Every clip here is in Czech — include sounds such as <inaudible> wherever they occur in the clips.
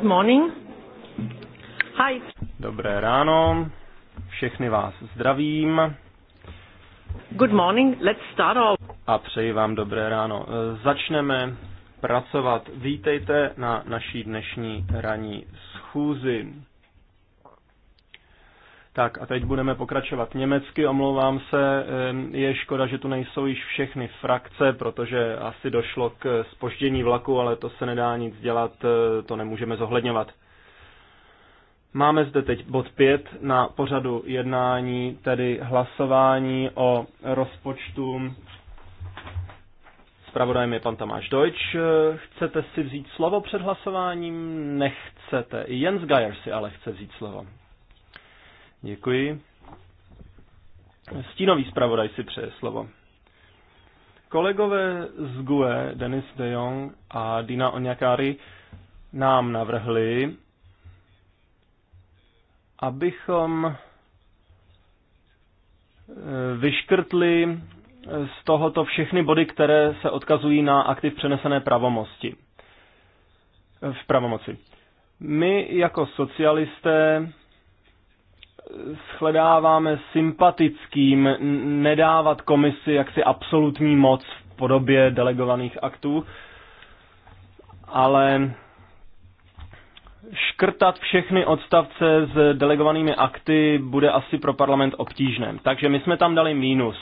Good morning. Hi. Dobré ráno. Všechny vás zdravím. Good morning. Let's start off. A přeji vám dobré ráno. E, začneme pracovat. Vítejte na naší dnešní ranní schůzi. Tak a teď budeme pokračovat německy, omlouvám se, je škoda, že tu nejsou již všechny frakce, protože asi došlo k spoždění vlaku, ale to se nedá nic dělat, eh, to nemůžeme zohledňovat. Máme zde teď bod 5 na pořadu jednání, tedy hlasování o rozpočtu. Spravodajem je pan Tamáš Deutsch. Chcete si vzít slovo před hlasováním? Nechcete. Jens Geier si ale chce vzít slovo. Děkuji. Stínový zpravodaj si přeje slovo. Kolegové z GUE, Denis de Jong a Dina Onyakari, nám navrhli, abychom eh, vyškrtli z tohoto všechny body, které se odkazují na aktiv přenesené pravomosti. V pravomoci. My jako socialisté shledáváme sympatickým nedávat komisi jaksi absolutní moc v podobě delegovaných aktů, ale škrtat všechny odstavce s delegovanými akty bude asi pro parlament obtížné. Takže my jsme tam dali mínus.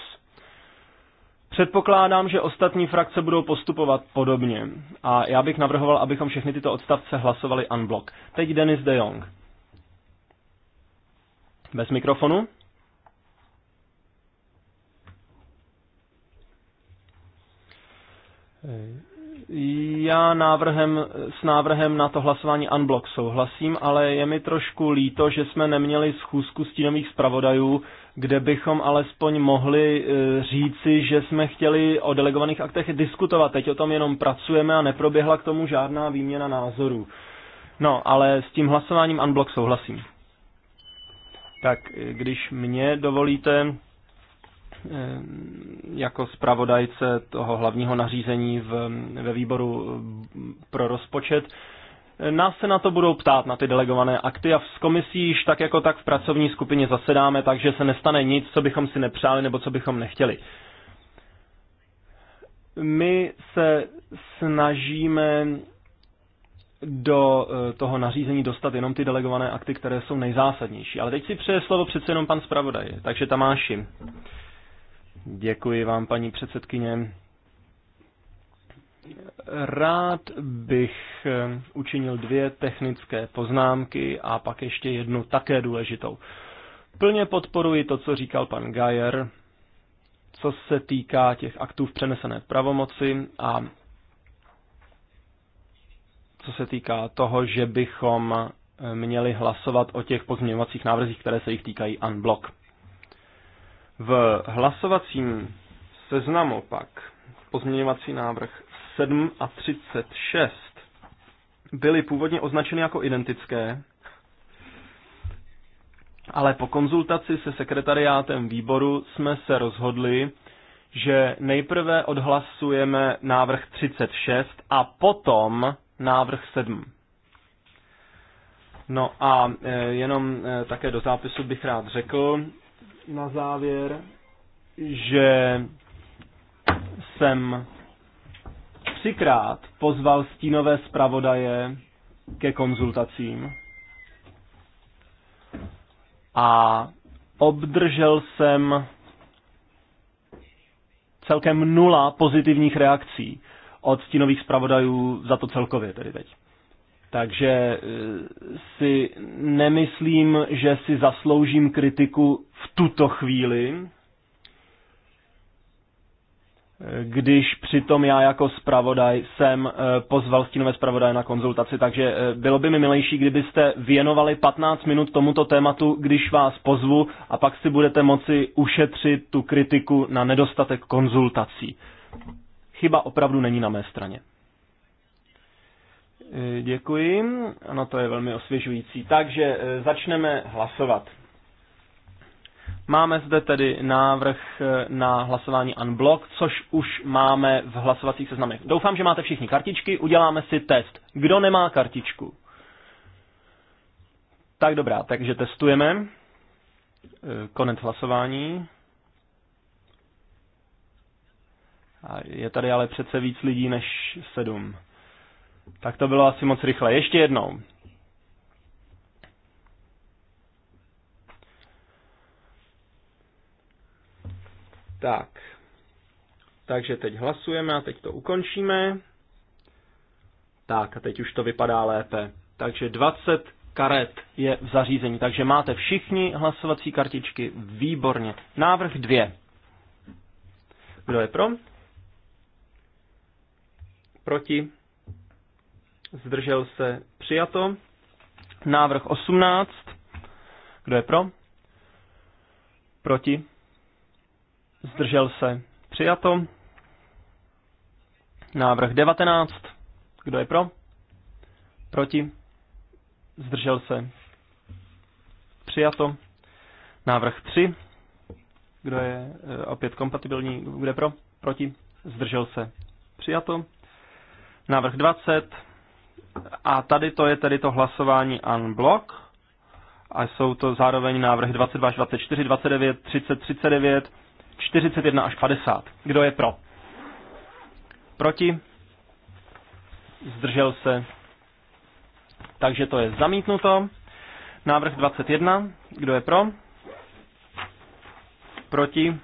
Předpokládám, že ostatní frakce budou postupovat podobně a já bych navrhoval, abychom všechny tyto odstavce hlasovali unblock. Teď Denis de Jong. Bez mikrofonu. Já návrhem, s návrhem na to hlasování unblock souhlasím, ale je mi trošku líto, že jsme neměli schůzku stínových zpravodajů, kde bychom alespoň mohli e, říci, že jsme chtěli o delegovaných aktech diskutovat. Teď o tom jenom pracujeme a neproběhla k tomu žádná výměna názorů. No, ale s tím hlasováním unblock souhlasím tak když mě dovolíte eh, jako zpravodajce toho hlavního nařízení v, ve výboru pro rozpočet, eh, Nás se na to budou ptát, na ty delegované akty a s komisí již tak jako tak v pracovní skupině zasedáme, takže se nestane nic, co bychom si nepřáli nebo co bychom nechtěli. My se snažíme do eh, toho nařízení dostat jenom ty delegované akty, které jsou nejzásadnější. Ale teď si přeje slovo přece jenom pan zpravodaj. Takže Tamáši. Děkuji vám, paní předsedkyně. Rád bych eh, učinil dvě technické poznámky a pak ještě jednu také důležitou. Plně podporuji to, co říkal pan Gajer, co se týká těch aktů v přenesené pravomoci a co se týká toho, že bychom eh, měli hlasovat o těch pozměňovacích návrzích, které se jich týkají unblock. V hlasovacím seznamu pak pozměňovací návrh 7 a 36 byly původně označeny jako identické, ale po konzultaci se sekretariátem výboru jsme se rozhodli, že nejprve odhlasujeme návrh 36 a potom návrh 7. No a e, jenom e, také do zápisu bych rád řekl na závěr, že jsem třikrát pozval stínové zpravodaje ke konzultacím a obdržel jsem celkem nula pozitivních reakcí od stínových zpravodajů za to celkově tedy teď. Takže e, si nemyslím, že si zasloužím kritiku v tuto chvíli, když přitom já jako zpravodaj jsem e, pozval stínové zpravodaje na konzultaci, takže e, bylo by mi milejší, kdybyste věnovali 15 minut tomuto tématu, když vás pozvu a pak si budete moci ušetřit tu kritiku na nedostatek konzultací chyba opravdu není na mé straně. E, děkuji. Ano, to je velmi osvěžující. Takže e, začneme hlasovat. Máme zde tedy návrh e, na hlasování unblock, což už máme v hlasovacích seznamech. Doufám, že máte všichni kartičky, uděláme si test. Kdo nemá kartičku? Tak dobrá, takže testujeme. Konec hlasování. A je tady ale přece víc lidí než sedm. Tak to bylo asi moc rychle. Ještě jednou. Tak. Takže teď hlasujeme a teď to ukončíme. Tak a teď už to vypadá lépe. Takže 20 karet je v zařízení. Takže máte všichni hlasovací kartičky. Výborně. Návrh 2. Kdo je pro? proti, zdržel se, přijato. Návrh 18, kdo je pro, proti, zdržel se, přijato. Návrh 19, kdo je pro, proti, zdržel se, přijato. Návrh 3, kdo je e, opět kompatibilní, je pro, proti, zdržel se, přijato. Návrh 20. A tady to je tedy to hlasování unblock. A jsou to zároveň návrhy 22 až 24, 29, 30, 39, 41 až 50. Kdo je pro? Proti? Zdržel se? Takže to je zamítnuto. Návrh 21. Kdo je pro? Proti?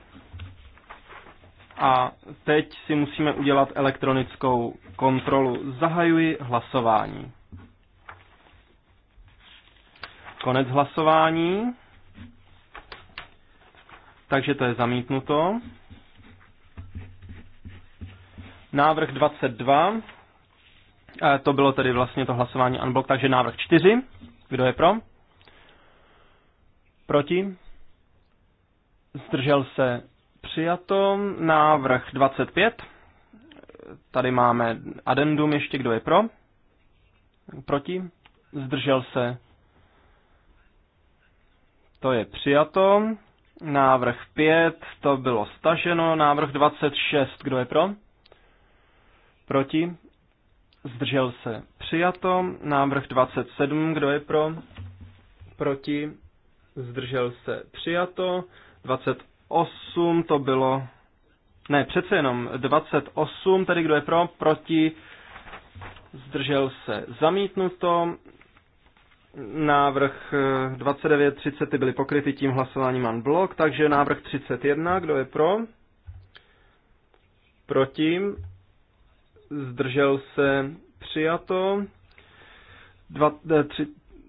A teď si musíme udělat elektronickou kontrolu. Zahajuji hlasování. Konec hlasování. Takže to je zamítnuto. Návrh 22. E, to bylo tedy vlastně to hlasování unblock, takže návrh 4. Kdo je pro? Proti? Zdržel se Přijato návrh 25. Tady máme adendum ještě, kdo je pro? Proti? Zdržel se? To je přijato. Návrh 5, to bylo staženo. Návrh 26, kdo je pro? Proti? Zdržel se. Přijato. Návrh 27, kdo je pro? Proti? Zdržel se. Přijato. 28. 28 to bylo, ne, přece jenom 28, tedy kdo je pro, proti, zdržel se zamítnuto. Návrh 29, eh, 30 ty byly pokryty tím hlasováním an blok, takže návrh 31, kdo je pro, proti, zdržel se přijato.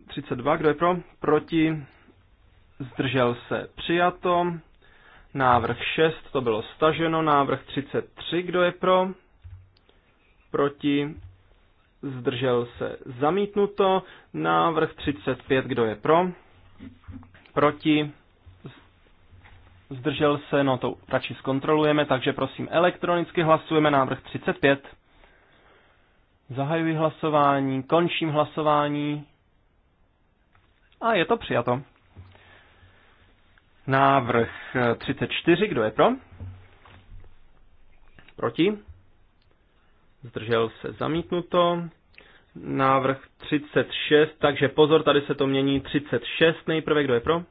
32, eh, kdo je pro, proti, zdržel se přijato. Návrh 6, to bylo staženo. Návrh 33, kdo je pro? Proti? Zdržel se zamítnuto. Návrh 35, kdo je pro? Proti? Zdržel se, no to radši zkontrolujeme, takže prosím elektronicky hlasujeme návrh 35. Zahajuji hlasování, končím hlasování. A je to přijato. Návrh 34, eh, kdo je pro? Proti? Zdržel se zamítnuto. Návrh 36, takže pozor, tady se to mění 36 nejprve, kdo je pro?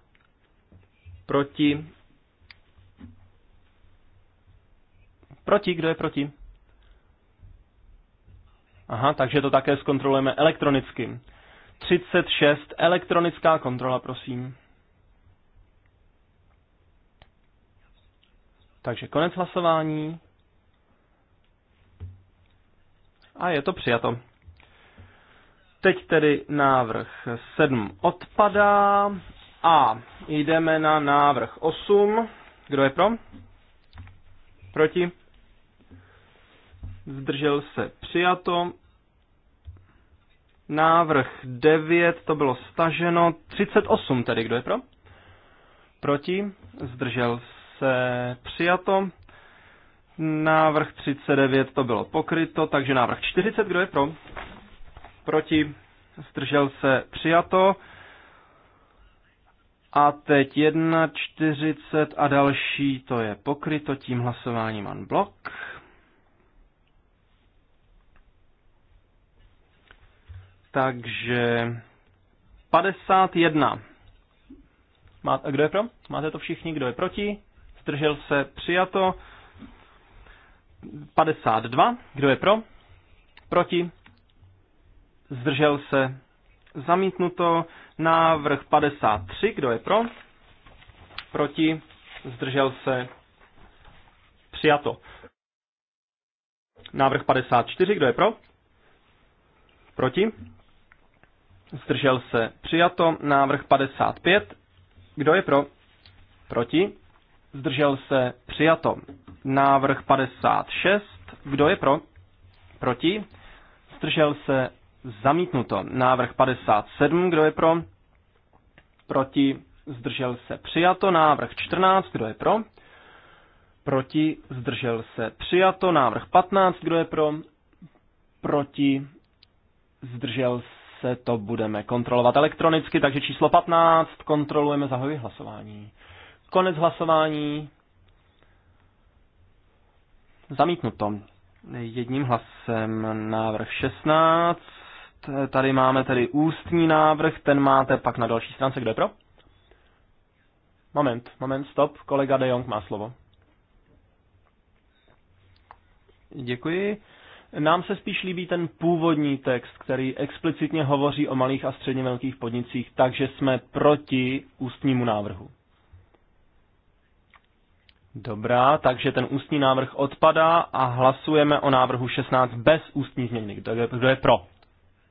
Proti? Proti, kdo je proti? Aha, takže to také zkontrolujeme elektronicky. 36, elektronická kontrola, prosím. Takže konec hlasování. A je to přijato. Teď tedy návrh 7 odpadá a jdeme na návrh 8. Kdo je pro? Proti? Zdržel se přijato. Návrh 9, to bylo staženo. 38 tedy, kdo je pro? Proti? Zdržel se přijato. Návrh 39 to bylo pokryto, takže návrh 40, kdo je pro? Proti, zdržel se přijato. A teď 1,40 a další, to je pokryto tím hlasováním unblock. Takže 51. Máte, kdo je pro? Máte to všichni, kdo je proti? zdržel se, přijato. 52, kdo je pro? Proti? Zdržel se, zamítnuto. Návrh 53, kdo je pro? Proti? Zdržel se, přijato. Návrh 54, kdo je pro? Proti? Zdržel se, přijato. Návrh 55, kdo je pro? Proti? zdržel se, přijato. Návrh 56, kdo je pro? Proti? Zdržel se, zamítnuto. Návrh 57, kdo je pro? Proti? Zdržel se, přijato. Návrh 14, kdo je pro? Proti? Zdržel se, přijato. Návrh 15, kdo je pro? Proti? Zdržel se, to budeme kontrolovat elektronicky, takže číslo 15 kontrolujeme, zahoji hlasování. Konec hlasování. Zamítnuto. Jedním hlasem návrh 16. Tady máme tedy ústní návrh, ten máte pak na další stránce. Kdo je pro? Moment, moment, stop. Kolega De Jong má slovo. Děkuji. Nám se spíš líbí ten původní text, který explicitně hovoří o malých a středně velkých podnicích, takže jsme proti ústnímu návrhu. Dobrá, takže ten ústní návrh odpadá a hlasujeme o návrhu 16 bez ústní změny. Kdo je, kdo je pro?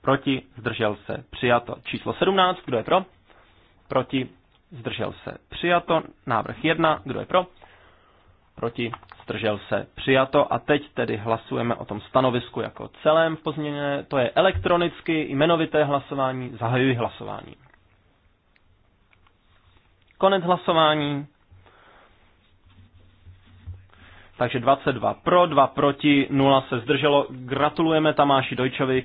Proti, zdržel se, přijato. Číslo 17, kdo je pro? Proti, zdržel se, přijato. Návrh 1, kdo je pro? Proti, zdržel se, přijato. A teď tedy hlasujeme o tom stanovisku jako celém v pozměně. To je elektronicky, jmenovité hlasování, zahajuji hlasování. Konec hlasování. Takže 22 pro, 2 proti, 0 se zdrželo. Gratulujeme Tamáši Dojčovi,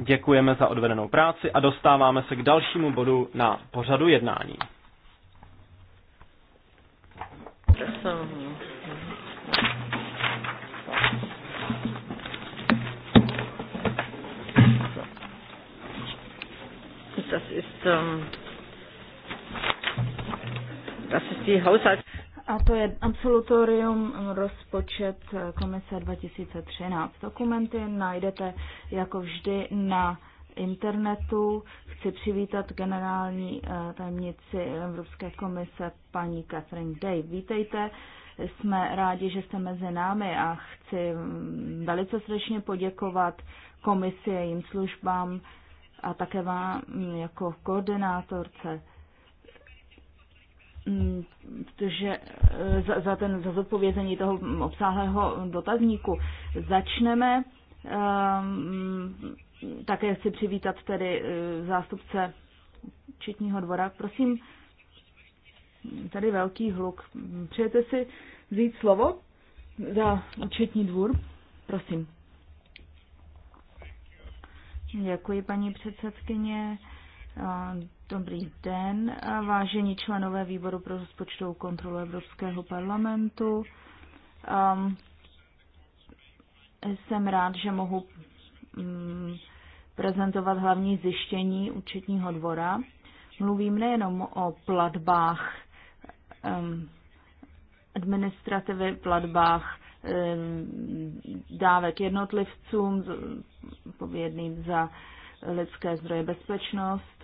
děkujeme za odvedenou práci a dostáváme se k dalšímu bodu na pořadu jednání. Das ist, ähm, das ist die Haushalt. A to je absolutorium rozpočet eh, komise 2013. Dokumenty najdete jako vždy na internetu. Chci přivítat generální eh, tajemnici Evropské komise paní Catherine Day. Vítejte, jsme rádi, že jste mezi námi a chci mm, velice srdečně poděkovat komisi, jejím službám a také vám mm, jako koordinátorce Mm, že eh, za, za, ten, za zodpovězení toho obsáhlého dotazníku. Začneme. Ehm, také chci přivítat tedy eh, zástupce Četního dvora. Prosím, tady velký hluk. Přejete si vzít slovo za Četní dvůr? Prosím. Děkuji, paní předsedkyně. Eh, Dobrý den, vážení členové výboru pro rozpočtovou kontrolu Evropského parlamentu. Um, jsem rád, že mohu um, prezentovat hlavní zjištění účetního dvora. Mluvím nejenom o platbách um, administrativy, platbách um, dávek jednotlivcům, povědným za lidské zdroje bezpečnost,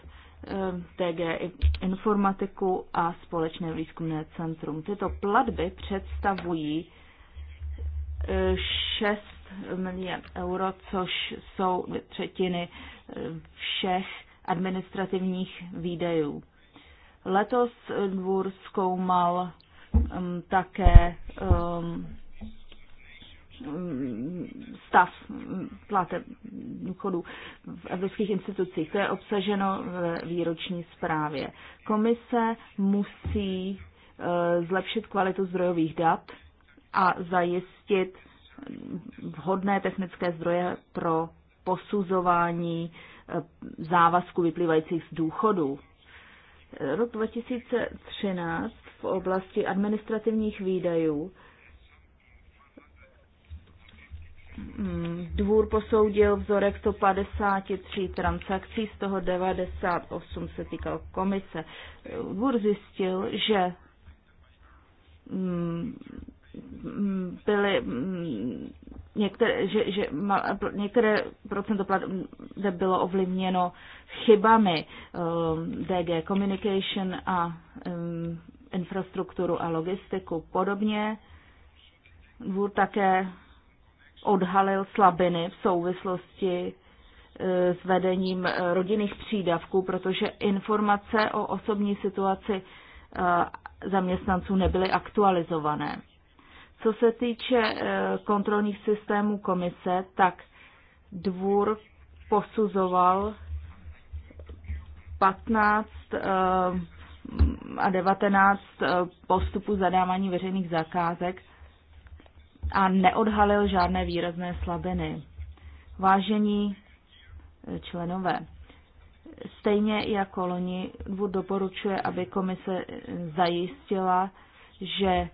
Eh, TG informatiku a společné výzkumné centrum. Tyto platby představují 6 eh, miliard euro, což jsou třetiny eh, všech administrativních výdejů. Letos dvůr zkoumal um, také um, Mm, stav pláte důchodů v evropských institucích. To je obsaženo v výroční zprávě. Komise musí eh, zlepšit kvalitu zdrojových dat a zajistit vhodné technické zdroje pro posuzování eh, závazku vyplývajících z důchodů. Rok 2013 v oblasti administrativních výdajů Mm, dvůr posoudil vzorek 153 transakcí, z toho 98 se týkal komise. Dvůr zjistil, že mm, mm, byly některé, že, že některé procento plat bylo ovlivněno chybami eh, DG Communication a eh, infrastrukturu a logistiku. Podobně dvůr také odhalil slabiny v souvislosti e, s vedením e, rodinných přídavků, protože informace o osobní situaci e, zaměstnanců nebyly aktualizované. Co se týče kontrolních systémů komise, tak dvůr posuzoval 15 a 19 postupů zadávání veřejných zakázek a neodhalil žádné výrazné slabiny. Vážení eh, členové, stejně jako loni doporučuje, aby komise eh, zajistila, že eh,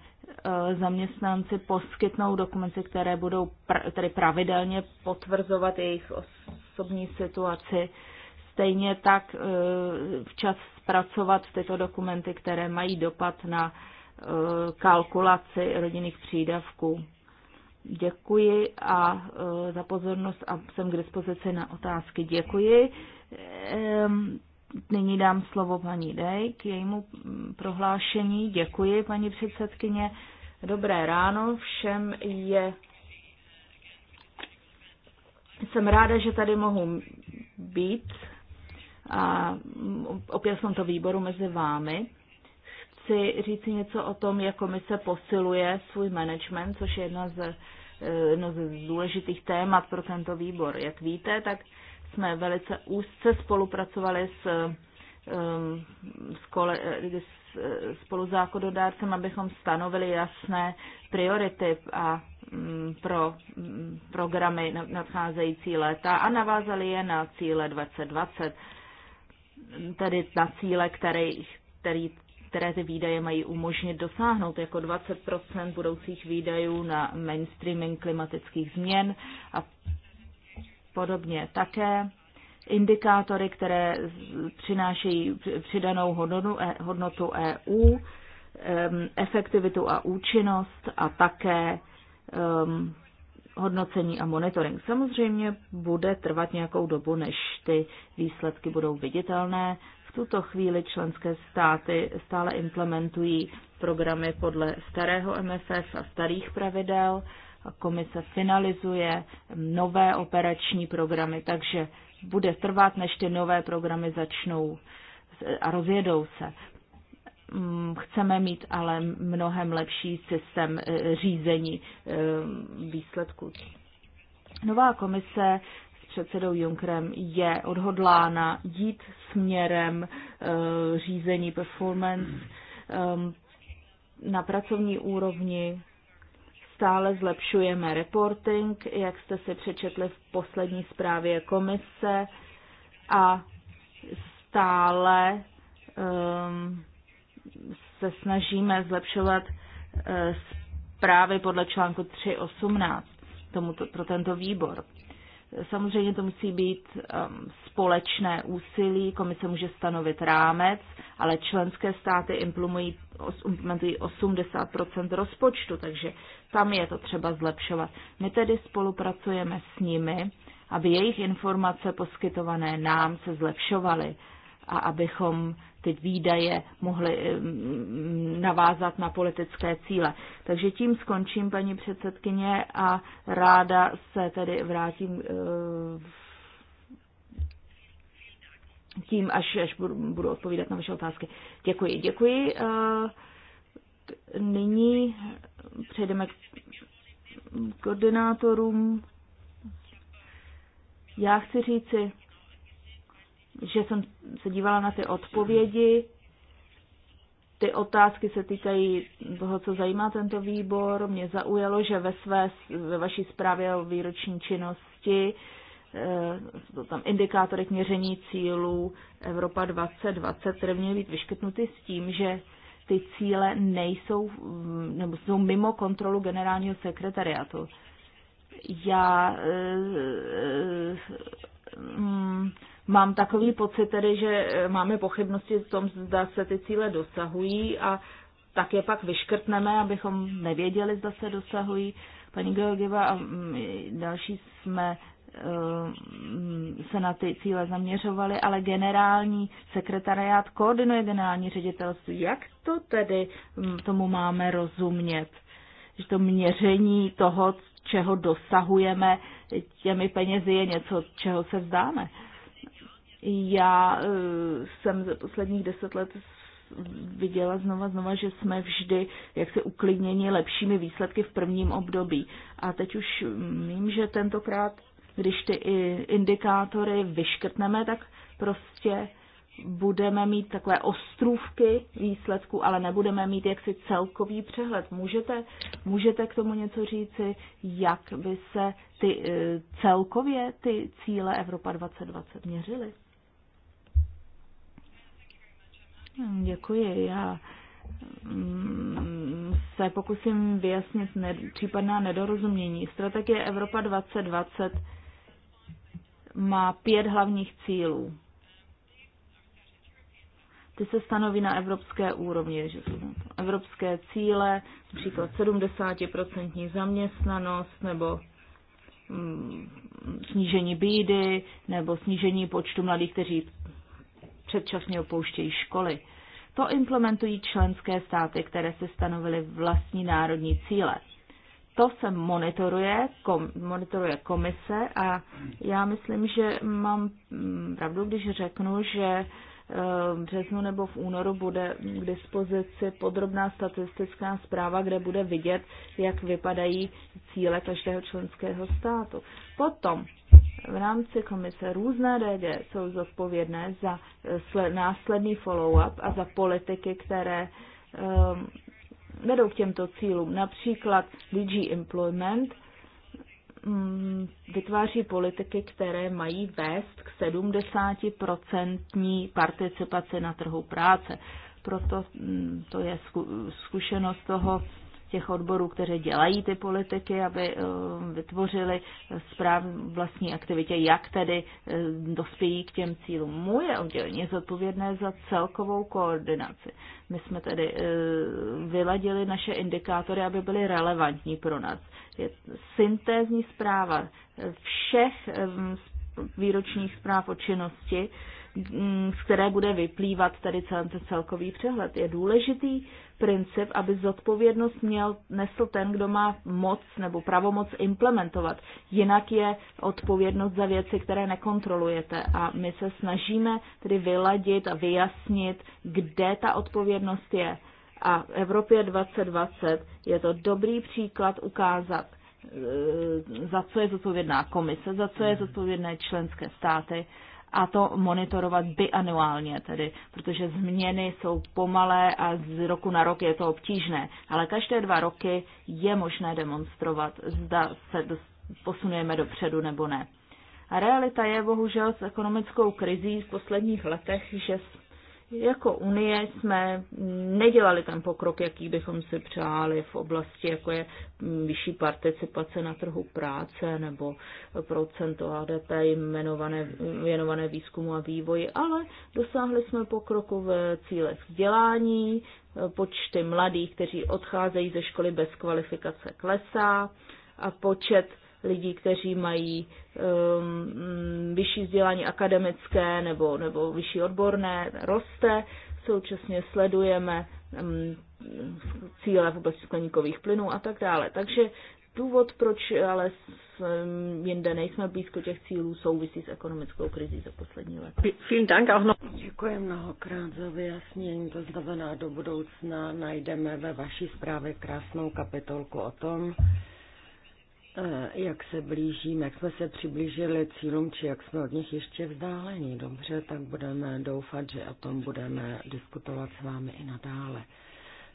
zaměstnanci poskytnou dokumenty, které budou pr- tedy pravidelně potvrzovat jejich osobní situaci, stejně tak včas zpracovat tyto dokumenty, které mají dopad na kalkulaci rodinných přídavků. Děkuji a e, za pozornost a jsem k dispozici na otázky. Děkuji. Nyní dám slovo paní Dej k jejímu mm, prohlášení. Děkuji, paní předsedkyně. Dobré ráno všem. Je... Jsem ráda, že tady mohu být a opět jsem to výboru mezi vámi chci říci něco o tom, jak komise posiluje svůj management, což je jedna z, eh, jedno z důležitých témat pro tento výbor. Jak víte, tak jsme velice úzce spolupracovali s, eh, s, kole, eh, s spoluzákonodárcem, abychom stanovili jasné priority a mm, pro mm, programy nadcházející léta a navázali je na cíle 2020, tedy na cíle, který, který které ty výdaje mají umožnit dosáhnout, jako 20 budoucích výdajů na mainstreaming klimatických změn a podobně. Také indikátory, které přinášejí přidanou hodnotu EU, eh, e ehm, efektivitu a účinnost a také um, hodnocení a monitoring. Samozřejmě bude trvat nějakou dobu, než ty výsledky budou viditelné tuto chvíli členské státy stále implementují programy podle starého MFF a starých pravidel. A komise finalizuje nové operační programy, takže bude trvat, než ty nové programy začnou a rozjedou se. Mm, chceme mít ale mnohem lepší systém eh, řízení eh, výsledků. Nová komise předsedou Junkrem je odhodlána jít směrem uh, řízení performance um, na pracovní úrovni. Stále zlepšujeme reporting, jak jste si přečetli v poslední zprávě komise a stále um, se snažíme zlepšovat eh, zprávy podle článku 3.18 tomuto, pro tento výbor. Samozřejmě to musí být um, společné úsilí, komise může stanovit rámec, ale členské státy implementují, implementují 80 rozpočtu, takže tam je to třeba zlepšovat. My tedy spolupracujeme s nimi, aby jejich informace poskytované nám se zlepšovaly a abychom ty výdaje mohly eh, navázat na politické cíle. Takže tím skončím, paní předsedkyně, a ráda se tedy vrátím eh, tím, až, až budu odpovídat na vaše otázky. Děkuji, děkuji. Eh, nyní přejdeme k koordinátorům. Já chci říci, že jsem se dívala na ty odpovědi. Ty otázky se týkají toho, co zajímá tento výbor. Mě zaujalo, že ve, své, ve vaší zprávě o výroční činnosti to eh, tam indikátory k měření cílů Evropa 2020, které měly být vyškrtnuty s tím, že ty cíle nejsou, mm, nebo jsou mimo kontrolu generálního sekretariátu. Já e, e, Mám takový pocit tedy, že eh, máme pochybnosti v tom, zda se ty cíle dosahují a tak je pak vyškrtneme, abychom nevěděli, zda se dosahují. Paní Georgieva a mm, další jsme eh, se na ty cíle zaměřovali, ale generální sekretariát koordinuje generální ředitelství. Jak to tedy mm, tomu máme rozumět? Že to měření toho, čeho dosahujeme těmi penězi, je něco, čeho se vzdáme. Já eh, jsem za posledních deset let viděla znova, znova, že jsme vždy jak se uklidněni lepšími výsledky v prvním období. A teď už vím, že tentokrát, když ty indikátory vyškrtneme, tak prostě budeme mít takové ostrůvky výsledků, ale nebudeme mít jaksi celkový přehled. Můžete, můžete k tomu něco říci, jak by se ty, eh, celkově ty cíle Evropa 2020 měřily? Děkuji. Já mm, se pokusím vyjasnit ne, případná nedorozumění. Strategie Evropa 2020 má pět hlavních cílů. Ty se stanoví na evropské úrovni, že jsou evropské cíle, například 70% zaměstnanost nebo mm, snížení bídy nebo snížení počtu mladých, kteří předčasně opouštějí školy. To implementují členské státy, které se stanovily vlastní národní cíle. To se monitoruje, kom, monitoruje komise a já myslím, že mám mm, pravdu, když řeknu, že eh, v březnu nebo v únoru bude k dispozici podrobná statistická zpráva, kde bude vidět, jak vypadají cíle každého členského státu. Potom v rámci komise různé DG jsou zodpovědné za eh, následný follow-up a za politiky, které ehm, vedou k těmto cílům. Například DG Employment mm, vytváří politiky, které mají vést k 70% participaci na trhu práce. Proto mm, to je zkušenost toho těch odborů, které dělají ty politiky, aby eh, vytvořili správ vlastní aktivitě, jak tedy eh, dospějí k těm cílům. Moje oddělení je zodpovědné za celkovou koordinaci. My jsme tedy eh, vyladili naše indikátory, aby byly relevantní pro nás. Je syntézní zpráva všech výročních zpráv o činnosti, Mm, z které bude vyplývat tady celý ten celkový přehled. Je důležitý princip, aby zodpovědnost měl, nesl ten, kdo má moc nebo pravomoc implementovat. Jinak je odpovědnost za věci, které nekontrolujete. A my se snažíme tedy vyladit a vyjasnit, kde ta odpovědnost je. A v Evropě 2020 je to dobrý příklad ukázat, e, za co je zodpovědná komise, za co je zodpovědné členské státy a to monitorovat bianuálně tedy, protože změny jsou pomalé a z roku na rok je to obtížné. Ale každé dva roky je možné demonstrovat, zda se posunujeme dopředu nebo ne. A realita je bohužel s ekonomickou krizí v posledních letech, že jako Unie jsme nedělali ten pokrok, jaký bychom si přáli v oblasti, jako je vyšší participace na trhu práce nebo procento HDP jmenované, věnované výzkumu a vývoji, ale dosáhli jsme pokroku v cílech vzdělání, počty mladých, kteří odcházejí ze školy bez kvalifikace klesá a počet lidí, kteří mají um, mm, vyšší vzdělání akademické nebo, nebo vyšší odborné, roste. Současně sledujeme um, cíle v oblasti skleníkových plynů a tak dále. Takže důvod, proč ale jinde nejsme blízko těch cílů, souvisí s ekonomickou krizí za poslední let. Děkuji mnohokrát za vyjasnění. To znamená, do budoucna najdeme ve vaší zprávě krásnou kapitolku o tom, jak se blížíme, jak jsme se přiblížili cílům, či jak jsme od nich ještě vzdáleni. Dobře, tak budeme doufat, že o tom budeme diskutovat s vámi i nadále.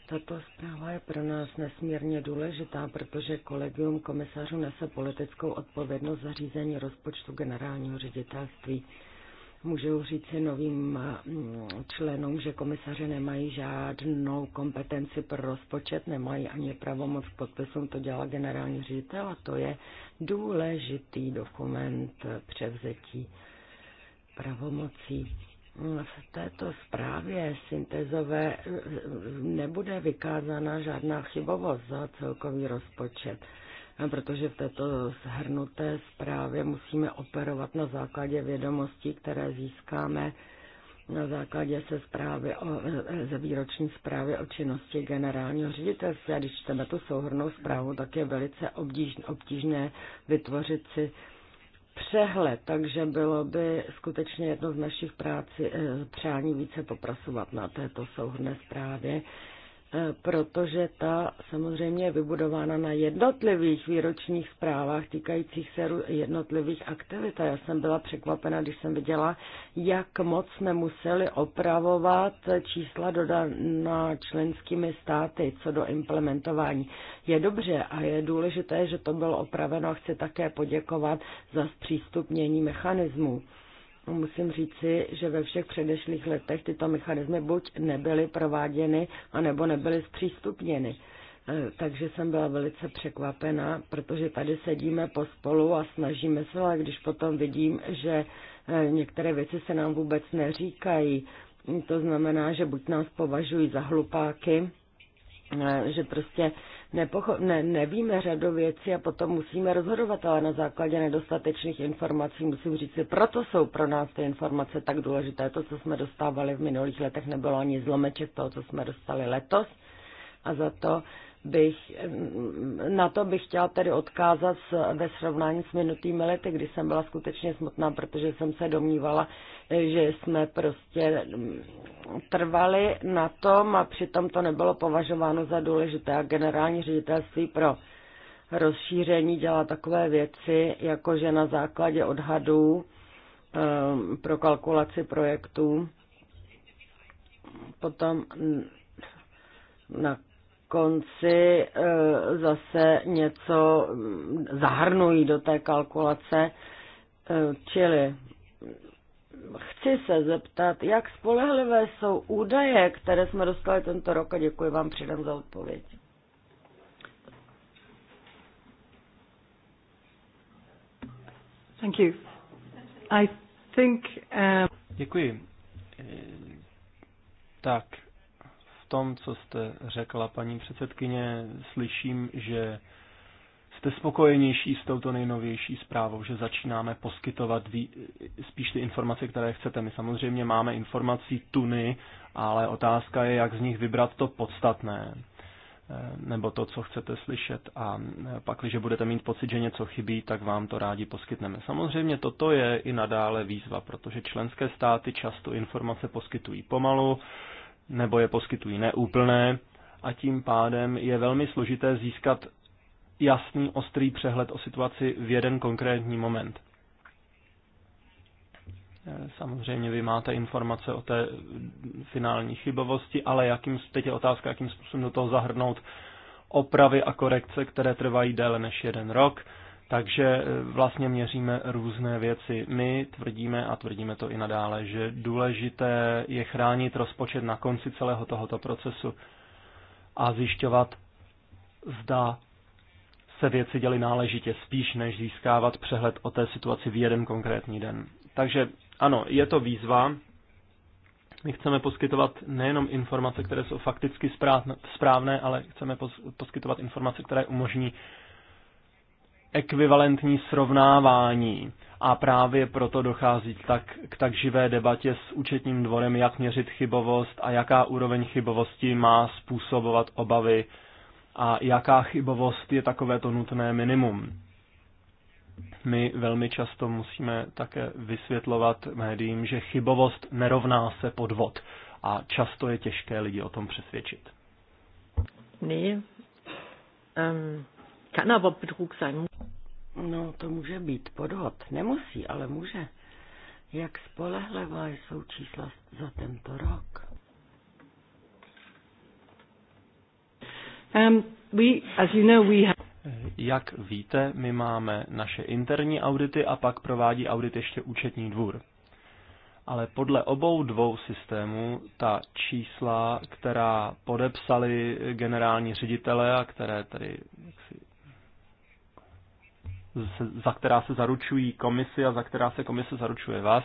Tato zpráva je pro nás nesmírně důležitá, protože kolegium komisařů nese politickou odpovědnost za řízení rozpočtu generálního ředitelství můžou říci novým mm, členům, že komisaři nemají žádnou kompetenci pro rozpočet, nemají ani pravomoc k podpisům, to dělá generální ředitel a to je důležitý dokument převzetí pravomocí. V této zprávě syntezové eh, eh, nebude vykázána žádná chybovost za celkový rozpočet protože v této shrnuté zprávě musíme operovat na základě vědomostí, které získáme na základě se zprávy o, ze výroční zprávy o činnosti generálního ředitelství. A když čteme tu souhrnou zprávu, tak je velice obtížné, obtížné vytvořit si přehled, takže bylo by skutečně jedno z našich práci, eh, přání více poprasovat na této souhrné zprávě E, protože ta samozřejmě je vybudována na jednotlivých výročních zprávách týkajících se jednotlivých aktivit. A já jsem byla překvapena, když jsem viděla, jak moc jsme museli opravovat čísla dodaná členskými státy co do implementování. Je dobře a je důležité, že to bylo opraveno a chci také poděkovat za zpřístupnění mechanismů musím říci, že ve všech předešlých letech tyto mechanizmy buď nebyly prováděny, anebo nebyly zpřístupněny. E, takže jsem byla velice překvapena, protože tady sedíme pospolu a snažíme se, ale když potom vidím, že e, některé věci se nám vůbec neříkají, to znamená, že buď nás považují za hlupáky, e, že prostě nepocho- ne, nevíme řadu věcí a potom musíme rozhodovat, ale na základě nedostatečných informací musím říct, že proto jsou pro nás ty informace tak důležité. To, co jsme dostávali v minulých letech, nebylo ani zlomeček toho, co jsme dostali letos a za to bych, mm, na to bych chtěla tedy odkázat ve srovnání s minutými lety, kdy jsem byla skutečně smutná, protože jsem se domnívala, že jsme prostě mm, trvali na tom a přitom to nebylo považováno za důležité. A generální ředitelství pro rozšíření dělá takové věci, jako že na základě odhadů ehm, pro kalkulaci projektů potom na konci eh, zase něco zahrnují do té kalkulace, eh, čili chci se zeptat, jak spolehlivé jsou údaje, které jsme dostali tento rok a děkuji vám předem za odpověď. Thank you. I think, um... Děkuji. Tak, tom, co jste řekla, paní předsedkyně. Slyším, že jste spokojenější s touto nejnovější zprávou, že začínáme poskytovat vý, spíš ty informace, které chcete. My samozřejmě máme informací tuny, ale otázka je, jak z nich vybrat to podstatné eh, nebo to, co chcete slyšet a pak, když budete mít pocit, že něco chybí, tak vám to rádi poskytneme. Samozřejmě toto je i nadále výzva, protože členské státy často informace poskytují pomalu, nebo je poskytují neúplné a tím pádem je velmi složité získat jasný, ostrý přehled o situaci v jeden konkrétní moment. Samozřejmě vy máte informace o té finální chybovosti, ale jakým, teď je otázka, jakým způsobem do toho zahrnout opravy a korekce, které trvají déle než jeden rok takže eh, vlastně měříme různé věci. My tvrdíme, a tvrdíme to i nadále, že důležité je chránit rozpočet na konci celého tohoto procesu a zjišťovat, zda se věci děly náležitě, spíš než získávat přehled o té situaci v jeden konkrétní den. Takže ano, je to výzva. My chceme poskytovat nejenom informace, které jsou fakticky správné, ale chceme poskytovat informace, které umožní ekvivalentní srovnávání a právě proto dochází tak, k tak živé debatě s účetním dvorem, jak měřit chybovost a jaká úroveň chybovosti má způsobovat obavy a jaká chybovost je takovéto nutné minimum. My velmi často musíme také vysvětlovat médiím, že chybovost nerovná se podvod a často je těžké lidi o tom přesvědčit. Nee. Um, Kann aber Betrug sein. No, to může být podvod. Nemusí, ale může. Jak spolehlivá jsou čísla za tento rok? Um, we, as you know, we have... Jak víte, my máme naše interní audity a pak provádí audit ještě účetní dvůr. Ale podle obou dvou systémů ta čísla, která podepsali generální ředitele a které tady za která se zaručují komisi a za která se komise zaručuje vás,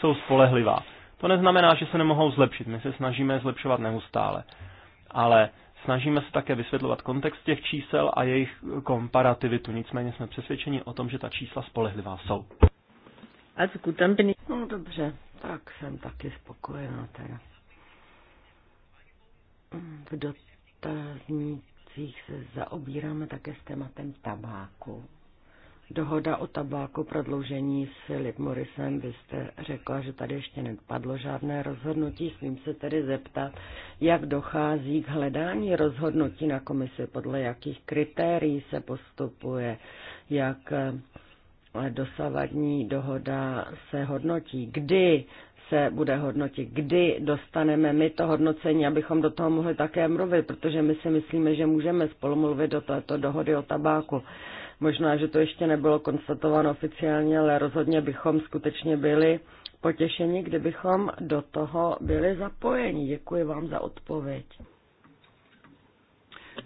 jsou spolehlivá. To neznamená, že se nemohou zlepšit. My se snažíme zlepšovat neustále. Ale snažíme se také vysvětlovat kontext těch čísel a jejich komparativitu. Nicméně jsme přesvědčeni o tom, že ta čísla spolehlivá jsou. A tam by... No dobře, tak jsem taky spokojená teda. V dotaznících se zaobíráme také s tématem tabáku. Dohoda o tabáku prodloužení s Philip Morrisem, vy jste řekla, že tady ještě nepadlo žádné rozhodnutí. Smím se tedy zeptat, jak dochází k hledání rozhodnutí na komisi, podle jakých kritérií se postupuje, jak eh, dosavadní dohoda se hodnotí, kdy se bude hodnotit, kdy dostaneme my to hodnocení, abychom do toho mohli také mluvit, protože my si myslíme, že můžeme spolu mluvit do této dohody o tabáku. Možná, že to ještě nebylo konstatováno oficiálně, ale rozhodně bychom skutečně byli potěšeni, kdybychom do toho byli zapojeni. Děkuji vám za odpověď.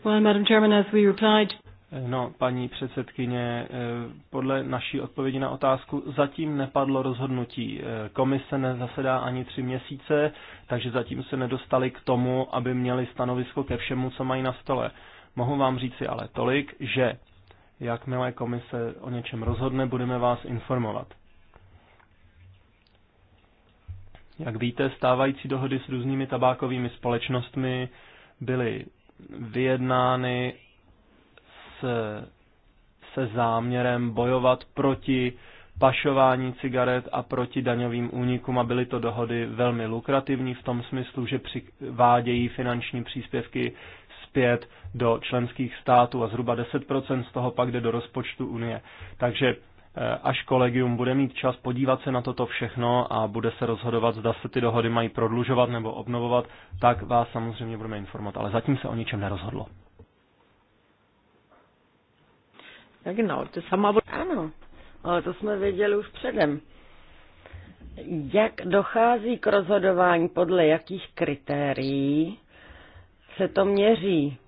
Well, Madam Chairman, as we replied... No, paní předsedkyně, eh, podle naší odpovědi na otázku zatím nepadlo rozhodnutí. Eh, komise nezasedá ani tři měsíce, takže zatím se nedostali k tomu, aby měli stanovisko ke všemu, co mají na stole. Mohu vám říci ale tolik, že Jakmile komise o něčem rozhodne, budeme vás informovat. Jak víte, stávající dohody s různými tabákovými společnostmi byly vyjednány se, se záměrem bojovat proti pašování cigaret a proti daňovým únikům a byly to dohody velmi lukrativní v tom smyslu, že přivádějí finanční příspěvky zpět do členských států a zhruba 10% z toho pak jde do rozpočtu Unie. Takže eh, až kolegium bude mít čas podívat se na toto všechno a bude se rozhodovat, zda se ty dohody mají prodlužovat nebo obnovovat, tak vás samozřejmě budeme informovat, ale zatím se o ničem nerozhodlo. Tak no, to sama bude. Ano, ale to jsme věděli už předem. Jak dochází k rozhodování, podle jakých kritérií se to měří,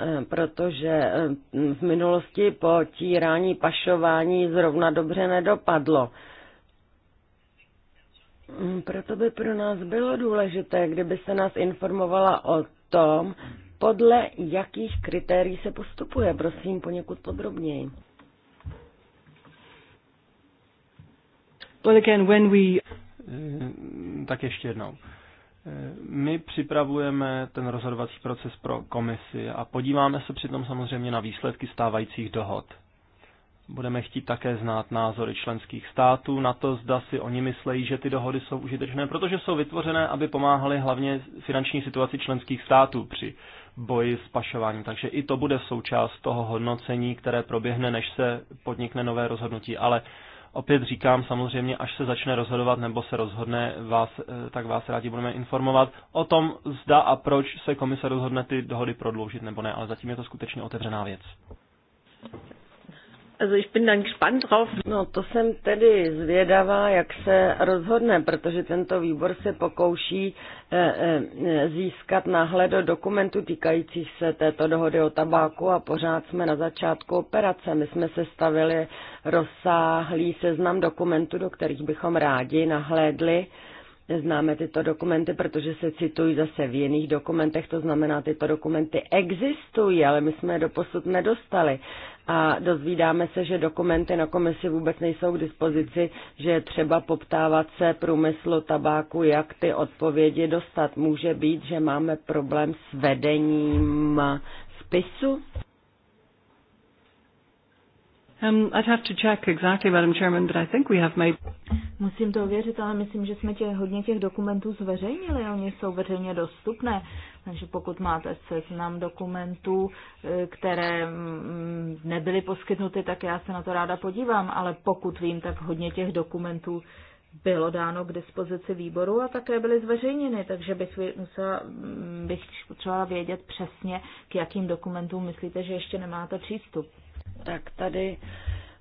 eh, protože eh, v minulosti po potírání pašování zrovna dobře nedopadlo. Mm, proto by pro nás bylo důležité, kdyby se nás informovala o tom, podle jakých kritérií se postupuje. Prosím, poněkud podrobněji. Well, again, when we... Eh, tak ještě jednou. My připravujeme ten rozhodovací proces pro komisi a podíváme se přitom samozřejmě na výsledky stávajících dohod. Budeme chtít také znát názory členských států na to, zda si oni myslejí, že ty dohody jsou užitečné, protože jsou vytvořené, aby pomáhaly hlavně finanční situaci členských států při boji s pašováním. Takže i to bude součást toho hodnocení, které proběhne, než se podnikne nové rozhodnutí. Ale Opět říkám, samozřejmě, až se začne rozhodovat nebo se rozhodne, vás, eh, tak vás rádi budeme informovat o tom, zda a proč se komise rozhodne ty dohody prodloužit nebo ne, ale zatím je to skutečně otevřená věc. Also ich bin dann gespannt drauf. No to jsem tedy zvědavá, jak se rozhodne, protože tento výbor se pokouší eh, eh, získat náhled do dokumentů týkajících se této dohody o tabáku a pořád jsme na začátku operace. My jsme se stavili rozsáhlý seznam dokumentů, do kterých bychom rádi nahlédli. Známe tyto dokumenty, protože se citují zase v jiných dokumentech, to znamená, tyto dokumenty existují, ale my jsme je doposud nedostali a dozvídáme se, že dokumenty na komisi vůbec nejsou k dispozici, že je třeba poptávat se průmyslu tabáku, jak ty odpovědi dostat. Může být, že máme problém s vedením spisu? Um, I'd have to check exactly, Madam Chairman, but I think we have made... Musím to ověřit, ale myslím, že jsme tě, hodně těch dokumentů zveřejnili, oni jsou veřejně dostupné, takže pokud máte seznam dokumentů, eh, které mm, nebyly poskytnuty, tak já se na to ráda podívám, ale pokud vím, tak hodně těch dokumentů bylo dáno k dispozici výboru a také byly zveřejněny, takže bych, musela, mm, bych potřebovala vědět přesně, k jakým dokumentům myslíte, že ještě nemáte přístup. Tak tady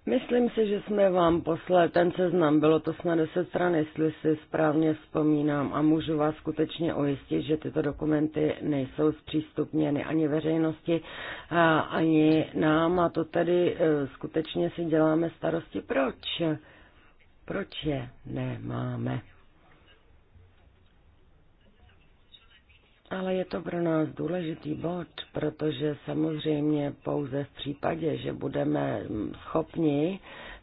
myslím si, že jsme vám poslali ten seznam, bylo to snad 10 stran, jestli si správně vzpomínám a můžu vás skutečně ujistit, že tyto dokumenty nejsou zpřístupněny ani veřejnosti, a ani nám a to tedy e, skutečně si děláme starosti. Proč? Proč je nemáme? Ale je to pro nás důležitý bod, protože samozřejmě pouze v případě, že budeme schopni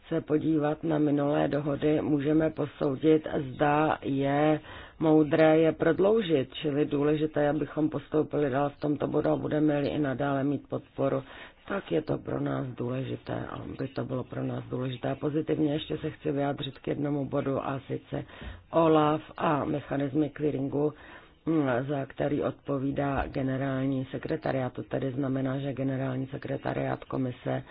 se podívat na minulé dohody, můžeme posoudit, zda je moudré je prodloužit, čili důležité, abychom postoupili dál v tomto bodu a budeme-li i nadále mít podporu, tak je to pro nás důležité, by to bylo pro nás důležité. Pozitivně ještě se chci vyjádřit k jednomu bodu a sice OLAF a mechanizmy clearingu za který odpovídá generální sekretariat. To tedy znamená, že generální sekretariat komise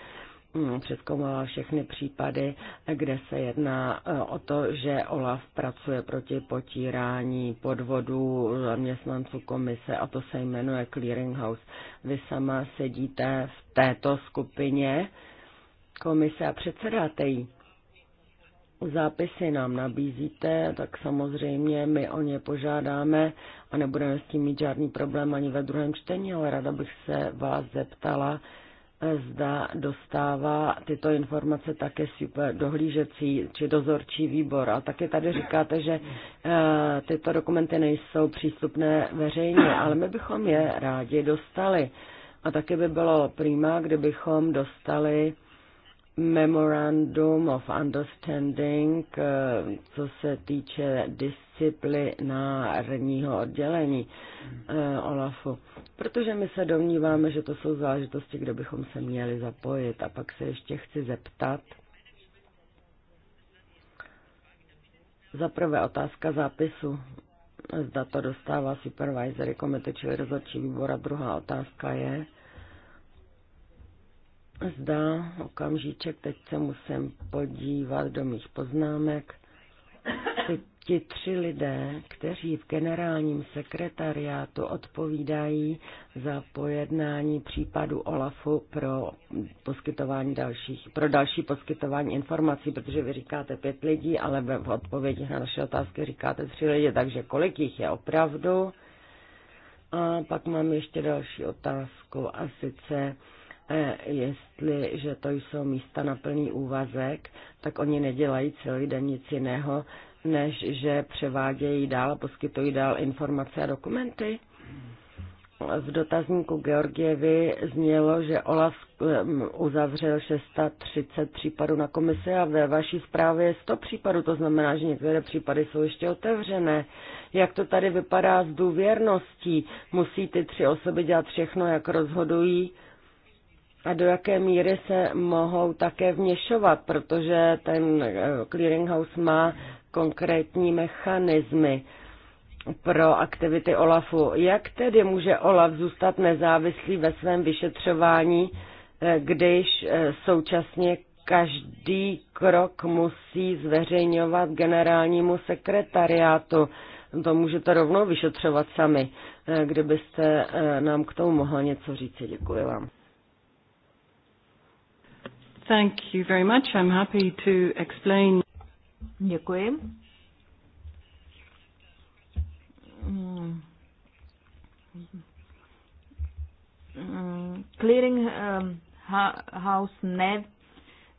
mm, přeskoumala všechny případy, kde se jedná e, o to, že OLAF pracuje proti potírání podvodů zaměstnanců komise a to se jmenuje Clearinghouse. Vy sama sedíte v této skupině komise a předsedáte jí zápisy nám nabízíte, tak samozřejmě my o ně požádáme a nebudeme s tím mít žádný problém ani ve druhém čtení, ale rada bych se vás zeptala, zda dostává tyto informace také super dohlížecí či dozorčí výbor. A taky tady říkáte, že eh, tyto dokumenty nejsou přístupné veřejně, ale my bychom je rádi dostali. A taky by bylo prýma, kdybychom dostali Memorandum of Understanding, eh, co se týče disciplinárního oddělení eh, OLAFu. Protože my se domníváme, že to jsou záležitosti, kde bychom se měli zapojit. A pak se ještě chci zeptat. Za prvé otázka zápisu. Zda to dostává supervisory komite, čili rozhodčí výbor. A druhá otázka je, Zda, okamžíček, teď se musím podívat do mých poznámek. Ty, ti tři lidé, kteří v generálním sekretariátu odpovídají za pojednání případu OLAFu pro poskytování dalších, pro další poskytování informací, protože vy říkáte pět lidí, ale v odpovědích na naše otázky říkáte tři lidi, takže kolik jich je opravdu? A pak mám ještě další otázku a sice E, že to jsou místa na plný úvazek, tak oni nedělají celý den nic jiného, než že převádějí dál a poskytují dál informace a dokumenty. V dotazníku Georgievy znělo, že Olaf uzavřel 630 případů na komisi a ve vaší zprávě je 100 případů, to znamená, že některé případy jsou ještě otevřené. Jak to tady vypadá s důvěrností? Musí ty tři osoby dělat všechno, jak rozhodují? a do jaké míry se mohou také vněšovat, protože ten eh, clearinghouse má konkrétní mechanismy pro aktivity OLAFu. Jak tedy může OLAF zůstat nezávislý ve svém vyšetřování, eh, když eh, současně každý krok musí zveřejňovat generálnímu sekretariátu? To můžete rovnou vyšetřovat sami, kdybyste nám k tomu mohla něco říct. Děkuji vám. Thank you very much. I'm happy to explain. Děkuji. Hmm. Clearing um, House ne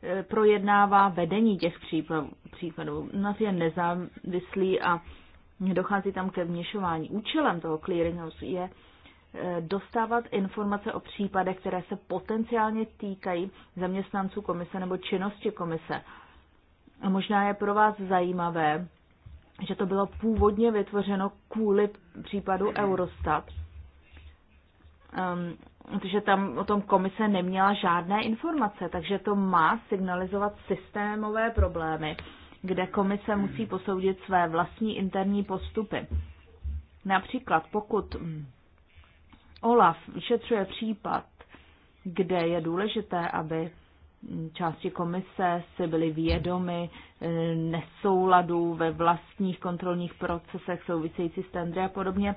eh, projednává vedení těch případů. nás je nezávislý a dochází tam ke vněšování. Účelem toho clearinghouse je Eh, dostávat informace o případech, které se potenciálně týkají zaměstnanců komise nebo činnosti komise. A možná je pro vás zajímavé, že to bylo původně vytvořeno kvůli případu Eurostat, um, protože tam o tom komise neměla žádné informace, takže to má signalizovat systémové problémy, kde komise musí posoudit své vlastní interní postupy. Například pokud hm, Olaf vyšetřuje případ, kde je důležité, aby části komise si byly vědomy eh, nesouladů ve vlastních kontrolních procesech související s tendry a podobně,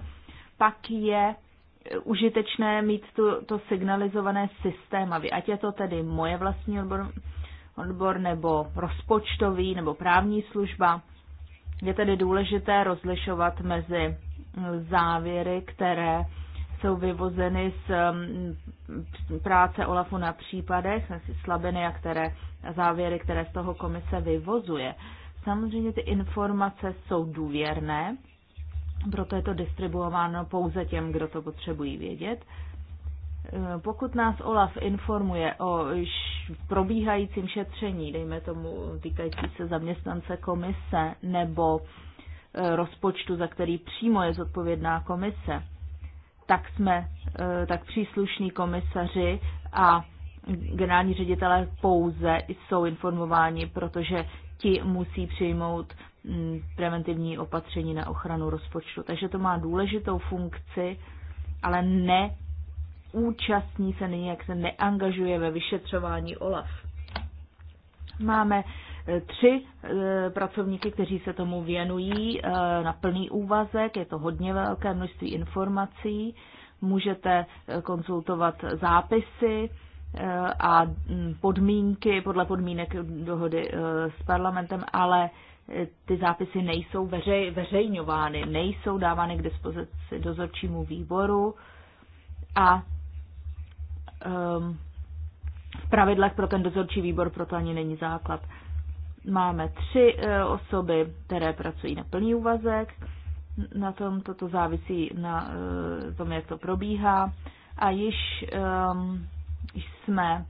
pak je eh, užitečné mít tu, to signalizované systémavě, ať je to tedy moje vlastní odbor, odbor nebo rozpočtový nebo právní služba. Je tedy důležité rozlišovat mezi závěry, které jsou vyvozeny z um, práce OLAFu na případech, slabiny a které, závěry, které z toho komise vyvozuje. Samozřejmě ty informace jsou důvěrné, proto je to distribuováno pouze těm, kdo to potřebují vědět. Eh, pokud nás OLAF informuje o probíhajícím šetření, dejme tomu týkající se zaměstnance komise nebo eh, rozpočtu, za který přímo je zodpovědná komise, tak jsme, eh, tak příslušní komisaři a generální ředitelé pouze jsou informováni, protože ti musí přijmout mm, preventivní opatření na ochranu rozpočtu. Takže to má důležitou funkci, ale ne účastní se nyní, jak se neangažuje ve vyšetřování OLAF. Máme Eh, tři eh, pracovníky, kteří se tomu věnují eh, na plný úvazek. Je to hodně velké množství informací. Můžete konzultovat zápisy a mm, podmínky, podle podmínek dohody s parlamentem, ale ty zápisy nejsou veřej, veřejňovány, nejsou dávány k dispozici dozorčímu výboru a um, v pravidlech pro ten dozorčí výbor proto ani není základ. Máme tři eh, osoby, které pracují na plný úvazek, na tom toto závisí na eh, tom, jak to probíhá. A již ehm, již jsme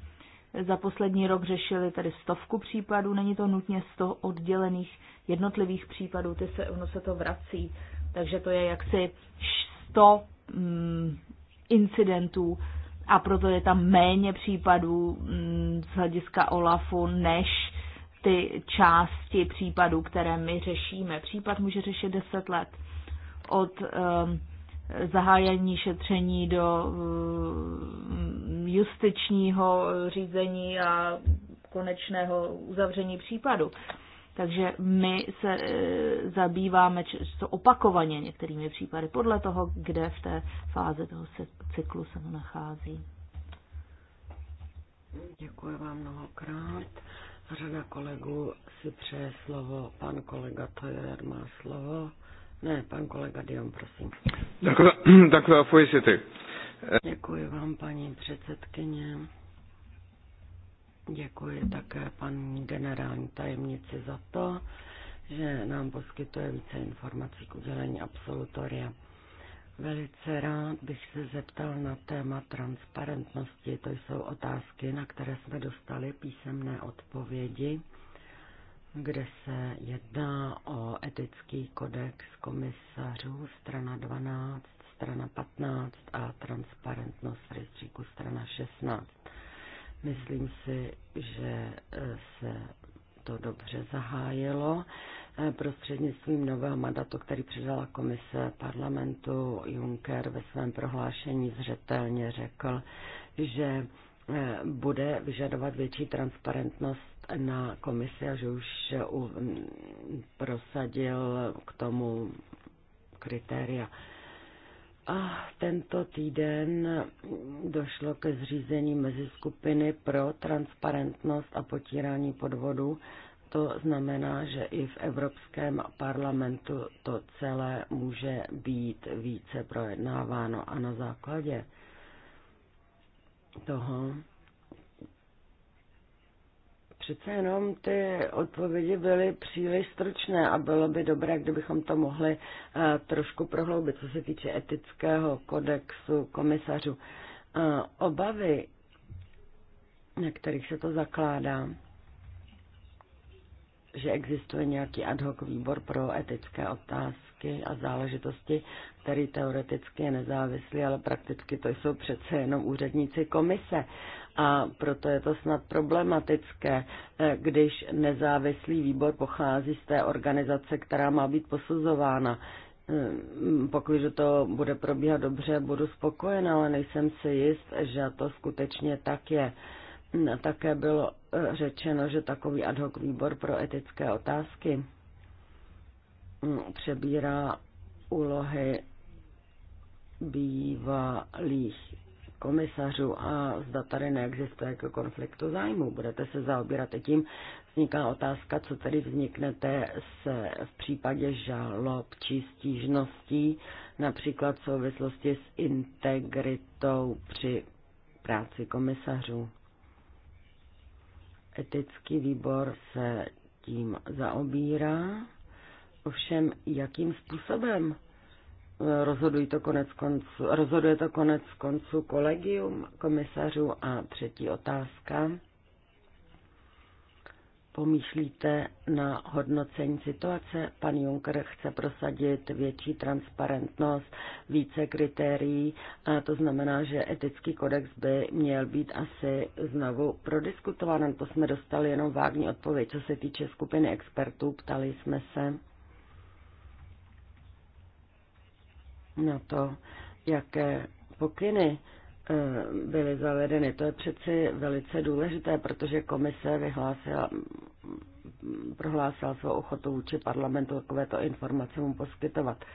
za poslední rok řešili tady stovku případů, není to nutně sto oddělených jednotlivých případů, ty se, ono se to vrací, takže to je jaksi sto mm, incidentů a proto je tam méně případů mm, z hlediska OLAFu než ty části případů, které my řešíme. Případ může řešit 10 let od um, zahájení šetření do um, justičního řízení a konečného uzavření případu. Takže my se e, zabýváme často opakovaně některými případy podle toho, kde v té fáze toho se, cyklu se nachází. Děkuji vám mnohokrát. Řada kolegů si přeje slovo. Pan kolega Tojer má slovo. Ne, pan kolega Dion, prosím. si ty. Děkuji vám, paní předsedkyně. Děkuji také paní generální tajemnici za to, že nám poskytuje více informací k udělení absolutoria. Velice rád bych se zeptal na téma transparentnosti. To jsou otázky, na které jsme dostali písemné odpovědi, kde se jedná o etický kodex komisařů, strana 12, strana 15 a transparentnost v rejstříku strana 16. Myslím si, že se to dobře zahájilo. Eh, prostřednictvím nového mandatu, který předala komise parlamentu, Juncker ve svém prohlášení zřetelně řekl, že eh, bude vyžadovat větší transparentnost na komisi a že už eh, mm, prosadil k tomu kritéria. A tento týden došlo ke zřízení meziskupiny pro transparentnost a potírání podvodu to znamená, že i v Evropském parlamentu to celé může být více projednáváno a na základě toho Přece jenom ty odpovědi byly příliš stručné a bylo by dobré, kdybychom to mohli eh, trošku prohloubit, co se týče etického kodexu komisařů. Eh, obavy, na kterých se to zakládá, že existuje nějaký ad hoc výbor pro etické otázky a záležitosti, který teoreticky je nezávislý, ale prakticky to jsou přece jenom úředníci komise. A proto je to snad problematické, eh, když nezávislý výbor pochází z té organizace, která má být posuzována. Eh, pokud to bude probíhat dobře, budu spokojená, ale nejsem si jist, že to skutečně tak je. Také bylo eh, řečeno, že takový ad hoc výbor pro etické otázky mm, přebírá úlohy bývalých komisařů a zda tady neexistuje jako konfliktu zájmu. Budete se zaobírat i tím, vzniká otázka, co tedy vzniknete se v případě žalob či stížností, například v souvislosti s integritou při práci komisařů. Etický výbor se tím zaobírá. Ovšem, jakým způsobem rozhoduje to konec konců, rozhoduje to konec konců kolegium komisařů a třetí otázka pomýšlíte na hodnocení situace? Pan Juncker chce prosadit větší transparentnost, více kritérií, a to znamená, že etický kodex by měl být asi znovu prodiskutován. To jsme dostali jenom vágní odpověď. Co se týče skupiny expertů, ptali jsme se na to, jaké pokyny E, byly zavedeny. To je přeci velice důležité, protože komise vyhlásila, prohlásila svou ochotu vůči parlamentu takovéto informace mu poskytovat.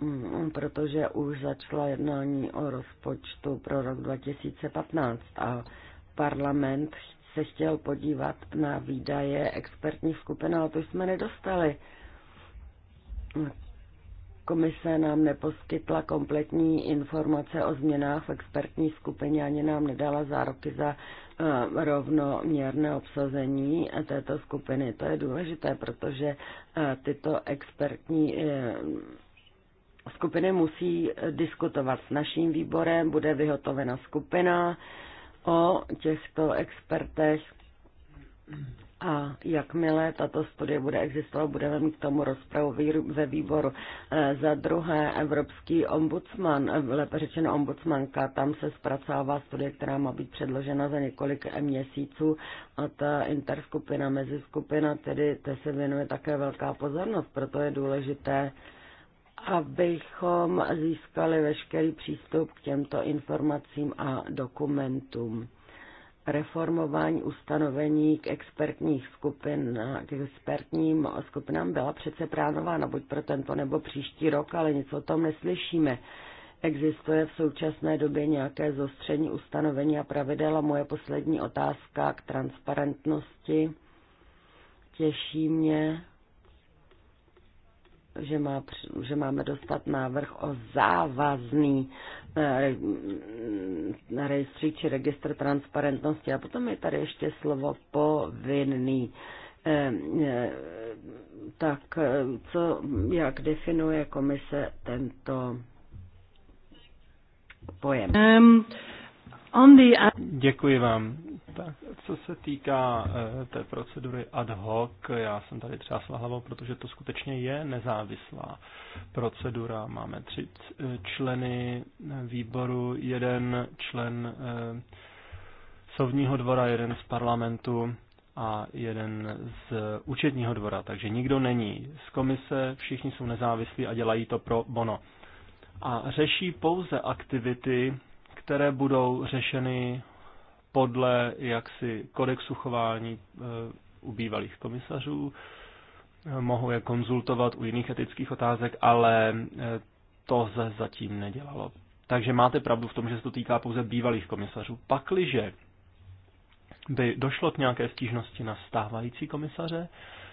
Mm, protože už začala jednání o rozpočtu pro rok 2015 a parlament se chtěl podívat na výdaje expertní skupiny, ale to jsme nedostali Komise nám neposkytla kompletní informace o změnách v expertní skupině ani nám nedala zároky za eh, rovnoměrné obsazení této skupiny. To je důležité, protože eh, tyto expertní eh, skupiny musí diskutovat s naším výborem, bude vyhotovena skupina o těchto expertech a jakmile tato studie bude existovat, budeme mít k tomu rozpravu ve výboru. E, za druhé, Evropský ombudsman, e, lépe řečeno ombudsmanka, tam se zpracovává studie, která má být předložena za několik e, měsíců a ta interskupina, meziskupina, tedy te se věnuje také velká pozornost, proto je důležité abychom získali veškerý přístup k těmto informacím a dokumentům reformování ustanovení k expertních skupin, k expertním skupinám byla přece plánována no buď pro tento nebo příští rok, ale nic o tom neslyšíme. Existuje v současné době nějaké zostření ustanovení a pravidel a moje poslední otázka k transparentnosti. Těší mě, že, má, že máme dostat návrh o závazný eh, mm, rejstří či registr transparentnosti. A potom je tady ještě slovo povinný. Eh, eh, tak co, jak definuje komise tento pojem? Um. Děkuji vám. Tak, co se týká uh, té procedury ad hoc, já jsem tady třásla hlavou, protože to skutečně je nezávislá procedura. Máme tři eh, členy výboru, jeden člen uh, eh, sovního dvora, jeden z parlamentu a jeden z účetního dvora, takže nikdo není z komise, všichni jsou nezávislí a dělají to pro bono. A řeší pouze aktivity, které budou řešeny podle jaksi kodexu chování eh, u bývalých komisařů. Eh, mohou je konzultovat u jiných etických otázek, ale eh, to se zatím nedělalo. Takže máte pravdu v tom, že se to týká pouze bývalých komisařů. Pakliže by došlo k nějaké stížnosti na stávající komisaře,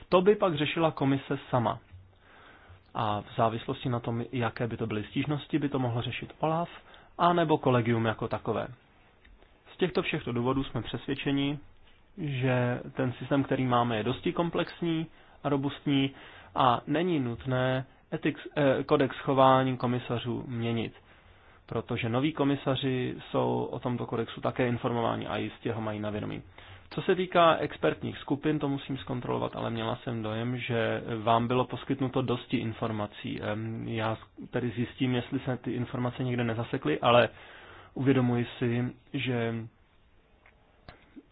to by pak řešila komise sama. A v závislosti na tom, jaké by to byly stížnosti, by to mohlo řešit OLAF, a nebo kolegium jako takové. Z těchto všech důvodů jsme přesvědčeni, že ten systém, který máme, je dosti komplexní a robustní a není nutné etik eh, kodex chování komisařů měnit, protože noví komisaři jsou o tomto kodexu také informováni a jistě ho mají na vědomí. Co se týká expertních skupin, to musím zkontrolovat, ale měla jsem dojem, že vám bylo poskytnuto dosti informací. Já tedy zjistím, jestli se ty informace někde nezasekly, ale uvědomuji si, že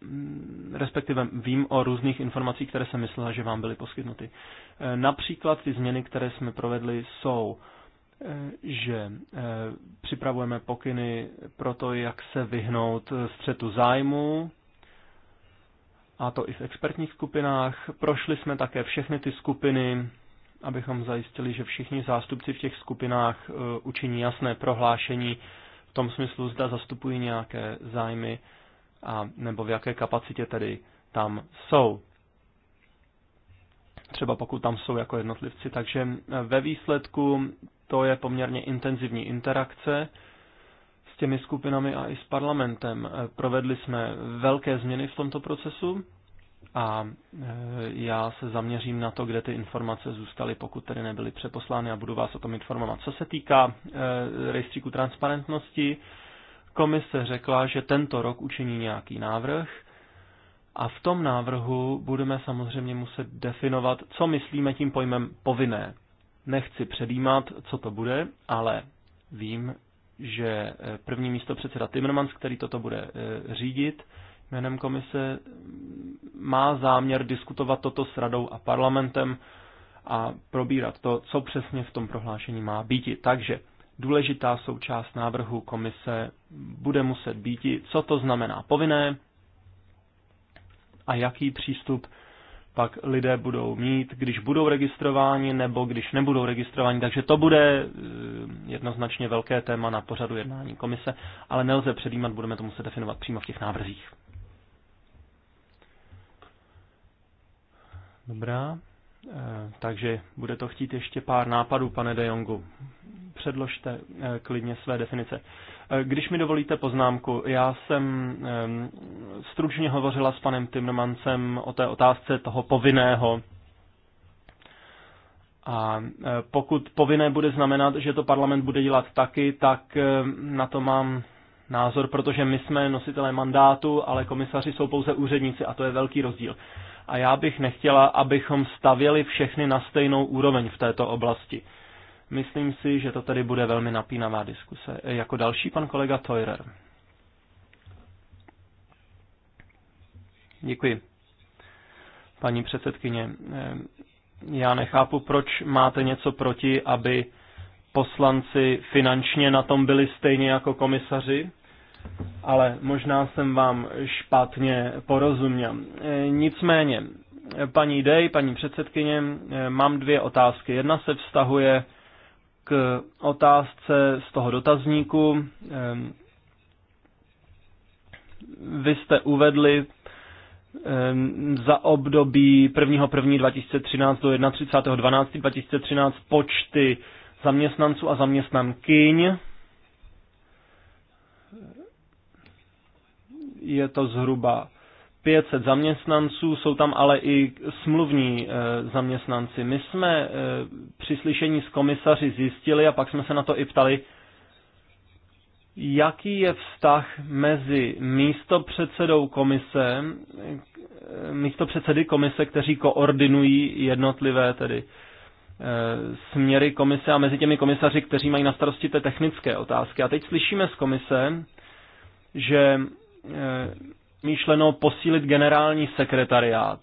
mm, respektive vím o různých informacích, které jsem myslela, že vám byly poskytnuty. E, například ty změny, které jsme provedli, jsou, e, že e, připravujeme pokyny pro to, jak se vyhnout střetu zájmu, a to i v expertních skupinách. Prošli jsme také všechny ty skupiny, abychom zajistili, že všichni zástupci v těch skupinách e, učiní jasné prohlášení v tom smyslu, zda zastupují nějaké zájmy a nebo v jaké kapacitě tedy tam jsou. Třeba pokud tam jsou jako jednotlivci. Takže e, ve výsledku to je poměrně intenzivní interakce s těmi skupinami a i s parlamentem. Eh, provedli jsme velké změny v tomto procesu a eh, já se zaměřím na to, kde ty informace zůstaly, pokud tedy nebyly přeposlány a budu vás o tom informovat. Co se týká eh, rejstříku transparentnosti, komise řekla, že tento rok učiní nějaký návrh a v tom návrhu budeme samozřejmě muset definovat, co myslíme tím pojmem povinné. Nechci předjímat, co to bude, ale vím, že eh, první místo předseda Timmermans, který toto bude eh, řídit jménem komise, má záměr diskutovat toto s radou a parlamentem a probírat to, co přesně v tom prohlášení má být. Takže důležitá součást návrhu komise bude muset být, co to znamená povinné a jaký přístup pak lidé budou mít, když budou registrováni nebo když nebudou registrováni. Takže to bude eh, jednoznačně velké téma na pořadu jednání komise, ale nelze předjímat, budeme to muset definovat přímo v těch návrzích. Dobrá, eh, takže bude to chtít ještě pár nápadů, pane De Jongu předložte eh, klidně své definice. Eh, když mi dovolíte poznámku, já jsem eh, stručně hovořila s panem Timmermansem o té otázce toho povinného. A pokud povinné bude znamenat, že to parlament bude dělat taky, tak na to mám názor, protože my jsme nositelé mandátu, ale komisaři jsou pouze úředníci a to je velký rozdíl. A já bych nechtěla, abychom stavěli všechny na stejnou úroveň v této oblasti. Myslím si, že to tady bude velmi napínavá diskuse. Jako další pan kolega Teurer. Děkuji. Paní předsedkyně, eh, já nechápu, proč máte něco proti, aby poslanci finančně na tom byli stejně jako komisaři, ale možná jsem vám špatně porozuměl. Eh, nicméně, paní Dej, paní předsedkyně, eh, mám dvě otázky. Jedna se vztahuje otázce z toho dotazníku. Vy jste uvedli za období 1.1.2013 do 31.12.2013 počty zaměstnanců a zaměstnankyň. Je to zhruba 500 zaměstnanců, jsou tam ale i smluvní eh, zaměstnanci. My jsme eh, při slyšení s komisaři zjistili a pak jsme se na to i ptali, jaký je vztah mezi místopředsedou komise, eh, místopředsedy komise, kteří koordinují jednotlivé tedy směry komise a mezi těmi komisaři, kteří mají na starosti té technické otázky. A teď slyšíme z komise, že myšleno posílit generální sekretariát.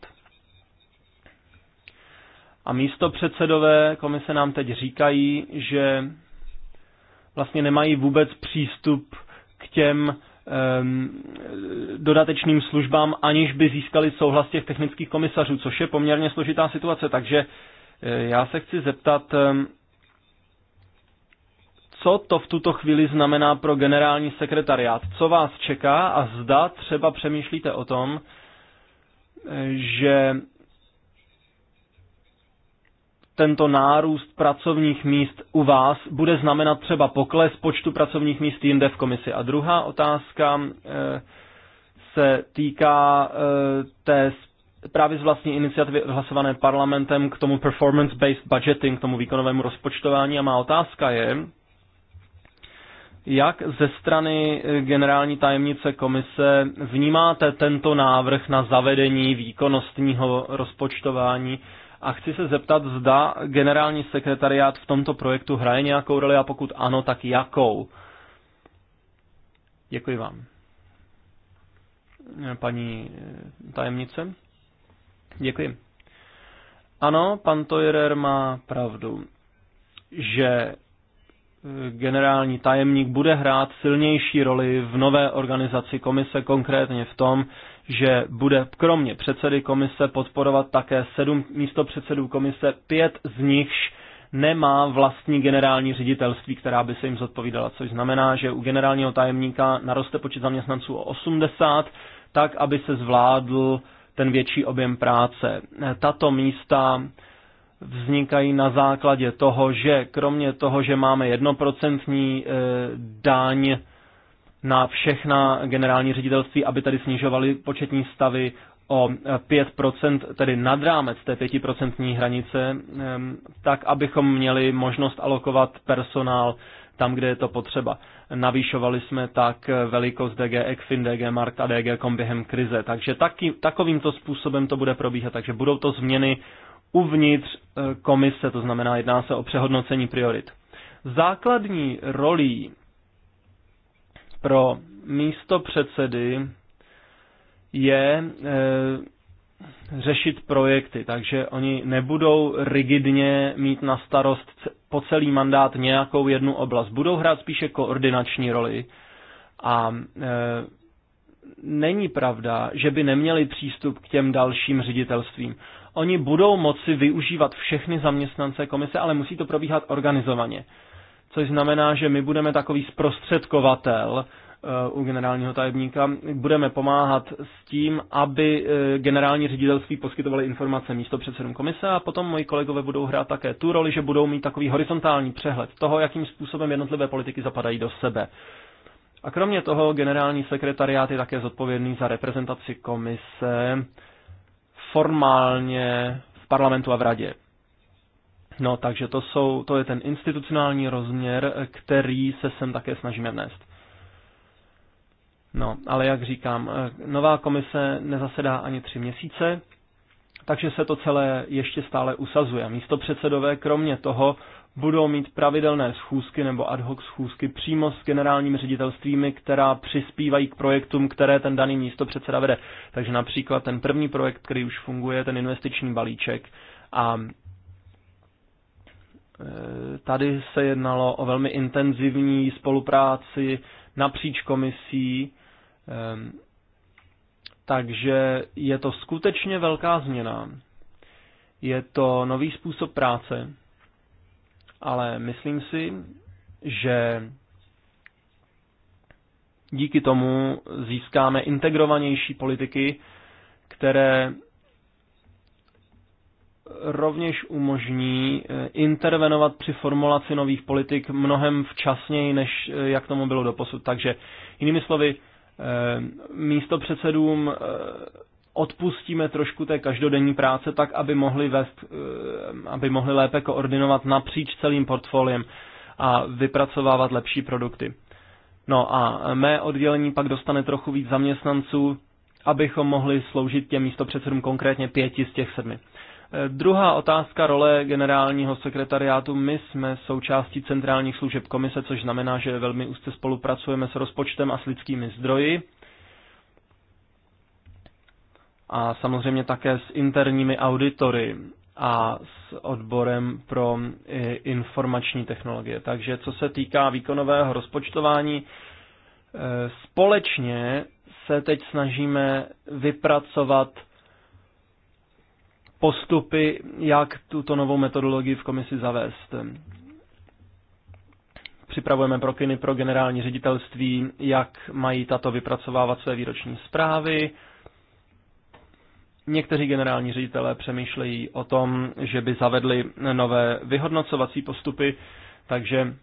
A místo předsedové komise nám teď říkají, že vlastně nemají vůbec přístup k těm um, dodatečným službám, aniž by získali souhlas těch technických komisařů, což je poměrně složitá situace. Takže eh, já se chci zeptat, ehm, co to v tuto chvíli znamená pro generální sekretariát, co vás čeká a zda třeba přemýšlíte o tom, že tento nárůst pracovních míst u vás bude znamenat třeba pokles počtu pracovních míst jinde v komisi. A druhá otázka eh, se týká eh, té právě z vlastní iniciativy hlasované parlamentem k tomu performance-based budgeting, k tomu výkonovému rozpočtování. A má otázka je, jak ze strany eh, generální tajemnice komise vnímáte tento návrh na zavedení výkonnostního rozpočtování? A chci se zeptat, zda generální sekretariát v tomto projektu hraje nějakou roli a pokud ano, tak jakou? Děkuji vám. Eh, paní eh, tajemnice? Děkuji. Ano, pan Toirer má pravdu, že generální tajemník bude hrát silnější roli v nové organizaci komise, konkrétně v tom, že bude kromě předsedy komise podporovat také sedm místo předsedů komise, pět z nichž nemá vlastní generální ředitelství, která by se jim zodpovídala, což znamená, že u generálního tajemníka naroste počet zaměstnanců o 80, tak aby se zvládl ten větší objem práce. Tato místa vznikají na základě toho, že kromě toho, že máme jednoprocentní eh, daň na všechna generální ředitelství, aby tady snižovali početní stavy o 5%, eh, tedy nad rámec té 5% hranice, ehm, tak abychom měli možnost alokovat personál tam, kde je to potřeba. Navýšovali jsme tak eh, velikost DG ECFIN, DG Markt a DG Kom během krize. Takže taky, takovýmto způsobem to bude probíhat. Takže budou to změny uvnitř eh, komise, to znamená jedná se o přehodnocení priorit. Základní rolí pro místo předsedy je eh, řešit projekty, takže oni nebudou rigidně mít na starost po celý mandát nějakou jednu oblast. Budou hrát spíše koordinační roli a e, není pravda, že by neměli přístup k těm dalším ředitelstvím. Oni budou moci využívat všechny zaměstnance komise, ale musí to probíhat organizovaně. Což znamená, že my budeme takový zprostředkovatel eh, u generálního tajemníka. Budeme pomáhat s tím, aby eh, generální ředitelství poskytovaly informace místo předsedům komise a potom moji kolegové budou hrát také tu roli, že budou mít takový horizontální přehled toho, jakým způsobem jednotlivé politiky zapadají do sebe. A kromě toho generální sekretariát je také zodpovědný za reprezentaci komise formálně v parlamentu a v radě. No, takže to, jsou, to je ten institucionální rozměr, který se sem také snažíme vnést. No, ale jak říkám, nová komise nezasedá ani tři měsíce, takže se to celé ještě stále usazuje. Místo předsedové kromě toho budou mít pravidelné schůzky nebo ad hoc schůzky přímo s generálními ředitelstvími, která přispívají k projektům, které ten daný místo předseda vede. Takže například ten první projekt, který už funguje, ten investiční balíček a e, Tady se jednalo o velmi intenzivní spolupráci napříč komisí, e, takže je to skutečně velká změna. Je to nový způsob práce ale myslím si, že díky tomu získáme integrovanější politiky, které rovněž umožní eh, intervenovat při formulaci nových politik mnohem včasněji, než eh, jak tomu bylo doposud. Takže jinými slovy, eh, místo předsedům odpustíme trošku té každodenní práce tak, aby mohli, vést, eh, aby mohli lépe koordinovat napříč celým portfoliem a vypracovávat lepší produkty. No a mé oddělení pak dostane trochu víc zaměstnanců, abychom mohli sloužit těm místopředsedům konkrétně pěti z těch sedmi. Eh, druhá otázka role generálního sekretariátu. My jsme součástí centrálních služeb komise, což znamená, že velmi úzce spolupracujeme s rozpočtem a s lidskými zdroji a samozřejmě také s interními auditory a s odborem pro eh, informační technologie. Takže co se týká výkonového rozpočtování, eh, společně se teď snažíme vypracovat postupy, jak tuto novou metodologii v komisi zavést. Připravujeme prokyny pro generální ředitelství, jak mají tato vypracovávat své výroční zprávy, Někteří generální ředitelé přemýšlejí o tom, že by zavedli nové vyhodnocovací postupy, takže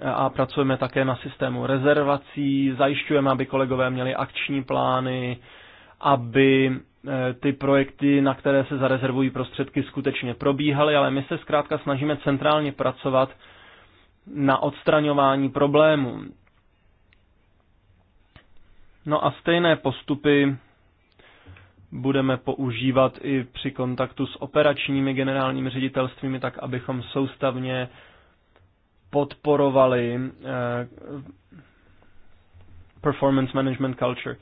eh, a pracujeme také na systému rezervací, zajišťujeme, aby kolegové měli akční plány, aby eh, ty projekty, na které se zarezervují prostředky, skutečně probíhaly, ale my se zkrátka snažíme centrálně pracovat na odstraňování problémů. No a stejné postupy budeme používat i při kontaktu s operačními generálními ředitelstvími, tak abychom soustavně podporovali eh, performance management culture.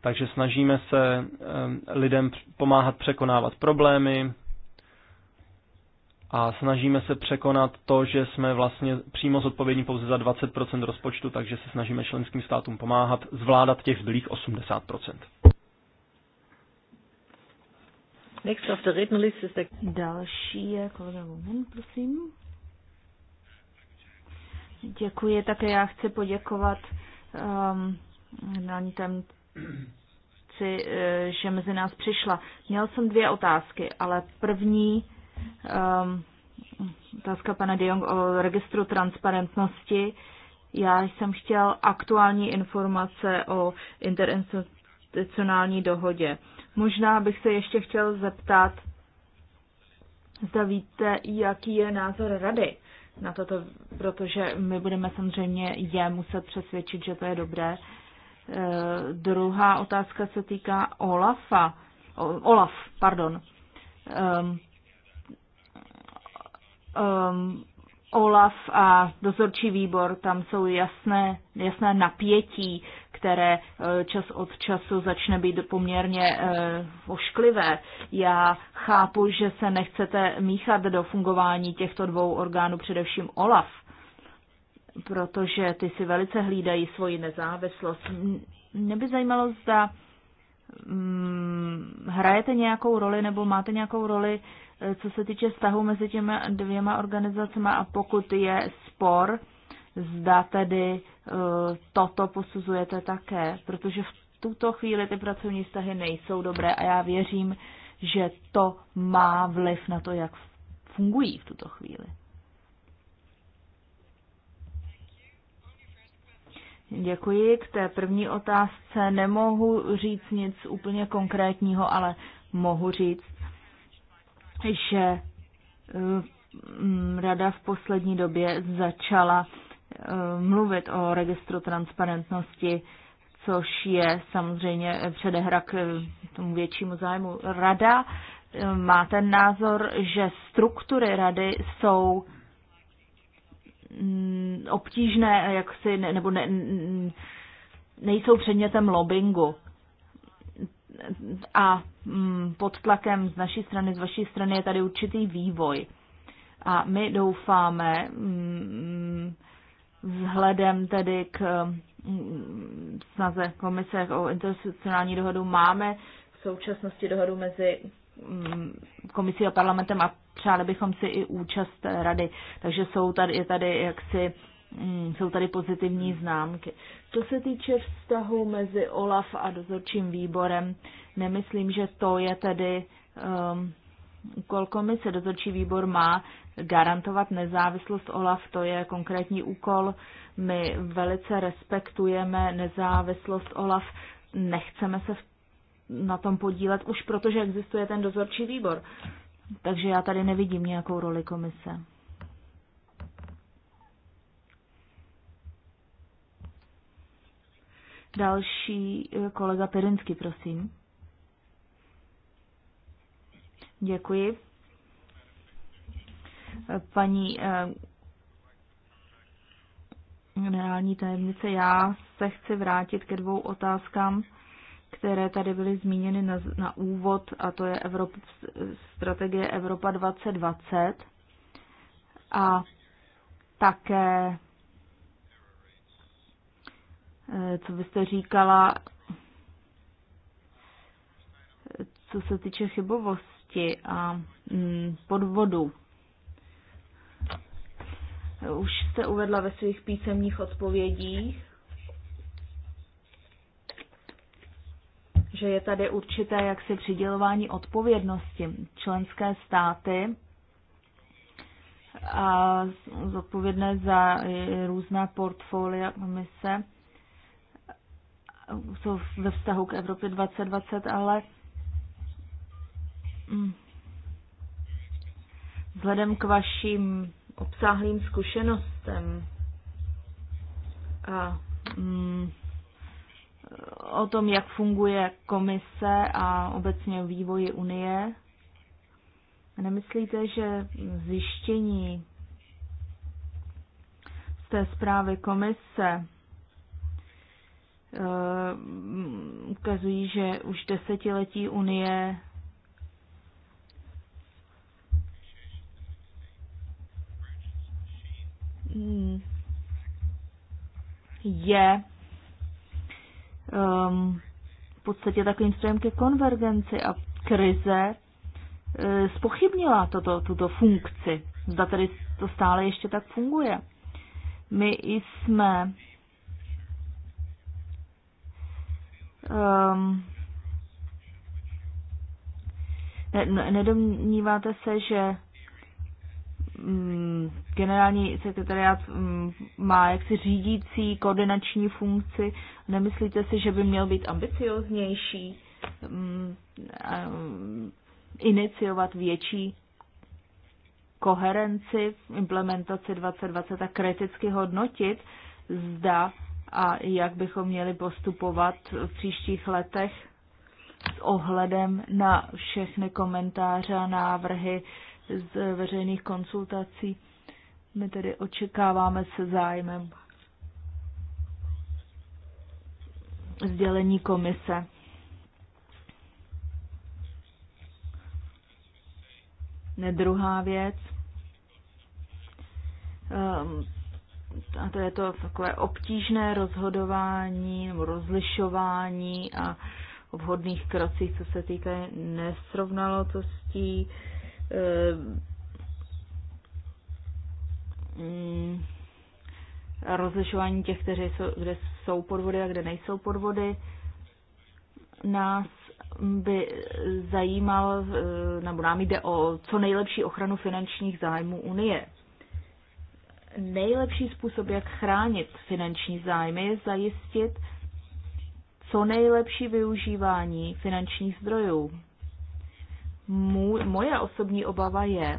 Takže snažíme se eh, lidem pomáhat překonávat problémy a snažíme se překonat to, že jsme vlastně přímo zodpovědní pouze za 20% rozpočtu, takže se snažíme členským státům pomáhat zvládat těch zbylých 80%. Next auf der Rednerliste ist der... Další je kolega Lumen, prosím. Děkuji, také já chci poděkovat um, tam tajemnici, eh, že mezi nás přišla. Měl jsem dvě otázky, ale první um, otázka pana de Jong o registru transparentnosti. Já jsem chtěl aktuální informace o interinstitucionální institucionální dohodě. Možná bych se ještě chtěl zeptat, zda víte, jaký je názor rady na toto, protože my budeme samozřejmě je muset přesvědčit, že to je dobré. E, druhá otázka se týká Olafa. Olaf, pardon. Um, um, Olaf a dozorčí výbor, tam jsou jasné, jasné napětí které eh, čas od času začne být poměrně eh, ošklivé. Já chápu, že se nechcete míchat do fungování těchto dvou orgánů, především OLAF, protože ty si velice hlídají svoji nezávislost. Mě by zajímalo, zda mm, hrajete nějakou roli nebo máte nějakou roli, eh, co se týče vztahu mezi těmi dvěma organizacemi a pokud je spor, zda tedy Eh, toto posuzujete také, protože v tuto chvíli ty pracovní vztahy nejsou dobré a já věřím, že to má vliv na to, jak fungují v tuto chvíli. Děkuji. K té první otázce nemohu říct nic úplně konkrétního, ale mohu říct, že eh, Rada v poslední době začala Eh, mluvit o registru transparentnosti, což je samozřejmě předehra k eh, tomu většímu zájmu. Rada eh, má ten názor, že struktury rady jsou mm, obtížné, jaksi, nebo ne, mm, nejsou předmětem lobbingu. A mm, pod tlakem z naší strany, z vaší strany je tady určitý vývoj. A my doufáme, Vzhledem tedy k mm, snaze komise o institucionální dohodu máme v současnosti dohodu mezi mm, komisí a parlamentem a přáli bychom si i účast rady. Takže jsou tady, je tady jaksi mm, jsou tady pozitivní známky. Co se týče vztahu mezi OLAF a dozorčím výborem, nemyslím, že to je tedy um, úkol komise. Dozorčí výbor má garantovat nezávislost OLAF, to je konkrétní úkol. My velice respektujeme nezávislost OLAF, nechceme se na tom podílet už protože existuje ten dozorčí výbor. Takže já tady nevidím nějakou roli komise. Další eh, kolega Perinsky, prosím. Děkuji. Paní eh, generální tajemnice, já se chci vrátit ke dvou otázkám, které tady byly zmíněny na, na úvod, a to je Evrop, strategie Evropa 2020 a také, eh, co byste říkala, co se týče chybovosti zločinnosti a mm, podvodu. Už jste uvedla ve svých písemných odpovědích, že je tady určité jaksi přidělování odpovědnosti členské státy a zodpovědné za e, různá portfolia komise jsou ve vztahu k Evropě 2020, ale Mm. Vzhledem k vašim obsáhlým zkušenostem a mm, o tom, jak funguje komise a obecně vývoji Unie, nemyslíte, že zjištění z té zprávy komise e, mm, ukazují, že už desetiletí Unie Hmm. je um, v podstatě takovým strojem ke konvergenci a krize e, spochybnila toto, tuto funkci. Zda tedy to stále ještě tak funguje. My jsme um, ne, nedomníváte se, že Mm, generální sekretariat mm, má jaksi řídící koordinační funkci. Nemyslíte si, že by měl být ambicioznější, mm, iniciovat větší koherenci v implementaci 2020 a kriticky hodnotit, zda a jak bychom měli postupovat v příštích letech s ohledem na všechny komentáře a návrhy z veřejných konsultací. My tedy očekáváme se zájmem sdělení komise. Ne druhá věc. Um, a to je to takové obtížné rozhodování nebo rozlišování a vhodných krocích, co se týká nesrovnalostí, Eh, mm, rozlišování těch, kteří jsou, kde jsou podvody a kde nejsou podvody. Nás by zajímal, eh, nebo nám jde o co nejlepší ochranu finančních zájmů Unie. Nejlepší způsob, jak chránit finanční zájmy, je zajistit co nejlepší využívání finančních zdrojů, můj, moje osobní obava je,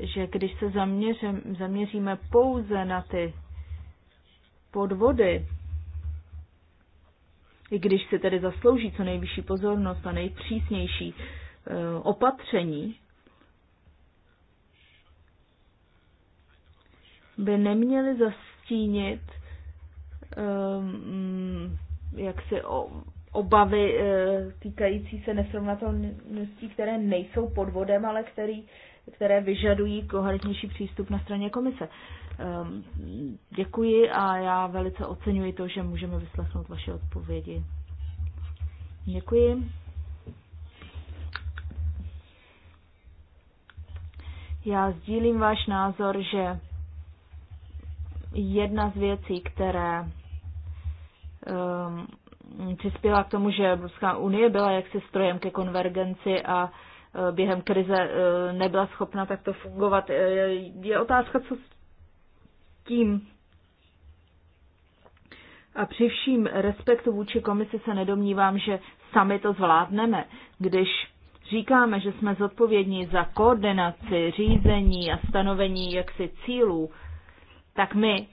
že když se zaměřím, zaměříme pouze na ty podvody, i když si tedy zaslouží co nejvyšší pozornost a nejpřísnější eh, opatření, by neměly zastínit um, eh, mm, jaksi o obavy eh, týkající se nesrovnatelností, které nejsou podvodem, ale který, které vyžadují koherentnější přístup na straně komise. Ehm, děkuji a já velice oceňuji to, že můžeme vyslechnout vaše odpovědi. Děkuji. Já sdílím váš názor, že jedna z věcí, které um, přispěla k tomu, že Evropská unie byla jaksi strojem ke konvergenci a e, během krize e, nebyla schopna takto fungovat. E, je otázka, co s tím. A při vším respektu vůči komisi se nedomnívám, že sami to zvládneme. Když říkáme, že jsme zodpovědní za koordinaci, řízení a stanovení jaksi cílů, tak my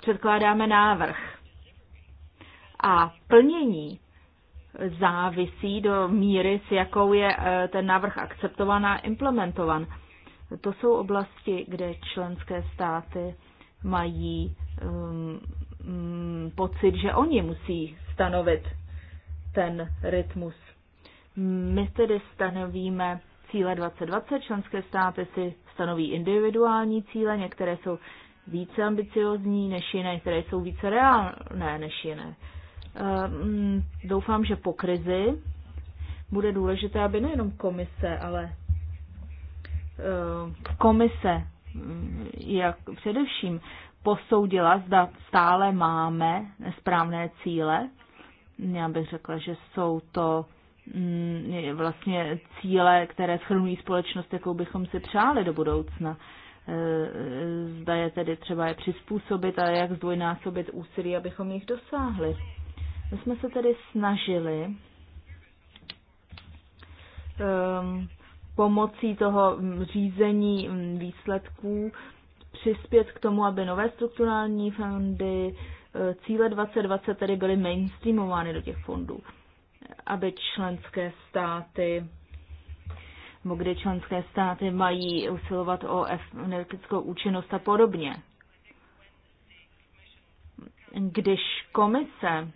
předkládáme návrh a plnění závisí do míry, s jakou je e, ten návrh akceptován a implementovan. To jsou oblasti, kde členské státy mají um, pocit, že oni musí stanovit ten rytmus. My tedy stanovíme cíle 2020, členské státy si stanoví individuální cíle, některé jsou více ambiciozní než jiné, které jsou více reálné než jiné. Eh, mm, doufám, že po krizi bude důležité, aby nejenom komise, ale eh, komise, mm, jak především posoudila, zda stále máme správné cíle. Já bych řekla, že jsou to mm, vlastně cíle, které schrnují společnost, jakou bychom si přáli do budoucna. Eh, zda je tedy třeba je přizpůsobit a jak zdvojnásobit úsilí, abychom jich dosáhli. My jsme se tedy snažili um, pomocí toho mm, řízení mm, výsledků přispět k tomu, aby nové strukturální fondy, eh, cíle 2020 tedy byly mainstreamovány do těch fondů, aby členské státy nebo kde členské státy mají usilovat o energetickou účinnost a podobně. Když komise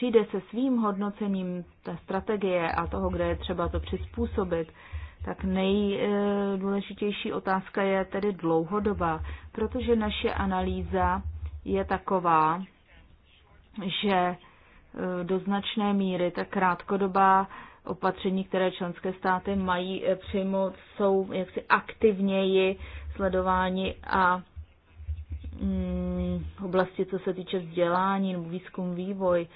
přijde se svým hodnocením té strategie a toho, kde je třeba to přizpůsobit, tak nejdůležitější otázka je tedy dlouhodobá, protože naše analýza je taková, že e, do značné míry ta krátkodobá opatření, které členské státy mají e, přijmout, jsou jaksi aktivněji sledováni a mm, v oblasti, co se týče vzdělání nebo výzkum, vývoj,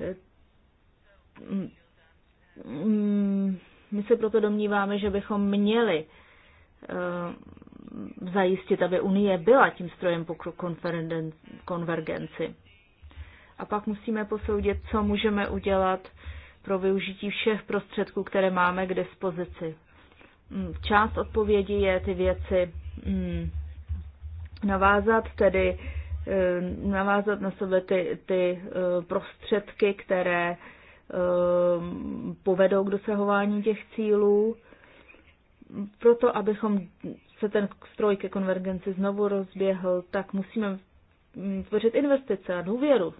Eh, mm, my se proto domníváme, že bychom měli eh, zajistit, aby Unie byla tím strojem po konvergenci. A pak musíme posoudit, co můžeme udělat pro využití všech prostředků, které máme k dispozici. Mm, část odpovědi je ty věci mm, navázat, tedy Eh, navázat na sebe ty, ty eh, prostředky, které eh, povedou k dosahování těch cílů, proto abychom se ten stroj ke konvergenci znovu rozběhl, tak musíme tvořit investice a důvěru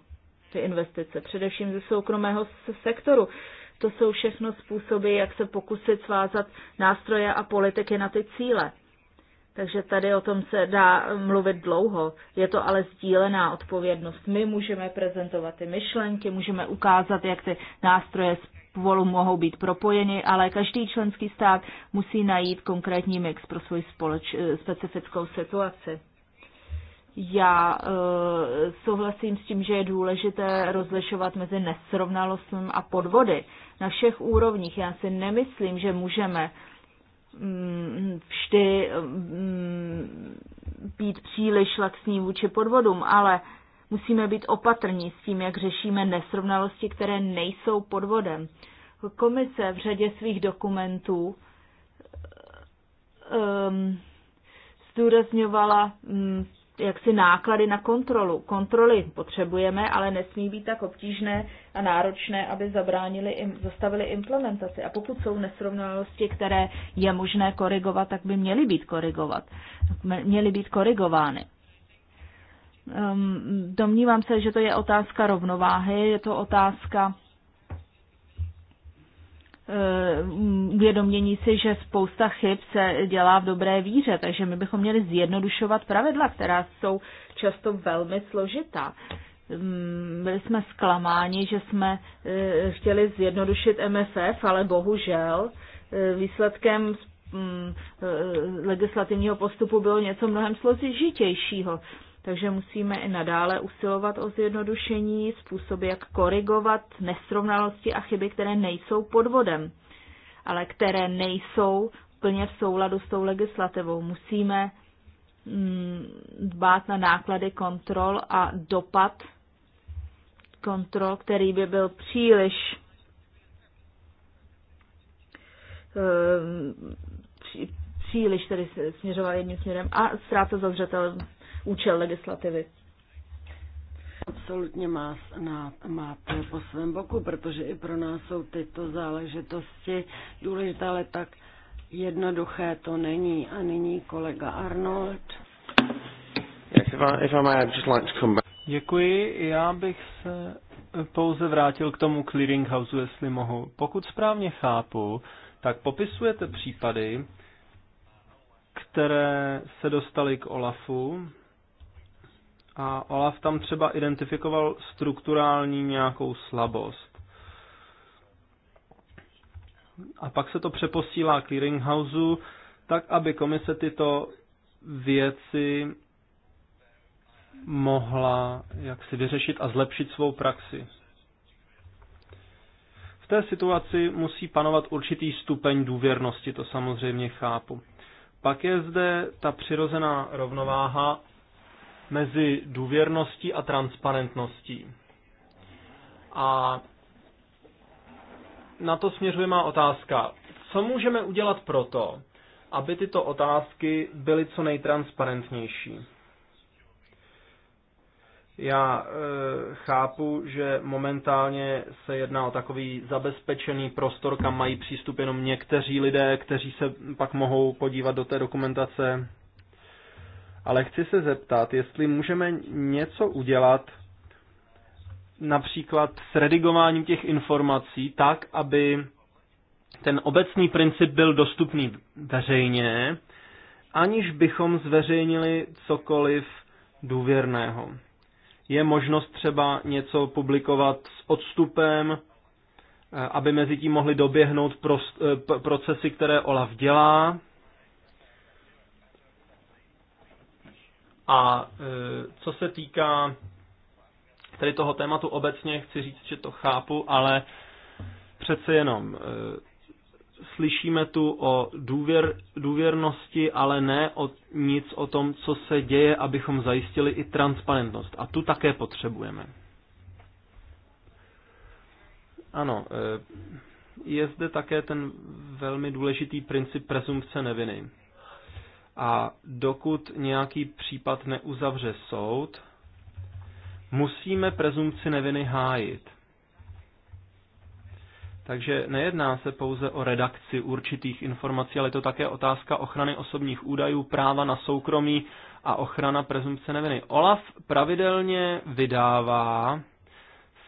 ty investice, především ze soukromého sektoru. To jsou všechno způsoby, jak se pokusit svázat nástroje a politiky na ty cíle. Takže tady o tom se dá mluvit dlouho. Je to ale sdílená odpovědnost. My můžeme prezentovat ty myšlenky, můžeme ukázat, jak ty nástroje spolu mohou být propojeny, ale každý členský stát musí najít konkrétní mix pro svoji společ, specifickou situaci. Já uh, souhlasím s tím, že je důležité rozlišovat mezi nesrovnalostem a podvody na všech úrovních. Já si nemyslím, že můžeme Mm, vždy mm, být příliš laxní vůči podvodům, ale musíme být opatrní s tím, jak řešíme nesrovnalosti, které nejsou podvodem. Komise v řadě svých dokumentů um, zdůrazňovala um, jaksi náklady na kontrolu. Kontroly potřebujeme, ale nesmí být tak obtížné a náročné, aby zabránili, zastavili implementaci. A pokud jsou nesrovnalosti, které je možné korigovat, tak by měly být korigovat. Měly být korigovány. Um, domnívám se, že to je otázka rovnováhy, je to otázka Eh, uvědomění si, že spousta chyb se dělá v dobré víře, takže my bychom měli zjednodušovat pravidla, která jsou často velmi složitá. Mm, byli jsme zklamáni, že jsme eh, chtěli zjednodušit MFF, ale bohužel eh, výsledkem mm, legislativního postupu bylo něco mnohem složitějšího. Takže musíme i nadále usilovat o zjednodušení, způsoby, jak korigovat nesrovnalosti a chyby, které nejsou podvodem, ale které nejsou plně v souladu s tou legislativou. Musíme mm, dbát na náklady kontrol a dopad kontrol, který by byl příliš ehm, příliš tedy směřoval jedním směrem a ztráta za účel legislativy. Absolutně má, na, máte po svém boku, protože i pro nás jsou tyto záležitosti důležité, ale tak jednoduché to není. A nyní kolega Arnold. Děkuji, já bych se pouze vrátil k tomu clearinghouse, jestli mohu. Pokud správně chápu, tak popisujete případy, které se dostaly k Olafu a Olaf tam třeba identifikoval strukturální nějakou slabost. A pak se to přeposílá clearinghouse, tak aby komise tyto věci mohla jak si vyřešit a zlepšit svou praxi. V té situaci musí panovat určitý stupeň důvěrnosti, to samozřejmě chápu. Pak je zde ta přirozená rovnováha mezi důvěrností a transparentností. A na to směřuje má otázka. Co můžeme udělat proto, aby tyto otázky byly co nejtransparentnější? Já e, chápu, že momentálně se jedná o takový zabezpečený prostor, kam mají přístup jenom někteří lidé, kteří se pak mohou podívat do té dokumentace ale chci se zeptat, jestli můžeme něco udělat například s redigováním těch informací tak, aby ten obecný princip byl dostupný veřejně, aniž bychom zveřejnili cokoliv důvěrného. Je možnost třeba něco publikovat s odstupem, eh, aby mezi tím mohly doběhnout eh, procesy, které OLAF dělá, A e, co se týká tady toho tématu obecně, chci říct, že to chápu, ale přece jenom e, slyšíme tu o důvěr, důvěrnosti, ale ne o nic o tom, co se děje, abychom zajistili i transparentnost. A tu také potřebujeme. Ano, e, je zde také ten velmi důležitý princip prezumpce neviny. A dokud nějaký případ neuzavře soud, musíme prezumci neviny hájit. Takže nejedná se pouze o redakci určitých informací, ale je to také otázka ochrany osobních údajů, práva na soukromí a ochrana prezumce neviny. OLAF pravidelně vydává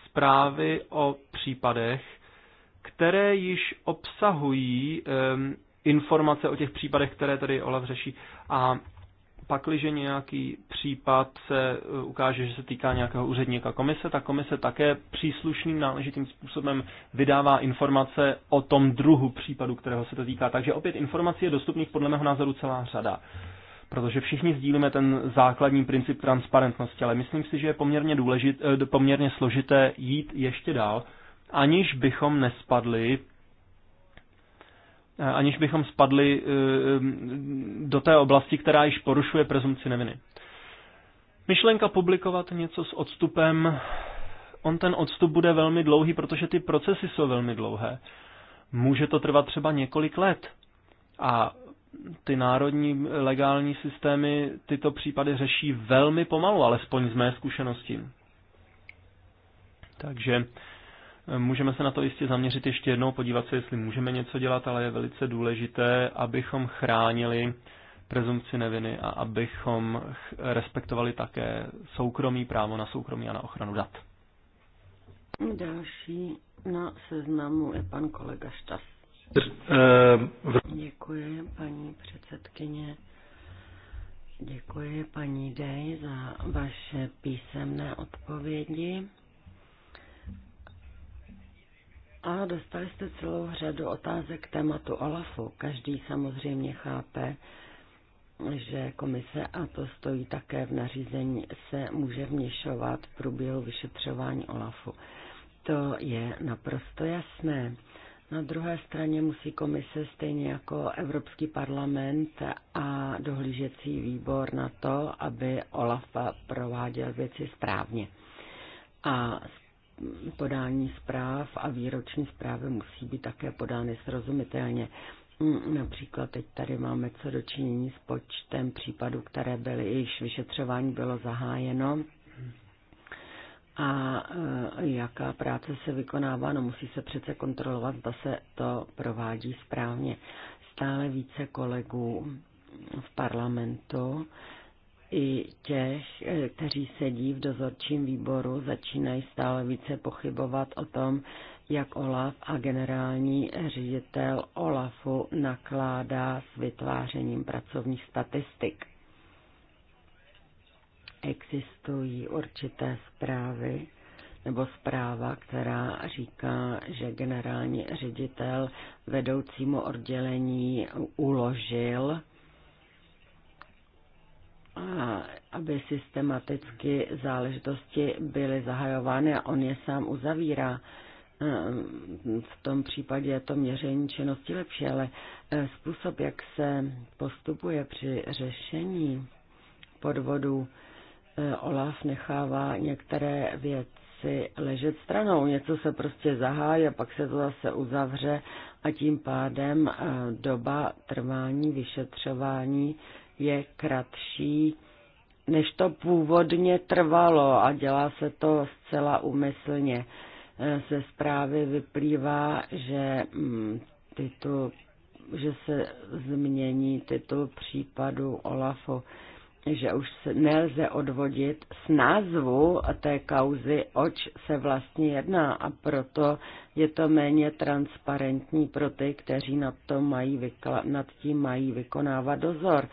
zprávy o případech, které již obsahují informace o těch případech, které tady OLAF řeší. A pakliže nějaký případ se e, ukáže, že se týká nějakého úředníka komise, tak komise také příslušným náležitým způsobem vydává informace o tom druhu případu, kterého se to týká. Takže opět informací je dostupných podle mého názoru celá řada. Protože všichni sdílíme ten základní princip transparentnosti, ale myslím si, že je poměrně, důležit, e, poměrně složité jít ještě dál, aniž bychom nespadli Eh, aniž bychom spadli eh, do té oblasti, která již porušuje prezumci neviny. Myšlenka publikovat něco s odstupem, on ten odstup bude velmi dlouhý, protože ty procesy jsou velmi dlouhé. Může to trvat třeba několik let. A ty národní legální systémy tyto případy řeší velmi pomalu, alespoň z mé zkušenosti. Takže Můžeme se na to jistě zaměřit ještě jednou, podívat se, jestli můžeme něco dělat, ale je velice důležité, abychom chránili prezumci neviny a abychom respektovali také soukromí právo na soukromí a na ochranu dat. Další na seznamu je pan kolega Štas. Děkuji, paní předsedkyně. Děkuji, paní Dej, za vaše písemné odpovědi. A dostali jste celou řadu otázek k tématu OLAFu. Každý samozřejmě chápe, že komise, a to stojí také v nařízení, se může vměšovat v průběhu vyšetřování OLAFu. To je naprosto jasné. Na druhé straně musí komise stejně jako Evropský parlament a dohlížecí výbor na to, aby OLAF prováděl věci správně. A podání zpráv a výroční zprávy musí být také podány srozumitelně. Mm, Například teď tady máme co dočinění s počtem případů, které byly, jejichž vyšetřování bylo zahájeno a e, jaká práce se vykonává, no musí se přece kontrolovat, zda se to provádí správně. Stále více kolegů v parlamentu i těch, eh, kteří sedí v dozorčím výboru, začínají stále více pochybovat o tom, jak Olaf a generální ředitel Olafu nakládá s vytvářením pracovních statistik. Existují určité zprávy nebo zpráva, která říká, že generální ředitel vedoucímu oddělení uložil aby systematicky záležitosti byly zahajovány a on je sám uzavírá. Ehm, v tom případě je to měření činnosti lepší, ale eh, způsob, jak se postupuje při řešení podvodu, eh, Olaf nechává některé věci ležet stranou. Něco se prostě zahájí a pak se to zase uzavře a tím pádem eh, doba trvání vyšetřování je kratší, než to původně trvalo a dělá se to zcela umyslně. Eh, ze zprávy vyplývá, že, mm, titul, že se změní titul případu Olafu že už se nelze odvodit z názvu té kauzy, oč se vlastně jedná a proto je to méně transparentní pro ty, kteří nad, to mají vykla- nad tím mají vykonávat dozor.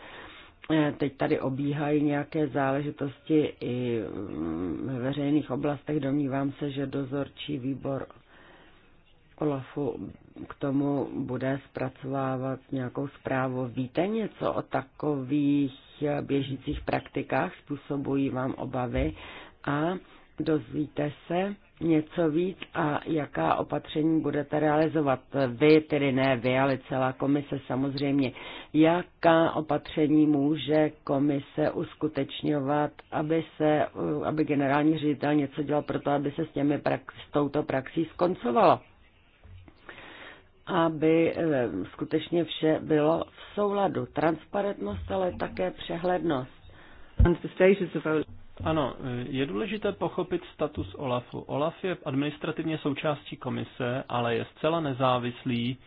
Eh, teď tady obíhají nějaké záležitosti i mm, ve veřejných oblastech. Domnívám se, že dozorčí výbor Olafu k tomu bude zpracovávat nějakou zprávu. Víte něco o takových eh, běžících praktikách? Způsobují vám obavy? A dozvíte se něco víc a jaká opatření budete realizovat. Vy, tedy ne vy, ale celá komise samozřejmě. Jaká opatření může komise uskutečňovat, aby, se, aby generální ředitel něco dělal pro to, aby se s, těmi prax, s touto praxí skoncovalo? aby eh, skutečně vše bylo v souladu. Transparentnost, ale také přehlednost. Ano, e, je důležité pochopit status OLAFu. OLAF je administrativně součástí komise, ale je zcela nezávislý,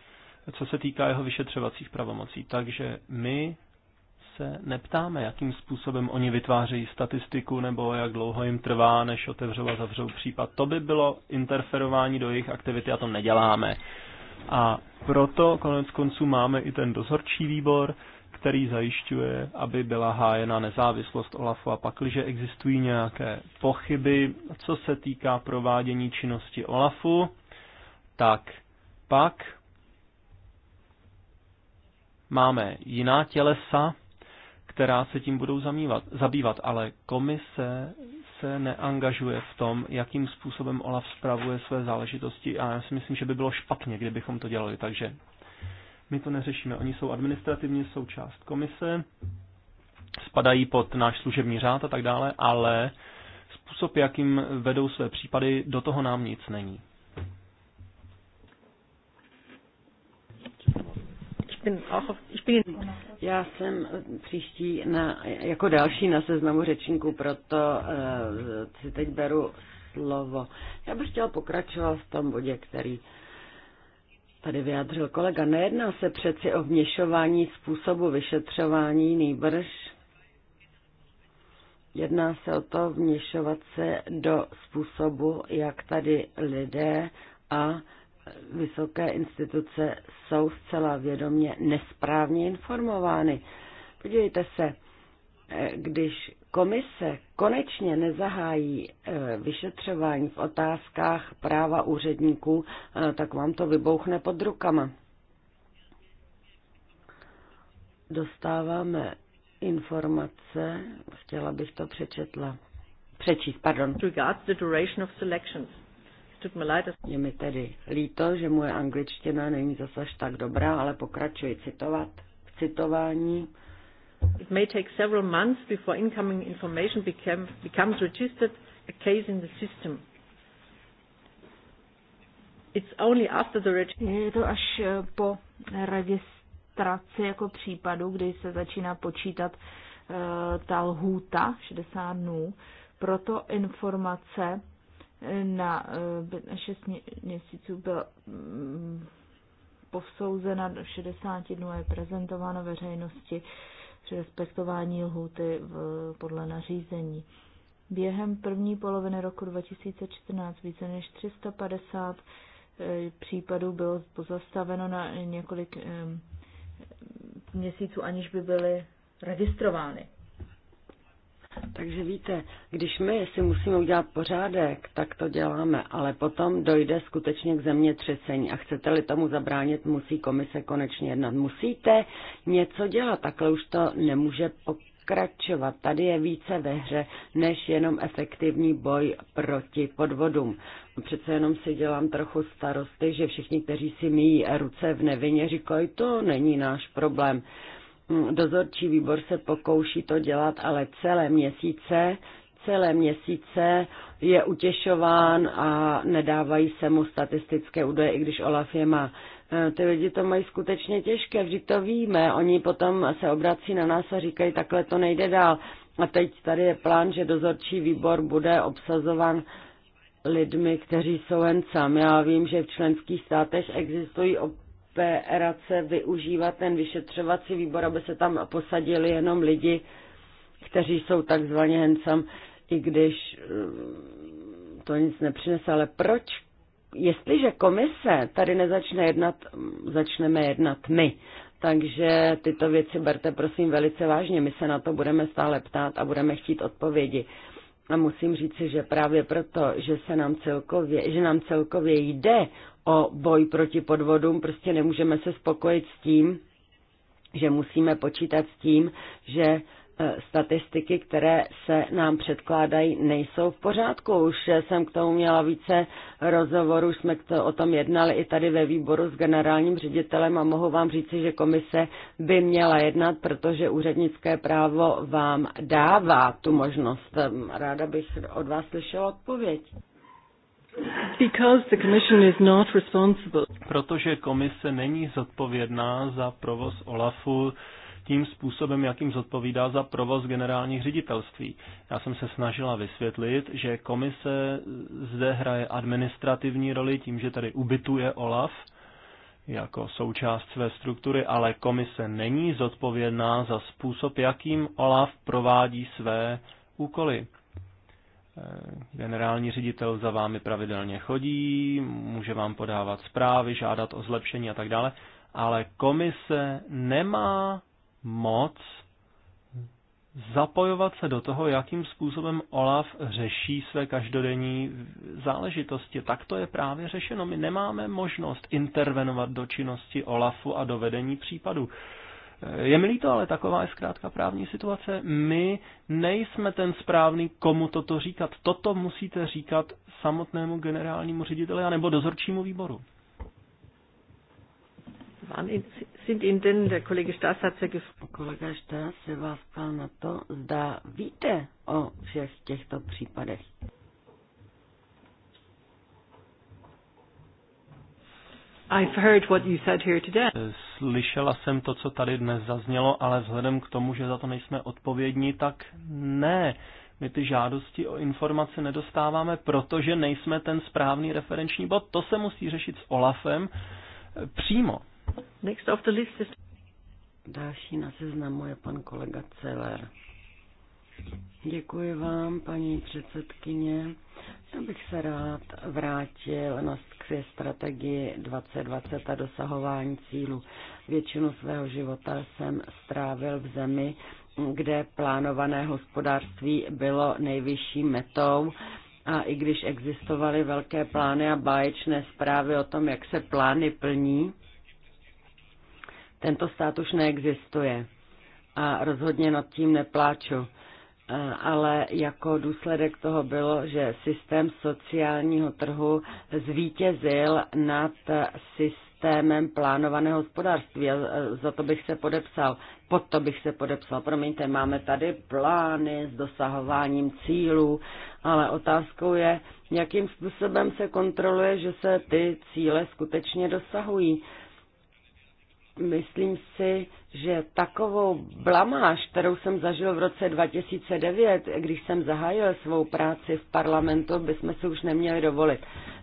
co se týká jeho vyšetřovacích pravomocí. Takže my se neptáme, jakým způsobem oni vytvářejí statistiku nebo jak dlouho jim trvá, než otevřou a zavřou případ. To by bylo interferování do jejich aktivity a to neděláme. A proto konec konců máme i ten dozorčí výbor, který zajišťuje, aby byla hájena nezávislost OLAFu a pakliže existují nějaké pochyby, co se týká provádění činnosti OLAFu, tak pak máme jiná tělesa, která se tím budou zamývat, zabývat, ale komise se neangažuje v tom, jakým způsobem OLAF spravuje své záležitosti a já si myslím, že by bylo špatně, kdybychom to dělali. Takže my to neřešíme. Oni jsou administrativně součást komise, spadají pod náš služební řád a tak dále, ale způsob, jakým vedou své případy, do toho nám nic není. Já jsem příští na, jako další na seznamu řečníků, proto uh, si teď beru slovo. Já bych chtěla pokračovat v tom bodě, který tady vyjádřil kolega, nejedná se přeci o vměšování způsobu vyšetřování, nejbrž. jedná se o to vněšovat se do způsobu, jak tady lidé a vysoké instituce jsou zcela vědomě nesprávně informovány. Podívejte se, eh, když komise konečně nezahájí eh, vyšetřování v otázkách práva úředníků, eh, tak vám to vybouchne pod rukama. Dostáváme informace, chtěla bych to přečetla. Přečíst, pardon. Regards the duration of selections. Je mi tedy líto, že moje angličtina není zase tak dobrá, ale pokračuji citovat. V citování It may take several months before incoming information becomes registered a case in the system. It's only after the registration. Je to až eh, po registraci jako případu, kdy se začíná počítat uh, ta lhůta 60 dnů. Proto informace eh, na uh, 6 měsíců byla um, posouzena do 60 dnů a je prezentována veřejnosti. Uh, při respektování lhuty v, podle nařízení. Během první poloviny roku 2014 více než 350 eh, případů bylo pozastaveno na několik eh, měsíců, aniž by byly registrovány. Takže víte, když my si musíme udělat pořádek, tak to děláme, ale potom dojde skutečně k zemětřesení a chcete-li tomu zabránit, musí komise konečně jednat. Musíte něco dělat, takhle už to nemůže pokračovat. Tady je více ve hře, než jenom efektivní boj proti podvodům. Přece jenom si dělám trochu starosty, že všichni, kteří si míjí ruce v nevině, říkají, to není náš problém. Dozorčí výbor se pokouší to dělat, ale celé měsíce, celé měsíce je utěšován a nedávají se mu statistické údaje, i když Olaf je má. E, ty lidi to mají skutečně těžké, vždyť to víme. Oni potom se obrací na nás a říkají, takhle to nejde dál. A teď tady je plán, že dozorčí výbor bude obsazován lidmi, kteří jsou jen sami. Já vím, že v členských státech existují operace využívat ten vyšetřovací výbor, aby se tam posadili jenom lidi, kteří jsou takzvaně hensam, i když eh, to nic nepřinese. Ale proč? Jestliže komise tady nezačne jednat, začneme jednat my. Takže tyto věci berte prosím velice vážně. My se na to budeme stále ptát a budeme chtít odpovědi. A musím říci, že právě proto, že, se nám celkově, že nám celkově jde o boj proti podvodům, prostě nemůžeme se spokojit s tím, že musíme počítat s tím, že e, statistiky, které se nám předkládají, nejsou v pořádku. Už jsem k tomu měla více rozhovorů, už jsme to, o tom jednali i tady ve výboru s generálním ředitelem a mohu vám říci, že komise by měla jednat, protože úřednické právo vám dává tu možnost. Ráda bych od vás slyšela odpověď. Protože komise není zodpovědná za provoz OLAFu tím způsobem, jakým zodpovídá za provoz generálních ředitelství. Já jsem se snažila vysvětlit, že komise zde hraje administrativní roli tím, že tady ubytuje OLAF jako součást své struktury, ale komise není zodpovědná za způsob, jakým OLAF provádí své úkoly. Eh, generální ředitel za vámi pravidelně chodí, může vám podávat zprávy, žádat o zlepšení a tak dále, ale komise nemá moc zapojovat se do toho, jakým způsobem OLAF řeší své každodenní záležitosti. Tak to je právě řešeno. My nemáme možnost intervenovat do činnosti OLAFu a do vedení případu. Je mi líto, ale taková je zkrátka právní situace. My nejsme ten správný, komu toto říkat. Toto musíte říkat samotnému generálnímu řediteli anebo dozorčímu výboru. Sind Ihnen denn, der Kollege Stas hat Kolega Stas se vás ptal na to, zda víte o všech těchto případech. I've heard what you said here today. Eh, slyšela jsem to, co tady dnes zaznělo, ale vzhledem k tomu, že za to nejsme odpovědní, tak ne. My ty žádosti o informace nedostáváme, protože nejsme ten správný referenční bod. To se musí řešit s OLAFem přímo. Next of the list is... Další na seznamu je pan kolega Celer. Děkuji vám, paní předsedkyně. Já bych se rád vrátil na k strategii 2020 a dosahování cílu. Většinu svého života jsem strávil v zemi, kde plánované hospodářství bylo nejvyšší metou a i když existovaly velké plány a báječné zprávy o tom, jak se plány plní, tento stát už neexistuje a rozhodně nad tím nepláču. Eh, ale jako důsledek toho bylo, že systém sociálního trhu zvítězil nad systémem plánovaného hospodářství. A eh, za to bych se podepsal. Pod to bych se podepsal. Promiňte, máme tady plány s dosahováním cílů, ale otázkou je, jakým způsobem se kontroluje, že se ty cíle skutečně dosahují Myslím si, že takovou blamáž, kterou jsem zažil v roce 2009, když jsem zahájil svou práci v parlamentu, bychom si už neměli dovolit.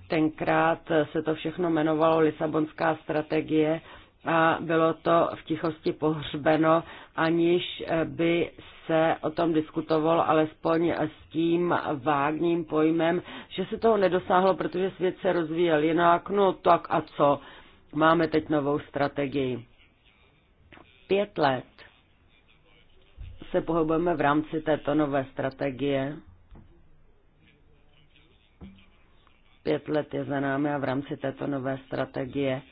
Tenkrát se to všechno jmenovalo Lisabonská strategie a bylo to v tichosti pohřbeno, aniž by se o tom diskutovalo alespoň s tím vágním pojmem, že se toho nedosáhlo, protože svět se rozvíjel jinak, no tak a co Máme teď novou strategii. Pět let se pohybujeme v rámci této nové strategie. Pět let je za námi a v rámci této nové strategie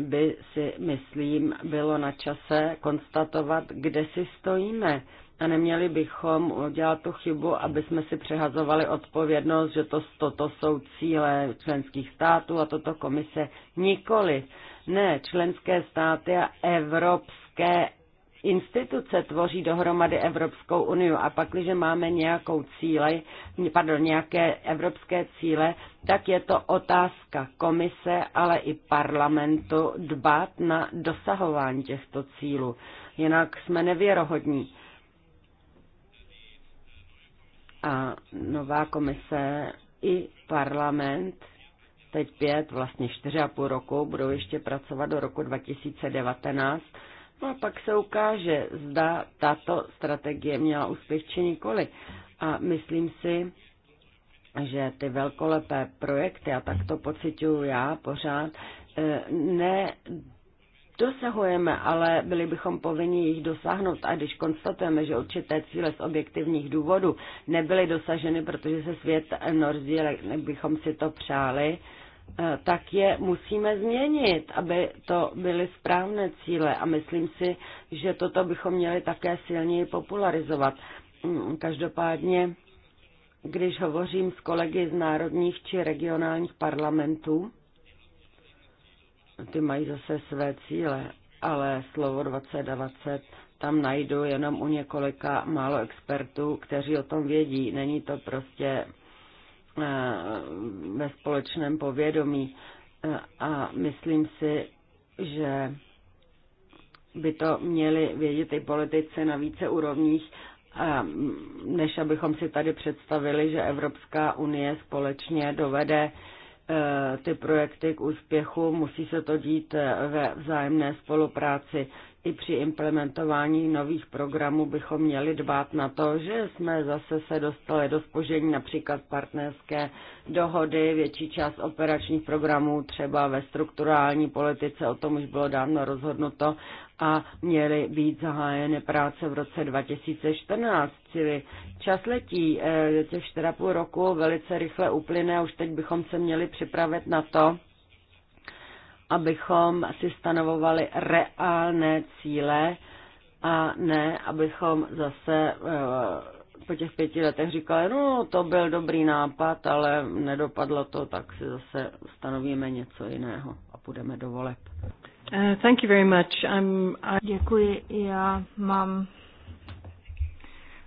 by si, myslím, bylo na čase konstatovat, kde si stojíme, a neměli bychom udělat tu chybu, aby jsme si přehazovali odpovědnost, že to, toto jsou cíle členských států a toto komise nikoli. Ne, členské státy a evropské instituce tvoří dohromady Evropskou unii a pak, když máme nějakou cíle, pardon, nějaké evropské cíle, tak je to otázka komise, ale i parlamentu dbát na dosahování těchto cílů. Jinak jsme nevěrohodní a nová komise i parlament teď pět, vlastně čtyři a půl roku, budou ještě pracovat do roku 2019. No a pak se ukáže, zda tato strategie měla úspěch či nikoli. A myslím si, že ty velkolepé projekty, a tak to pocituju já pořád, eh, ne dosahujeme, ale byli bychom povinni jich dosáhnout. A když konstatujeme, že určité cíle z objektivních důvodů nebyly dosaženy, protože se svět rozdělil, bychom si to přáli, eh, tak je musíme změnit, aby to byly správné cíle. A myslím si, že toto bychom měli také silněji popularizovat. Mm, každopádně, když hovořím s kolegy z národních či regionálních parlamentů, ty mají zase své cíle, ale slovo 2020 tam najdu jenom u několika málo expertů, kteří o tom vědí. Není to prostě eh, ve společném povědomí eh, a myslím si, že by to měli vědět i politici na více úrovních, než abychom si tady představili, že Evropská unie společně dovede Eh, ty projekty k úspěchu. Musí se to dít eh, ve vzájemné spolupráci. I při implementování nových programů bychom měli dbát na to, že jsme zase se dostali do spožení například partnerské dohody, větší část operačních programů třeba ve strukturální politice, o tom už bylo dávno rozhodnuto a měly být zahájeny práce v roce 2014, čili čas letí, eh, těch 4,5 roku velice rychle uplyne a už teď bychom se měli připravit na to, abychom si stanovovali reálné cíle a ne, abychom zase eh, po těch pěti letech říkali, no to byl dobrý nápad, ale nedopadlo to, tak si zase stanovíme něco jiného a půjdeme do voleb. Uh, thank you very much. I'm, I... Děkuji. Já mám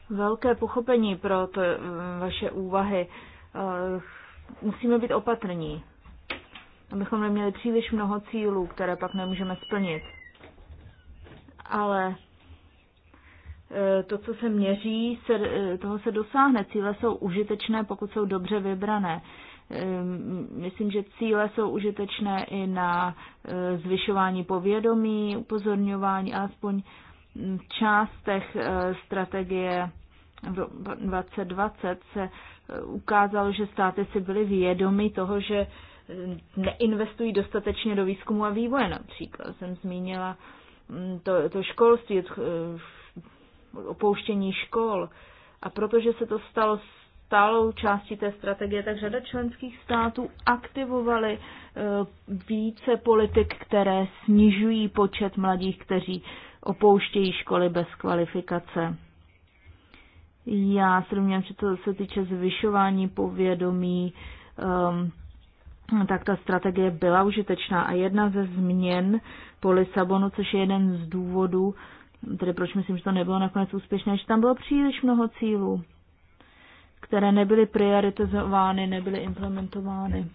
velké pochopení pro to, uh, vaše úvahy. Uh, musíme být opatrní, abychom neměli příliš mnoho cílů, které pak nemůžeme splnit. Ale eh, to, co se měří, se, eh, toho se dosáhne. Cíle jsou užitečné, pokud jsou dobře vybrané. Myslím, že cíle jsou užitečné i na e, zvyšování povědomí, upozorňování, alespoň v částech e, strategie 2020 se e, ukázalo, že státy si byly vědomi toho, že neinvestují dostatečně do výzkumu a vývoje. Například jsem zmínila mm, to, to školství, opouštění škol. A protože se to stalo stálou částí té strategie, tak řada členských států aktivovaly e, více politik, které snižují počet mladých, kteří opouštějí školy bez kvalifikace. Já se domnívám, že to se týče zvyšování povědomí, um, tak ta strategie byla užitečná. A jedna ze změn po Lisabonu, což je jeden z důvodů, tedy proč myslím, že to nebylo nakonec úspěšné, že tam bylo příliš mnoho cílů které nebyly prioritizovány, nebyly implementovány.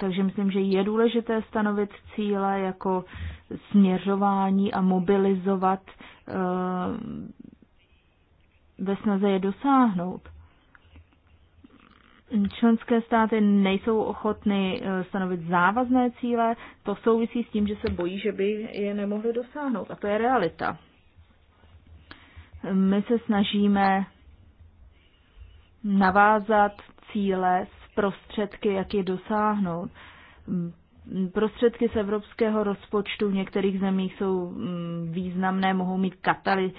Takže myslím, že je důležité stanovit cíle jako směřování a mobilizovat eh, ve snaze je dosáhnout. Členské státy nejsou ochotny eh, stanovit závazné cíle, to souvisí s tím, že se bojí, že by je nemohli dosáhnout. A to je realita. My se snažíme navázat cíle s prostředky, jak je dosáhnout. Mm, prostředky z evropského rozpočtu v některých zemích jsou mm, významné, mohou mít katali,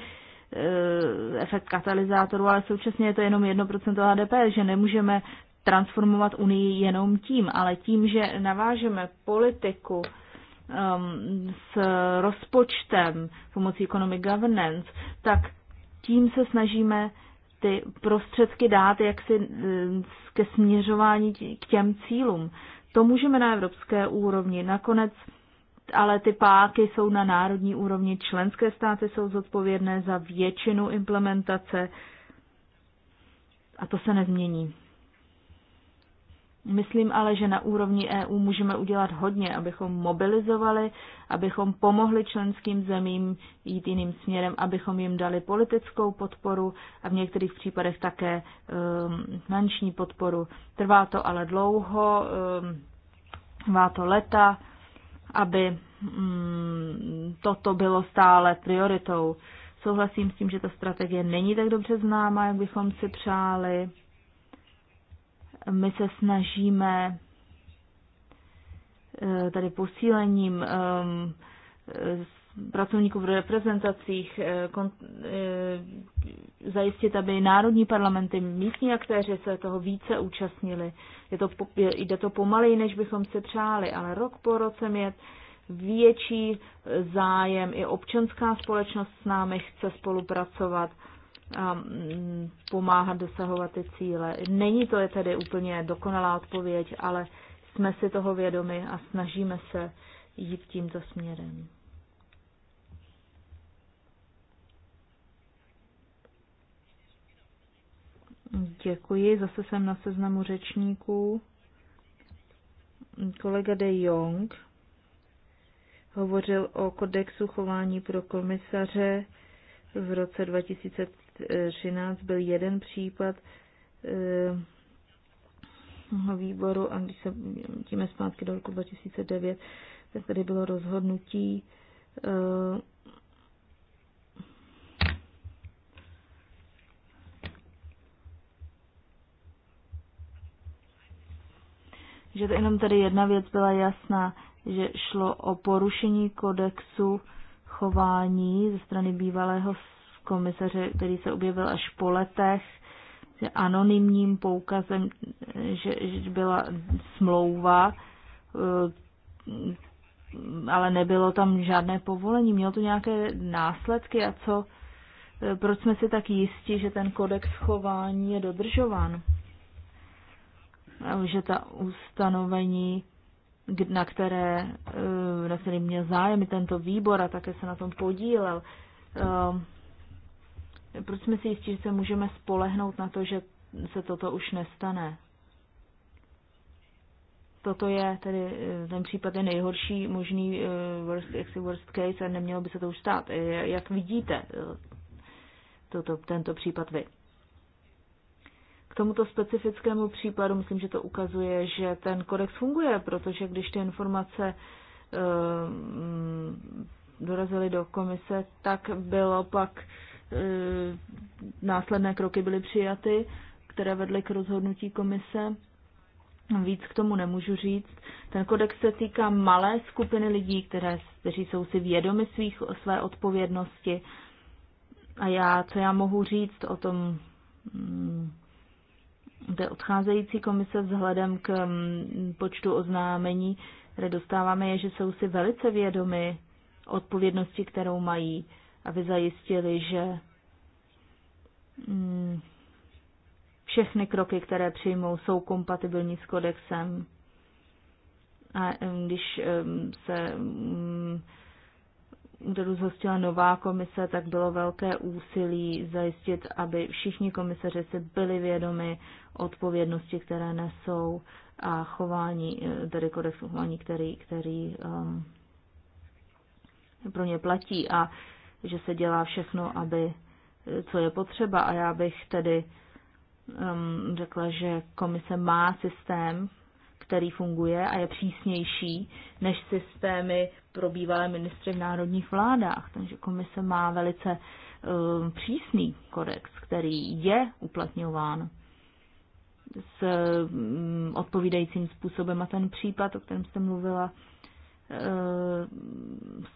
eh, efekt katalyzátoru, ale současně je to jenom 1% HDP, že nemůžeme transformovat Unii jenom tím, ale tím, že navážeme politiku um, s rozpočtem pomocí economic governance, tak tím se snažíme ty prostředky dát jaksi eh, ke směřování k těm cílům. To můžeme na evropské úrovni. Nakonec ale ty páky jsou na národní úrovni. Členské státy jsou zodpovědné za většinu implementace a to se nezmění. Myslím ale, že na úrovni EU můžeme udělat hodně, abychom mobilizovali, abychom pomohli členským zemím jít jiným směrem, abychom jim dali politickou podporu a v některých případech také um, finanční podporu. Trvá to ale dlouho, um, trvá to leta, aby um, toto bylo stále prioritou. Souhlasím s tím, že ta strategie není tak dobře známa, jak bychom si přáli my se snažíme eh, tady posílením ehm, pracovníků v reprezentacích eh, eh, zajistit, aby národní parlamenty, místní aktéři se toho více účastnili. Je to, jde to pomaleji, než bychom si přáli, ale rok po roce je větší zájem, i občanská společnost s námi chce spolupracovat a mm, pomáhat dosahovat ty cíle. Není to je tedy úplně dokonalá odpověď, ale jsme si toho vědomi a snažíme se jít tímto směrem. Děkuji, zase jsem na seznamu řečníků. Kolega De Jong hovořil o kodexu chování pro komisaře v roce 2000. 2013 byl jeden případ eh, výboru a když se tíme zpátky do roku 2009, tak tady bylo rozhodnutí eh, že to jenom tady jedna věc byla jasná, že šlo o porušení kodexu chování ze strany bývalého komisaře, který se objevil až po letech, že anonymním poukazem, že, že byla smlouva, eh, ale nebylo tam žádné povolení. Mělo to nějaké následky a co, eh, proč jsme si tak jistí, že ten kodex chování je dodržován? Že ta ustanovení, na, které, eh, na který měl zájem tento výbor a také se na tom podílel, proč jsme si jistí, že se můžeme spolehnout na to, že se toto už nestane? Toto je tedy, eh, ten případ je nejhorší možný eh, worst, worst case a nemělo by se to už stát. Eh, jak vidíte toto, tento případ vy? K tomuto specifickému případu myslím, že to ukazuje, že ten kodex funguje, protože když ty informace mm, dorazily do komise, tak bylo pak Eh, následné kroky byly přijaty, které vedly k rozhodnutí komise. Víc k tomu nemůžu říct. Ten kodex se týká malé skupiny lidí, které, kteří jsou si vědomi svých, své odpovědnosti. A já, co já mohu říct o tom kde mm, odcházející komise vzhledem k mm, počtu oznámení, které dostáváme, je, že jsou si velice vědomi odpovědnosti, kterou mají aby zajistili, že mm, všechny kroky, které přijmou, jsou kompatibilní s kodexem. A když se mm, úřadu zhostila nová komise, tak bylo velké úsilí zajistit, aby všichni komisaři si byli vědomi odpovědnosti, které nesou a chování, e, tedy kodexu chování, který, který um, pro ně platí. A že se dělá všechno, aby eh, co je potřeba. A já bych tedy um, řekla, že komise má systém, který funguje a je přísnější než systémy probývalé ministry v národních vládách. Takže komise má velice um, přísný kodex, který je uplatňován s um, odpovídajícím způsobem. A ten případ, o kterém jste mluvila,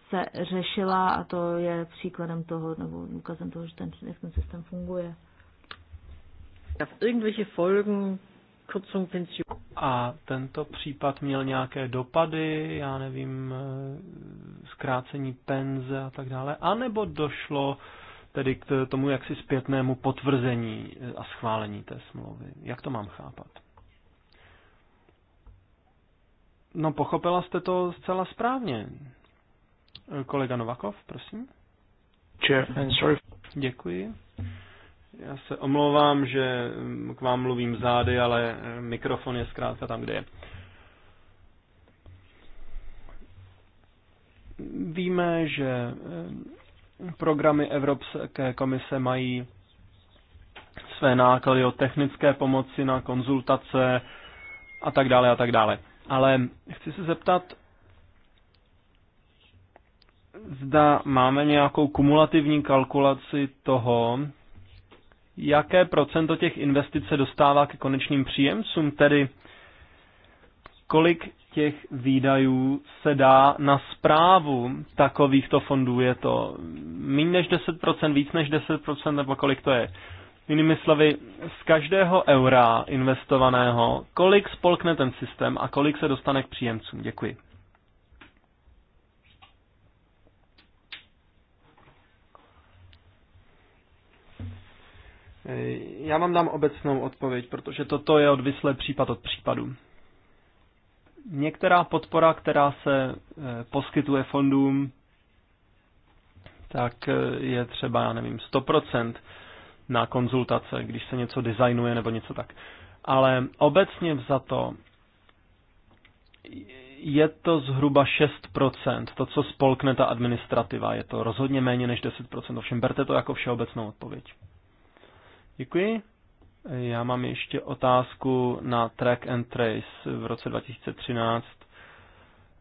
se řešila a to je příkladem toho, nebo důkazem toho, že ten, jak ten systém funguje. A tento případ měl nějaké dopady, já nevím, eh, zkrácení penze a tak dále, anebo došlo tedy k tomu jaksi zpětnému potvrzení eh, a schválení té smlouvy. Jak to mám chápat? No, pochopila jste to zcela správně. Kolega Novakov, prosím. Chairman, sorry. Děkuji. Já se omlouvám, že k vám mluvím zády, ale mikrofon je zkrátka tam, kde je. Víme, že eh, programy Evropské komise mají své náklady o technické pomoci na konzultace a tak dále a tak dále. Ale chci se zeptat, zda máme nějakou kumulativní kalkulaci toho, jaké procento těch investic dostává ke konečným příjemcům, tedy kolik těch výdajů se dá na zprávu takovýchto fondů. Je to méně než 10%, víc než 10%, nebo kolik to je? Jinými slovy, z každého eura investovaného, kolik spolkne ten systém a kolik se dostane k příjemcům? Děkuji. Já vám dám obecnou odpověď, protože toto je odvislé případ od případu. Některá podpora, která se eh, poskytuje fondům, tak eh, je třeba, já nevím, 100% na konzultace, když se něco designuje nebo něco tak. Ale obecně vzato je to zhruba 6%, to, co spolkne ta administrativa. Je to rozhodně méně než 10%, ovšem berte to jako všeobecnou odpověď. Děkuji. Já mám ještě otázku na Track and Trace. V roce 2013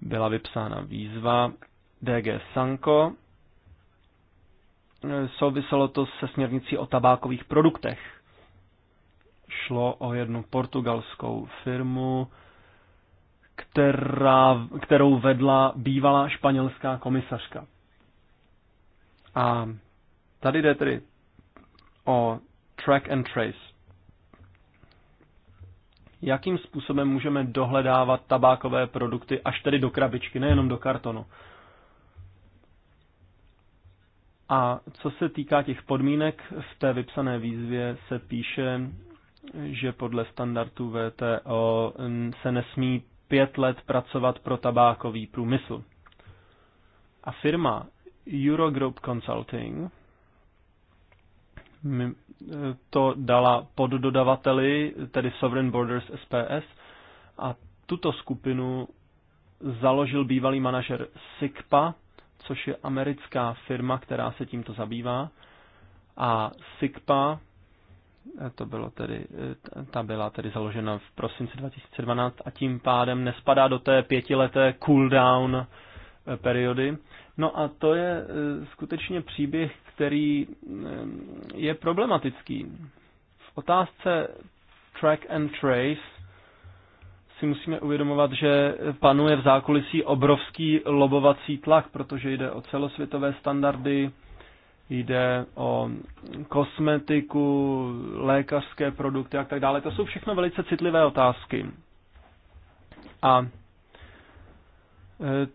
byla vypsána výzva DG Sanko Souviselo to se směrnicí o tabákových produktech. Šlo o jednu portugalskou firmu, která, kterou vedla bývalá španělská komisařka. A tady jde tedy o track and trace. Jakým způsobem můžeme dohledávat tabákové produkty až tedy do krabičky, nejenom do kartonu? A co se týká těch podmínek, v té vypsané výzvě se píše, že podle standardů VTO se nesmí pět let pracovat pro tabákový průmysl. A firma Eurogroup Consulting to dala pod dodavateli, tedy Sovereign Borders SPS, a tuto skupinu založil bývalý manažer SIGPA, což je americká firma, která se tímto zabývá. A SIGPA, eh, to bylo tedy, eh, ta byla tedy založena v prosinci 2012 a tím pádem nespadá do té pětileté cooldown eh, periody. No a to je skutečně příběh, který je problematický. V otázce track and trace si musíme uvědomovat, že panuje v zákulisí obrovský lobovací tlak, protože jde o celosvětové standardy, jde o kosmetiku, lékařské produkty a tak dále. To jsou všechno velice citlivé otázky. A e,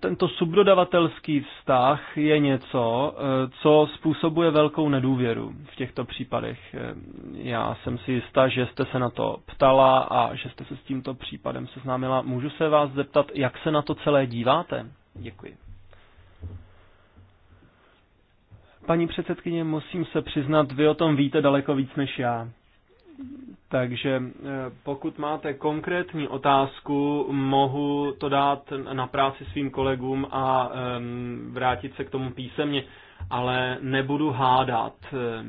tento subdodavatelský vztah je něco, eh, co způsobuje velkou nedůvěru v těchto případech. Eh, já jsem si jistá, že jste se na to ptala a že jste se s tímto případem seznámila. Můžu se vás zeptat, jak se na to celé díváte? Děkuji. Paní předsedkyně, musím se přiznat, vy o tom víte daleko víc než já. Takže eh, pokud máte konkrétní otázku, mohu to dát na práci svým kolegům a vrátit se k tomu písemně, ale nebudu hádat. Eh,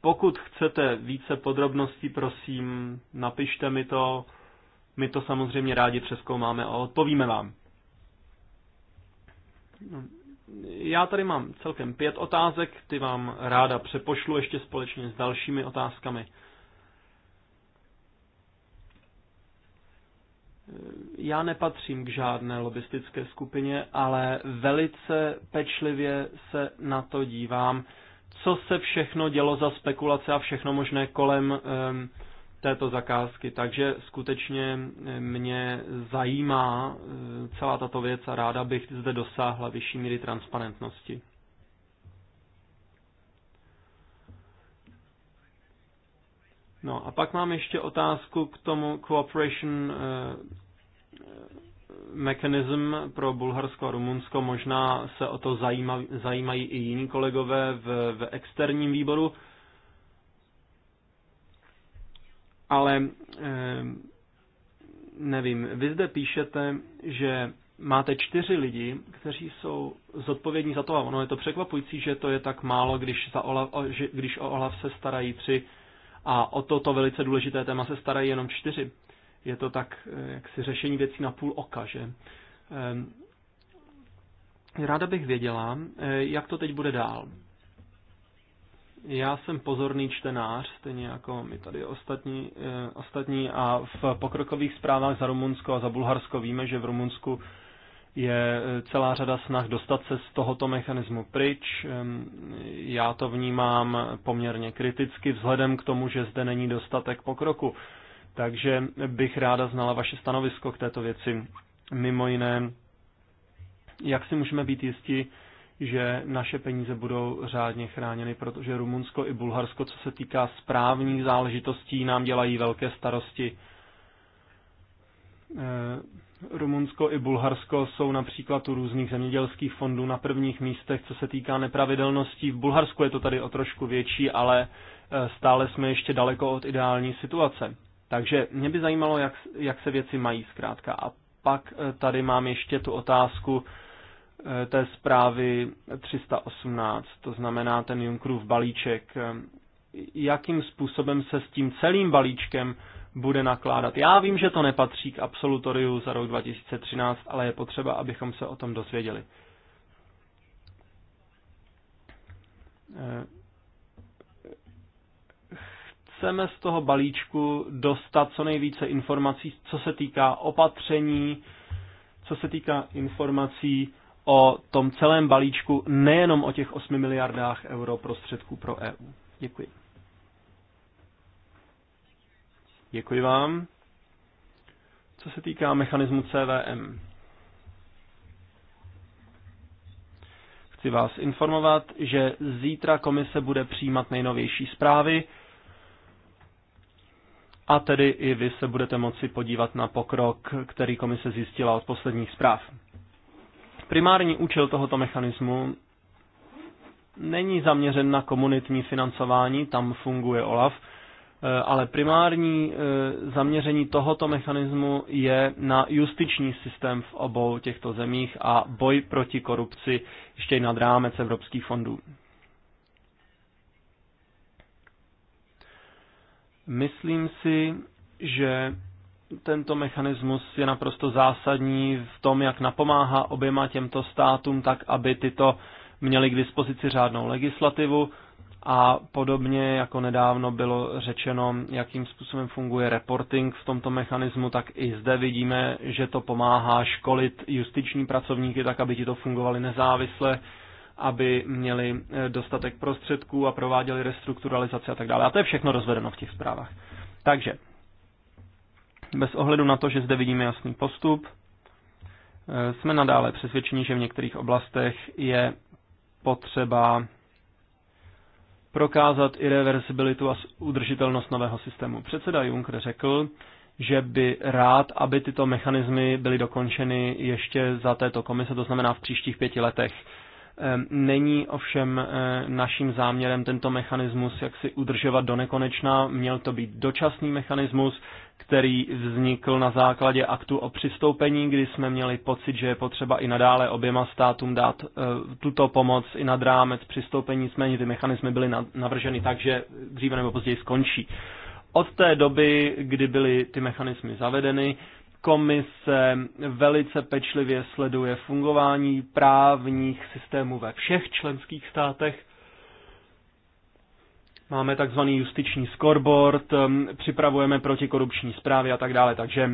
pokud chcete více podrobností, prosím, napište mi to. My to samozřejmě rádi přeskoumáme a odpovíme vám. No, já tady mám celkem pět otázek, ty vám ráda přepošlu ještě společně s dalšími otázkami. Já nepatřím k žádné lobistické skupině, ale velice pečlivě se na to dívám, co se všechno dělo za spekulace a všechno možné kolem eh, této zakázky. Takže skutečně eh, mě zajímá eh, celá tato věc a ráda bych zde dosáhla vyšší míry transparentnosti. No a pak mám ještě otázku k tomu cooperation eh, mechanism pro Bulharsko a Rumunsko. Možná se o to zajímají i jiní kolegové v, v externím výboru. ale ehm, nevím, vy zde píšete, že máte čtyři lidi, kteří jsou zodpovědní za to, a ono je to překvapující, že to je tak málo, když, za Olaf, že, když o Olaf se starají tři a o toto velice důležité téma se starají jenom čtyři. Je to tak, eh, jak si řešení věcí na půl oka, že? Ehm, ráda bych věděla, eh, jak to teď bude dál. Já jsem pozorný čtenář, stejně jako my tady ostatní, eh, ostatní a v pokrokových zprávách za Rumunsko a za Bulharsko víme, že v Rumunsku je eh, celá řada snah dostat se z tohoto mechanismu pryč. Ehm, já to vnímám poměrně kriticky vzhledem k tomu, že zde není dostatek pokroku. Takže bych ráda znala vaše stanovisko k této věci. Mimo jiné, jak si můžeme být jistí, že naše peníze budou řádně chráněny, protože Rumunsko i Bulharsko, co se týká správních záležitostí, nám dělají velké starosti. Eh, Rumunsko i Bulharsko jsou například u různých zemědělských fondů na prvních místech, co se týká nepravidelností. V Bulharsku je to tady o trošku větší, ale eh, stále jsme ještě daleko od ideální situace. Takže mě by zajímalo, jak, jak se věci mají zkrátka. A pak eh, tady mám ještě tu otázku Eh, té zprávy 318, to znamená ten Junckerův balíček. Eh, jakým způsobem se s tím celým balíčkem bude nakládat? Já vím, že to nepatří k absolutoriu za rok 2013, ale je potřeba, abychom se o tom dozvěděli. Eh, chceme z toho balíčku dostat co nejvíce informací, co se týká opatření, co se týká informací o tom celém balíčku, nejenom o těch 8 miliardách euro prostředků pro EU. Děkuji. Děkuji vám. Co se týká mechanismu CVM, chci vás informovat, že zítra komise bude přijímat nejnovější zprávy a tedy i vy se budete moci podívat na pokrok, který komise zjistila od posledních zpráv. Primární účel tohoto mechanismu není zaměřen na komunitní financování, tam funguje OLAF, eh, ale primární eh, zaměření tohoto mechanismu je na justiční systém v obou těchto zemích a boj proti korupci ještě i nad rámec evropských fondů. Myslím si, že tento mechanismus je naprosto zásadní v tom, jak napomáhá oběma těmto státům, tak aby tyto měli k dispozici řádnou legislativu a podobně, jako nedávno bylo řečeno, jakým způsobem funguje reporting v tomto mechanismu, tak i zde vidíme, že to pomáhá školit justiční pracovníky tak, aby ti to fungovali nezávisle, aby měli eh, dostatek prostředků a prováděli restrukturalizaci a tak dále. A to je všechno rozvedeno v těch zprávách. Takže bez ohledu na to, že zde vidíme jasný postup, eh, jsme nadále přesvědčeni, že v některých oblastech je potřeba prokázat irreversibilitu a udržitelnost nového systému. Předseda Juncker řekl, že by rád, aby tyto mechanismy byly dokončeny ještě za této komise, to znamená v příštích pěti letech. Ehm, není ovšem eh, naším záměrem tento mechanismus jak si udržovat do nekonečna. Měl to být dočasný mechanismus, který vznikl na základě aktu o přistoupení, kdy jsme měli pocit, že je potřeba i nadále oběma státům dát eh, tuto pomoc i nad rámec přistoupení. Nicméně ty mechanismy byly navrženy tak, že dříve nebo později skončí. Od té doby, kdy byly ty mechanismy zavedeny, Komise velice pečlivě sleduje fungování právních systémů ve všech členských státech. Máme takzvaný justiční scoreboard, um, připravujeme protikorupční zprávy a tak dále. Takže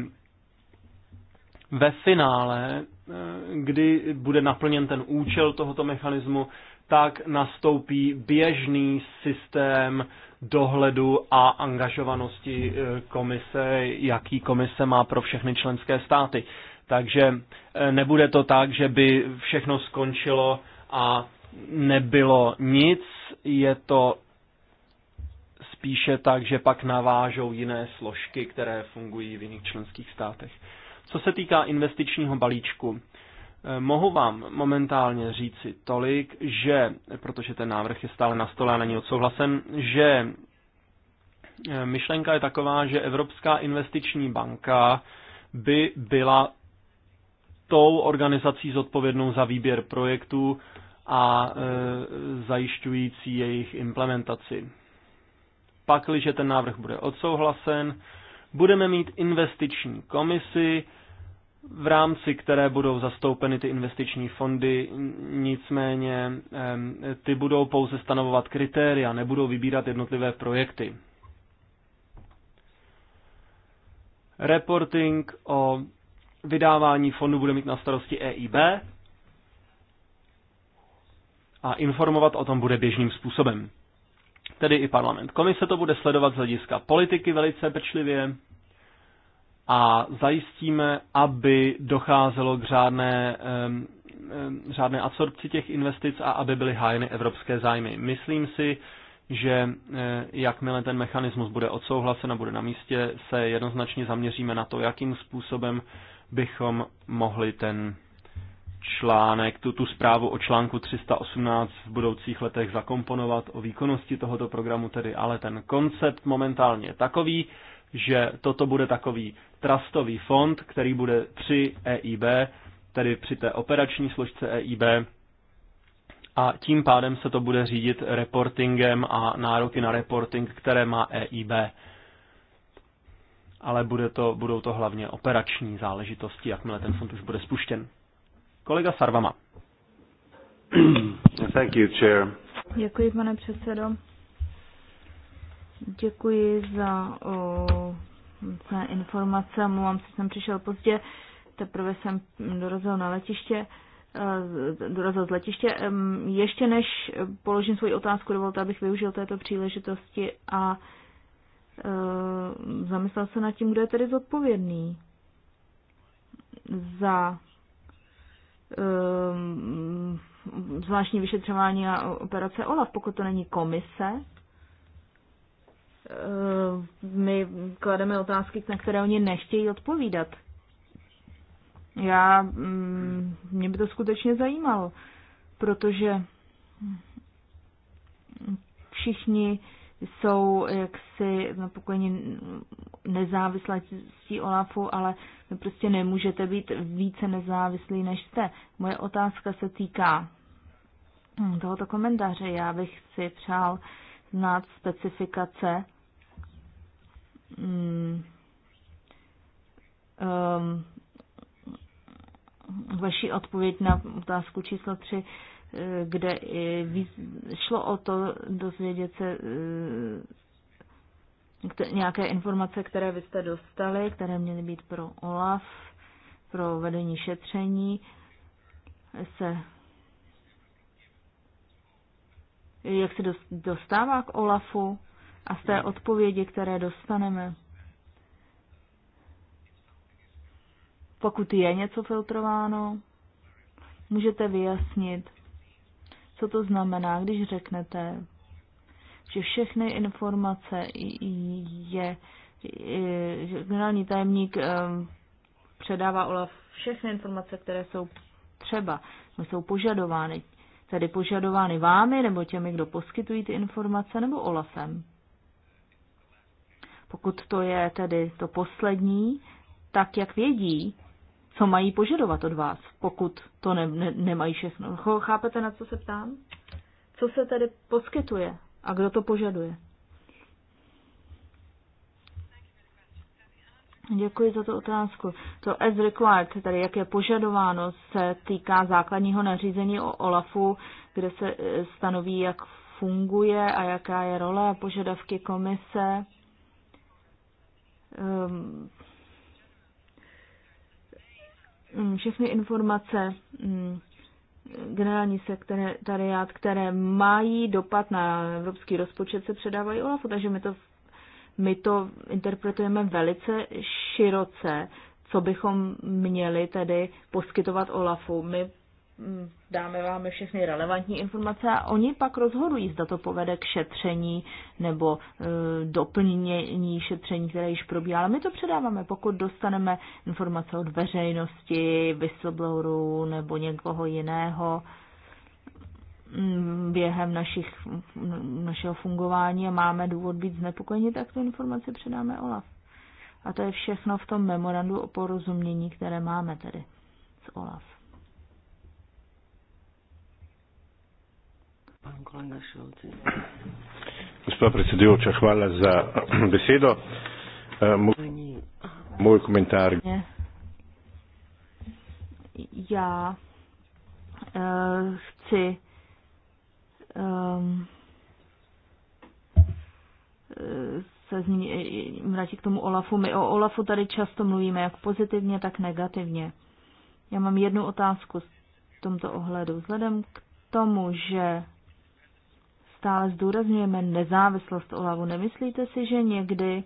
ve finále, eh, kdy bude naplněn ten účel tohoto mechanismu, tak nastoupí běžný systém dohledu a angažovanosti eh, komise, jaký komise má pro všechny členské státy. Takže eh, nebude to tak, že by všechno skončilo a nebylo nic, je to spíše tak, že pak navážou jiné složky, které fungují v jiných členských státech. Co se týká investičního balíčku, Mohu vám momentálně říci tolik, že, protože ten návrh je stále na stole a není odsouhlasen, že eh, myšlenka je taková, že Evropská investiční banka by byla tou organizací zodpovědnou za výběr projektů a e, zajišťující jejich implementaci. Pakliže ten návrh bude odsouhlasen, budeme mít investiční komisi, v rámci které budou zastoupeny ty investiční fondy, nicméně ty budou pouze stanovovat kritéria, nebudou vybírat jednotlivé projekty. Reporting o vydávání fondu bude mít na starosti EIB a informovat o tom bude běžným způsobem. Tedy i parlament. Komise to bude sledovat z hlediska politiky velice pečlivě, a zajistíme, aby docházelo k řádné, řádné absorpci těch investic a aby byly hájeny evropské zájmy. Myslím si, že eh, jakmile ten mechanismus bude odsouhlasen a bude na místě, se jednoznačně zaměříme na to, jakým způsobem bychom mohli ten článek, tu, tu zprávu o článku 318 v budoucích letech zakomponovat o výkonnosti tohoto programu tedy, ale ten koncept momentálně je takový, že toto bude takový trustový fond, který bude při EIB, tedy při té operační složce EIB, a tím pádem se to bude řídit reportingem a nároky na reporting, které má EIB. Ale bude to, budou to hlavně operační záležitosti, jakmile ten fond už bude spuštěn. Kolega Sarvama. Thank you, chair. Děkuji, pane předsedo. Děkuji za o, za informace. Mluvám se, jsem přišel pozdě. Teprve jsem dorazil na letiště. E, dorazil z letiště. Ještě než položím svoji otázku, dovolte, abych využil této příležitosti a e, zamyslel se nad tím, kdo je tedy zodpovědný za um, zvláštní vyšetřování a operace OLAF, pokud to není komise, Eh, my klademe otázky, na které oni nechtějí odpovídat. Já, mm, mě by to skutečně zajímalo, protože všichni jsou jaksi napokojeni nezávislostí Olafu, ale vy prostě nemůžete být více nezávislí, než jste. Moje otázka se týká tohoto komentáře. Já bych si přál znát specifikace um, vaši odpověď na otázku číslo 3, eh, kde šlo o to dozvědět se eh, nějaké informace, které vy jste dostali, které měly být pro OLAF, pro vedení šetření, se jak se dostává k OLAFu, a z té odpovědi, které dostaneme. Pokud je něco filtrováno, můžete vyjasnit, co to znamená, když řeknete, že všechny informace je, že generální tajemník eh, předává Olaf všechny informace, které jsou třeba, jsou požadovány, tedy požadovány vámi nebo těmi, kdo poskytují ty informace, nebo Olafem. Pokud to je tedy to poslední, tak jak vědí, co mají požadovat od vás, pokud to ne, ne, nemají všechno. Chápete, na co se ptám? Co se tedy poskytuje a kdo to požaduje? Děkuji za tu otázku. To as required, tedy jak je požadováno, se týká základního nařízení o OLAFu, kde se eh, stanoví, jak funguje a jaká je role a požadavky komise Ehm, všechny informace mm, generální sekretariát, které mají dopad na evropský rozpočet, se předávají OLAFu, takže my to, my to interpretujeme velice široce, co bychom měli tedy poskytovat OLAFu. My Mm, dáme vám všechny relevantní informace a oni pak rozhodují, zda to povede k šetření nebo e, doplnění šetření, které již probíhá. Ale my to předáváme, pokud dostaneme informace od veřejnosti, whistleblowerů nebo někoho jiného mm, během našich, našeho fungování a máme důvod být znepokojeni, tak tu informaci předáme OLAF. A to je všechno v tom memorandu o porozumění, které máme tedy s OLAF. Pan Gospa predsedujoča, hvala za <clears throat> besedo. Eh, moj, můj komentář. Já uh, eh, chci um, se zmíní, k tomu Olafu. My o Olafu tady často mluvíme jak pozitivně, tak negativně. Já mám jednu otázku v tomto ohledu. Vzhledem k tomu, že stále zdůrazňujeme nezávislost OLAVu. Nemyslíte si, že někdy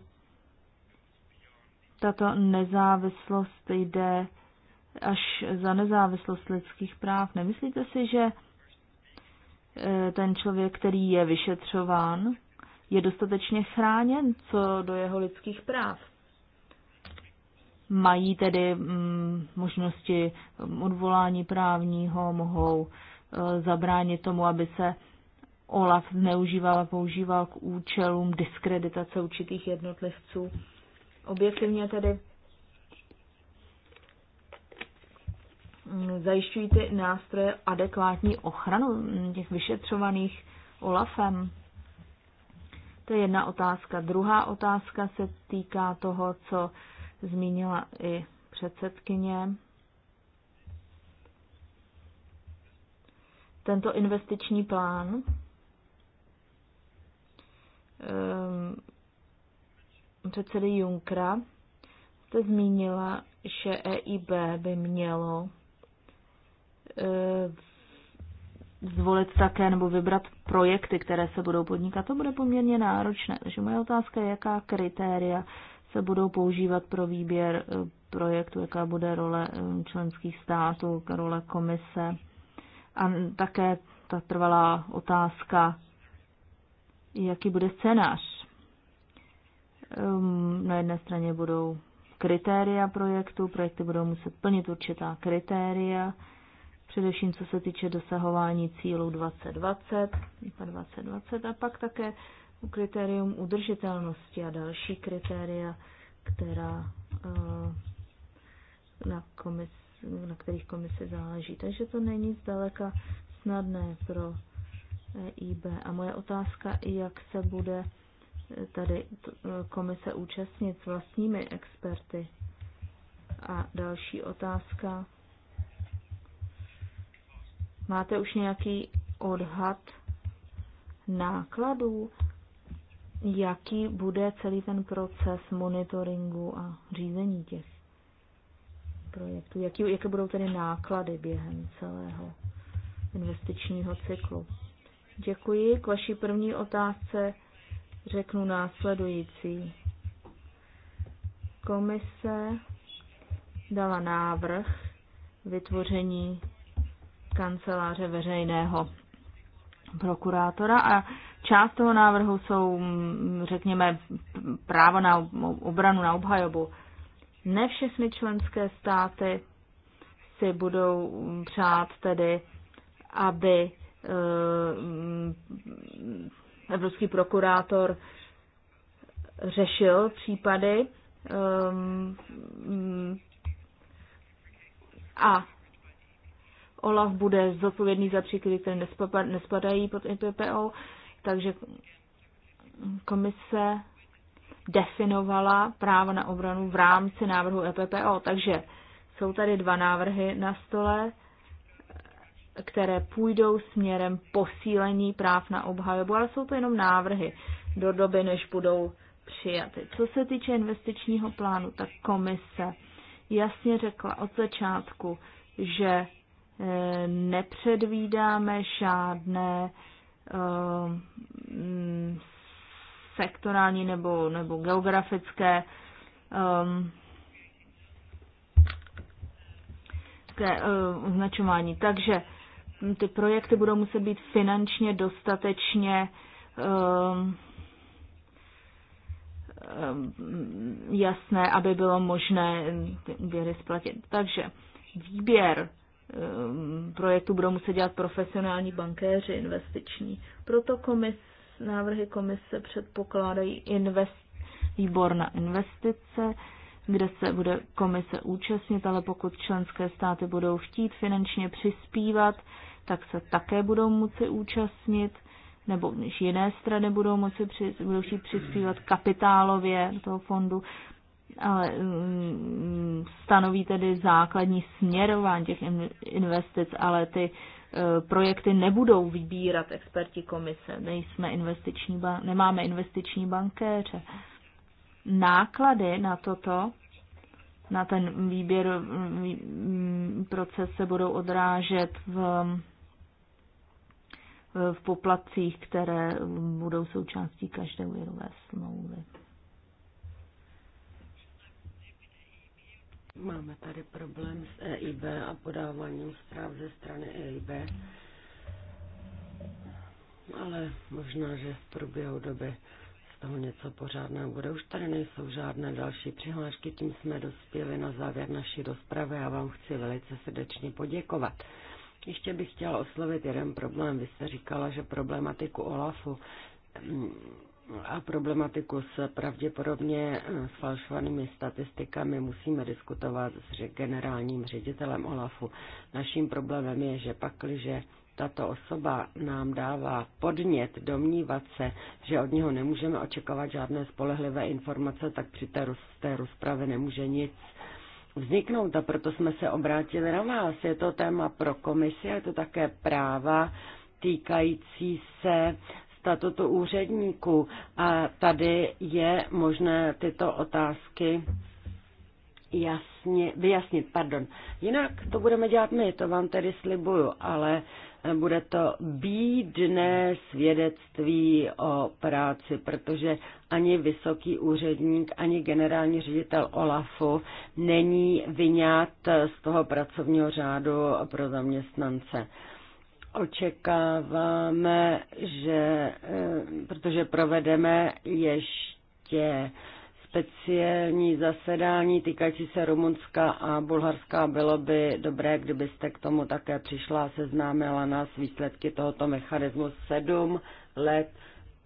tato nezávislost jde až za nezávislost lidských práv? Nemyslíte si, že e, ten člověk, který je vyšetřován, je dostatečně chráněn co do jeho lidských práv? Mají tedy mm, možnosti odvolání právního, mohou e, zabránit tomu, aby se Olaf zneužíval a používal k účelům diskreditace určitých jednotlivců. Objektivně tedy zajišťují ty nástroje adekvátní ochranu těch vyšetřovaných Olafem? To je jedna otázka. Druhá otázka se týká toho, co zmínila i předsedkyně. Tento investiční plán um, předsedy Junkra jste zmínila, že EIB by mělo ehm, zvolit také nebo vybrat projekty, které se budou podnikat. To bude poměrně náročné. Takže moje otázka je, jaká kritéria se budou používat pro výběr e, projektu, jaká bude role e, členských států, role komise. A také ta trvalá otázka jaký bude scénář. Ehm, na jedné straně budou kritéria projektu, projekty budou muset plnit určitá kritéria, především co se týče dosahování cílů 2020, 2020 a pak také kritérium udržitelnosti a další kritéria, která eh, na, komis, na kterých komise záleží. Takže to není zdaleka snadné pro EIB. A moje otázka, jak se bude tady e, komise účastnit s vlastními experty. A další otázka. Máte už nějaký odhad nákladů? Jaký bude celý ten proces monitoringu a řízení těch projektů? jaké budou tedy náklady během celého investičního cyklu? Děkuji. K vaší první otázce řeknu následující. Komise dala návrh vytvoření kanceláře veřejného prokurátora a část toho návrhu jsou, mm, řekněme, právo na obranu, na obhajobu. Ne všechny členské státy si budou přát tedy, aby Eh, evropský prokurátor řešil případy eh, a Olaf bude zodpovědný za příklady, které nespadají pod IPPO, takže komise definovala práva na obranu v rámci návrhu EPPO. Takže jsou tady dva návrhy na stole které půjdou směrem posílení práv na obhajobu, ale jsou to jenom návrhy do doby, než budou přijaty. Co se týče investičního plánu, tak komise jasně řekla od začátku, že eh, nepředvídáme žádné eh, mm, sektorální nebo, nebo geografické um, ke, označování. Takže ty projekty budou muset být finančně dostatečně um, jasné, aby bylo možné ty úvěry splatit. Takže výběr ehm, projektu budou muset dělat profesionální bankéři investiční. Proto komis, návrhy komise předpokládají invest, výbor na investice, kde se bude komise účastnit, ale pokud členské státy budou chtít finančně přispívat, tak se také budou moci účastnit, nebo když jiné strany budou moci při, budou přispívat kapitálově do toho fondu, ale mm, stanoví tedy základní směrování těch investic, ale ty e, projekty nebudou vybírat experti komise. Nejsme investiční ban- nemáme investiční bankéře. Náklady na toto, na ten výběr proces se budou odrážet v v poplatcích, které budou součástí každé úvěrové smlouvy. Máme tady problém s EIB a podáváním zpráv ze strany EIB, ale možná, že v průběhu doby z toho něco pořádného bude. Už tady nejsou žádné další přihlášky, tím jsme dospěli na závěr naší rozpravy a vám chci velice srdečně poděkovat. Ještě bych chtěla oslovit jeden problém. Vy jste říkala, že problematiku OLAFu mm, a problematiku s pravděpodobně sfalšovanými eh, statistikami musíme diskutovat s generálním ředitelem OLAFu. Naším problémem je, že pakliže tato osoba nám dává podnět domnívat se, že od něho nemůžeme očekávat žádné spolehlivé informace, tak při té, té rozpravě nemůže nic vzniknout a proto jsme se obrátili na vás. Je to téma pro komisi a je to také práva týkající se statutu úředníků. A tady je možné tyto otázky jasně, vyjasnit. Pardon. Jinak to budeme dělat my, to vám tedy slibuju, ale bude to bídné svědectví o práci, protože ani vysoký úředník, ani generální ředitel OLAFu není vyňat z toho pracovního řádu pro zaměstnance očekáváme, že eh, protože provedeme ještě speciální zasedání týkající se Rumunska a Bulharska. Bylo by dobré, kdybyste k tomu také přišla a seznámila nás výsledky tohoto mechanismu sedm let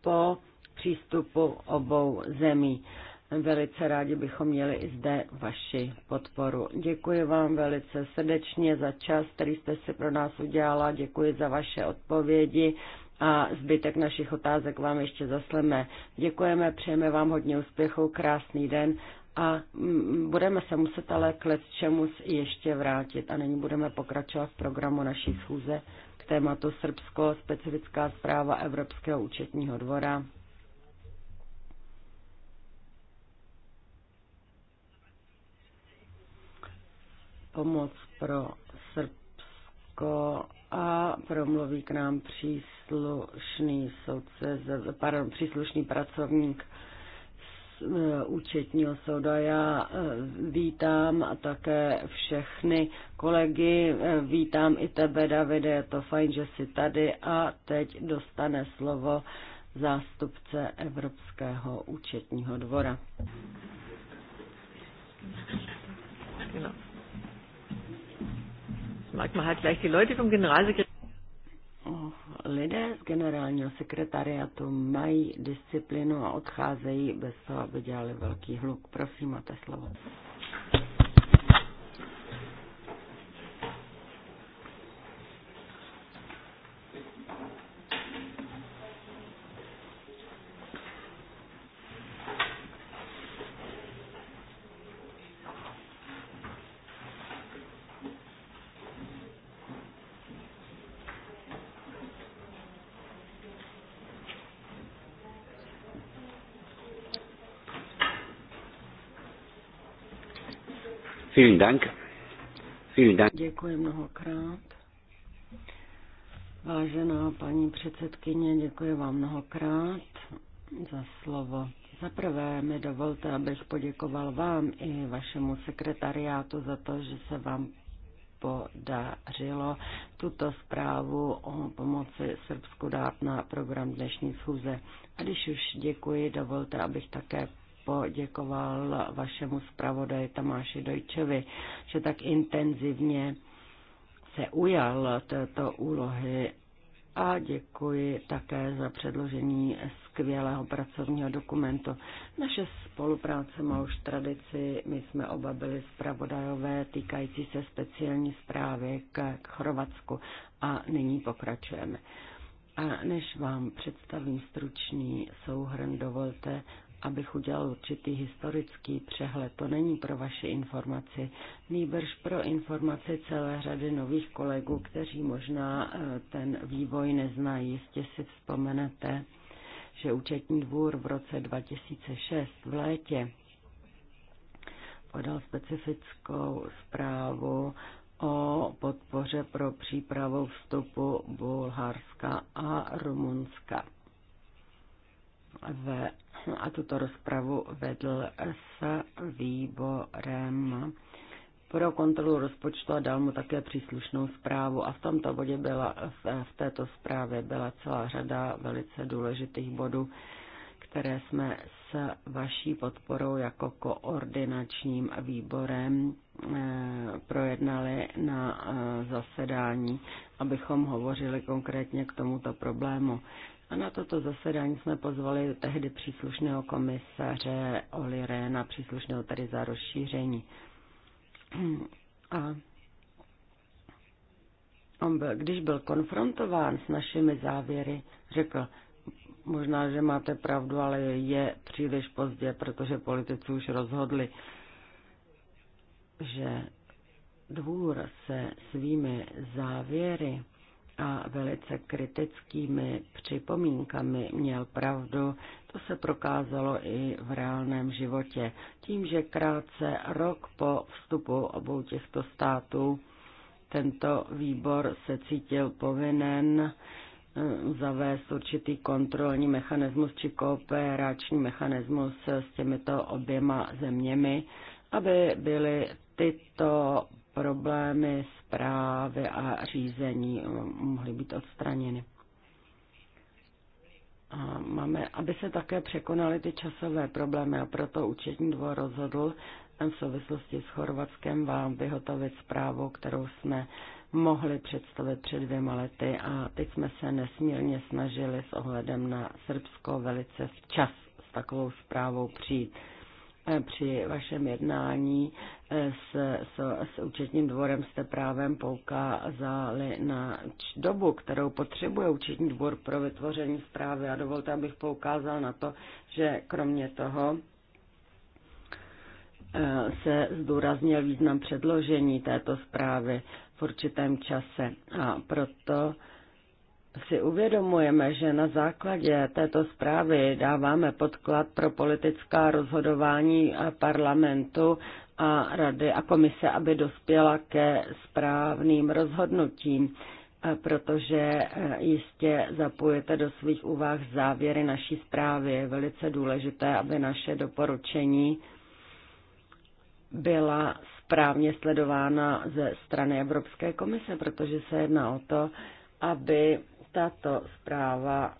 po přístupu obou zemí. Velice rádi bychom měli i zde vaši podporu. Děkuji vám velice srdečně za čas, který jste si pro nás udělala. Děkuji za vaše odpovědi a zbytek našich otázek vám ještě zasleme. Děkujeme, přejeme vám hodně úspěchů, krásný den a mm, budeme se muset ale k let čemu ještě vrátit a nyní budeme pokračovat v programu naší schůze k tématu Srbsko, specifická zpráva Evropského účetního dvora. Pomoc pro Srbsko a promluví k nám příslušný soudce, pardon, příslušný pracovník e, účetního souda. Já e, vítám a také všechny kolegy, e, vítám i tebe, Davide, je to fajn, že jsi tady a teď dostane slovo zástupce Evropského účetního dvora. Genau. No mag man halt gleich die Leute vom Generalsekretariat. Lidé z generálního sekretariátu mají disciplinu a odcházejí bez toho, aby dělali velký hluk. Prosím, máte slovo. Vielen Dank. Vielen Dank. Děkuji mnohokrát. Vážená paní předsedkyně, děkuji vám mnohokrát za slovo. Za prvé mi dovolte, abych poděkoval vám i vašemu sekretariátu za to, že se vám podařilo tuto zprávu o pomoci Srbsku dát na program dnešní schůze. A když už děkuji, dovolte, abych také poděkoval vašemu zpravodaji Tamáši Dojčevi, že tak intenzivně se ujal této úlohy a děkuji také za předložení skvělého pracovního dokumentu. Naše spolupráce má už tradici, my jsme oba byli zpravodajové týkající se speciální zprávy k Chorvatsku a nyní pokračujeme. A než vám představím stručný souhrn, dovolte, abych udělal určitý historický přehled. To není pro vaši informaci, nýbrž pro informaci celé řady nových kolegů, kteří možná eh, ten vývoj neznají. Jistě si vzpomenete, že účetní dvůr v roce 2006 v létě podal specifickou zprávu o podpoře pro přípravu vstupu Bulharska a Rumunska ve a tuto rozpravu vedl s výborem pro kontrolu rozpočtu a dal mu také příslušnou zprávu. A v tomto bodě byla, v této zprávě byla celá řada velice důležitých bodů, které jsme s vaší podporou jako koordinačním výborem eh, projednali na eh, zasedání, abychom hovořili konkrétně k tomuto problému. A na toto zasedání jsme pozvali tehdy příslušného komisaře Oli Réna, příslušného tady za rozšíření. <clears throat> A on byl, když byl konfrontován s našimi závěry, řekl, možná, že máte pravdu, ale je příliš pozdě, protože politici už rozhodli, že dvůr se svými závěry a velice kritickými připomínkami měl pravdu, to se prokázalo i v reálném životě. Tím, že krátce rok po vstupu obou těchto států tento výbor se cítil povinen eh, zavést určitý kontrolní mechanismus či kooperační mechanismus s těmito oběma zeměmi, aby byly tyto problémy zprávy a řízení mohly být odstraněny. A máme, aby se také překonaly ty časové problémy a proto účetní dvor rozhodl v souvislosti s Chorvatskem vám vyhotovit zprávu, kterou jsme mohli představit před dvěma lety a teď jsme se nesmírně snažili s ohledem na Srbsko velice včas s takovou zprávou přijít při vašem jednání eh, s, s, s účetním dvorem jste právem poukázali na dobu, kterou potřebuje účetní dvor pro vytvoření zprávy. A dovolte, abych poukázal na to, že kromě toho eh, se zdůraznil význam předložení této zprávy v určitém čase. A proto si uvědomujeme, že na základě této zprávy dáváme podklad pro politická rozhodování parlamentu a rady a komise, aby dospěla ke správným rozhodnutím, eh, protože eh, jistě zapojete do svých úvah závěry naší zprávy. Je velice důležité, aby naše doporučení byla správně sledována ze strany Evropské komise, protože se jedná o to, aby tato zpráva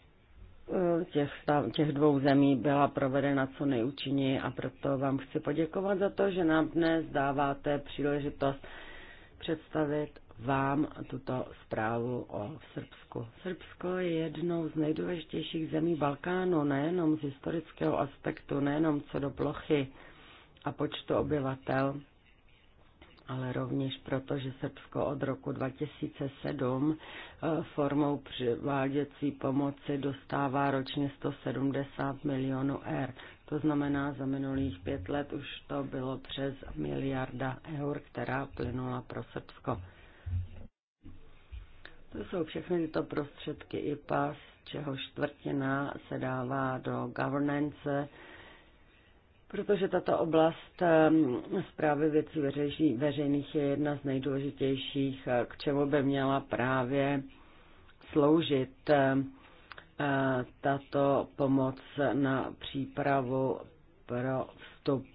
eh, těch, stav, těch dvou zemí byla provedena co nejúčinněji a proto vám chci poděkovat za to, že nám dnes dáváte příležitost představit vám tuto zprávu o Srbsku. Srbsko je jednou z nejdůležitějších zemí Balkánu, nejenom z historického aspektu, nejenom co do plochy a počtu obyvatel, ale rovněž proto, že Srbsko od roku 2007 eh, formou přiváděcí pomoci dostává ročně 170 milionů eur. To znamená, za minulých pět let už to bylo přes miliarda eur, která plynula pro Srbsko. To jsou všechny tyto prostředky IPA, z čeho čtvrtina se dává do governance, Protože tato oblast ehm, zprávy věcí veřejných, je jedna z nejdůležitějších, eh, k čemu by měla právě sloužit ehm, eh, tato pomoc na přípravu pro vstup,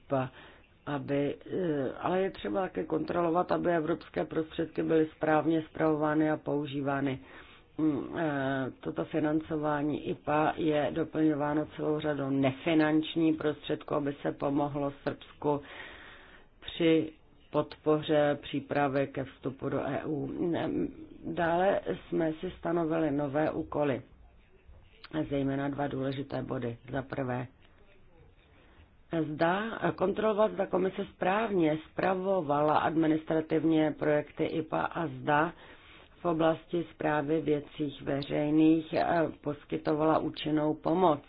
aby, eh, ale je třeba také kontrolovat, aby evropské prostředky byly správně zpravovány a používány. Mm, eh, toto financování IPA je doplňováno celou řadou nefinanční prostředků, aby se pomohlo Srbsku při podpoře přípravy ke vstupu do EU. Mm, eh, dále jsme si stanovili nové úkoly, zejména dva důležité body. Za prvé, zda kontrolovat, zda komise správně spravovala administrativně projekty IPA a zda v oblasti zprávy věcích veřejných eh, poskytovala účinnou pomoc.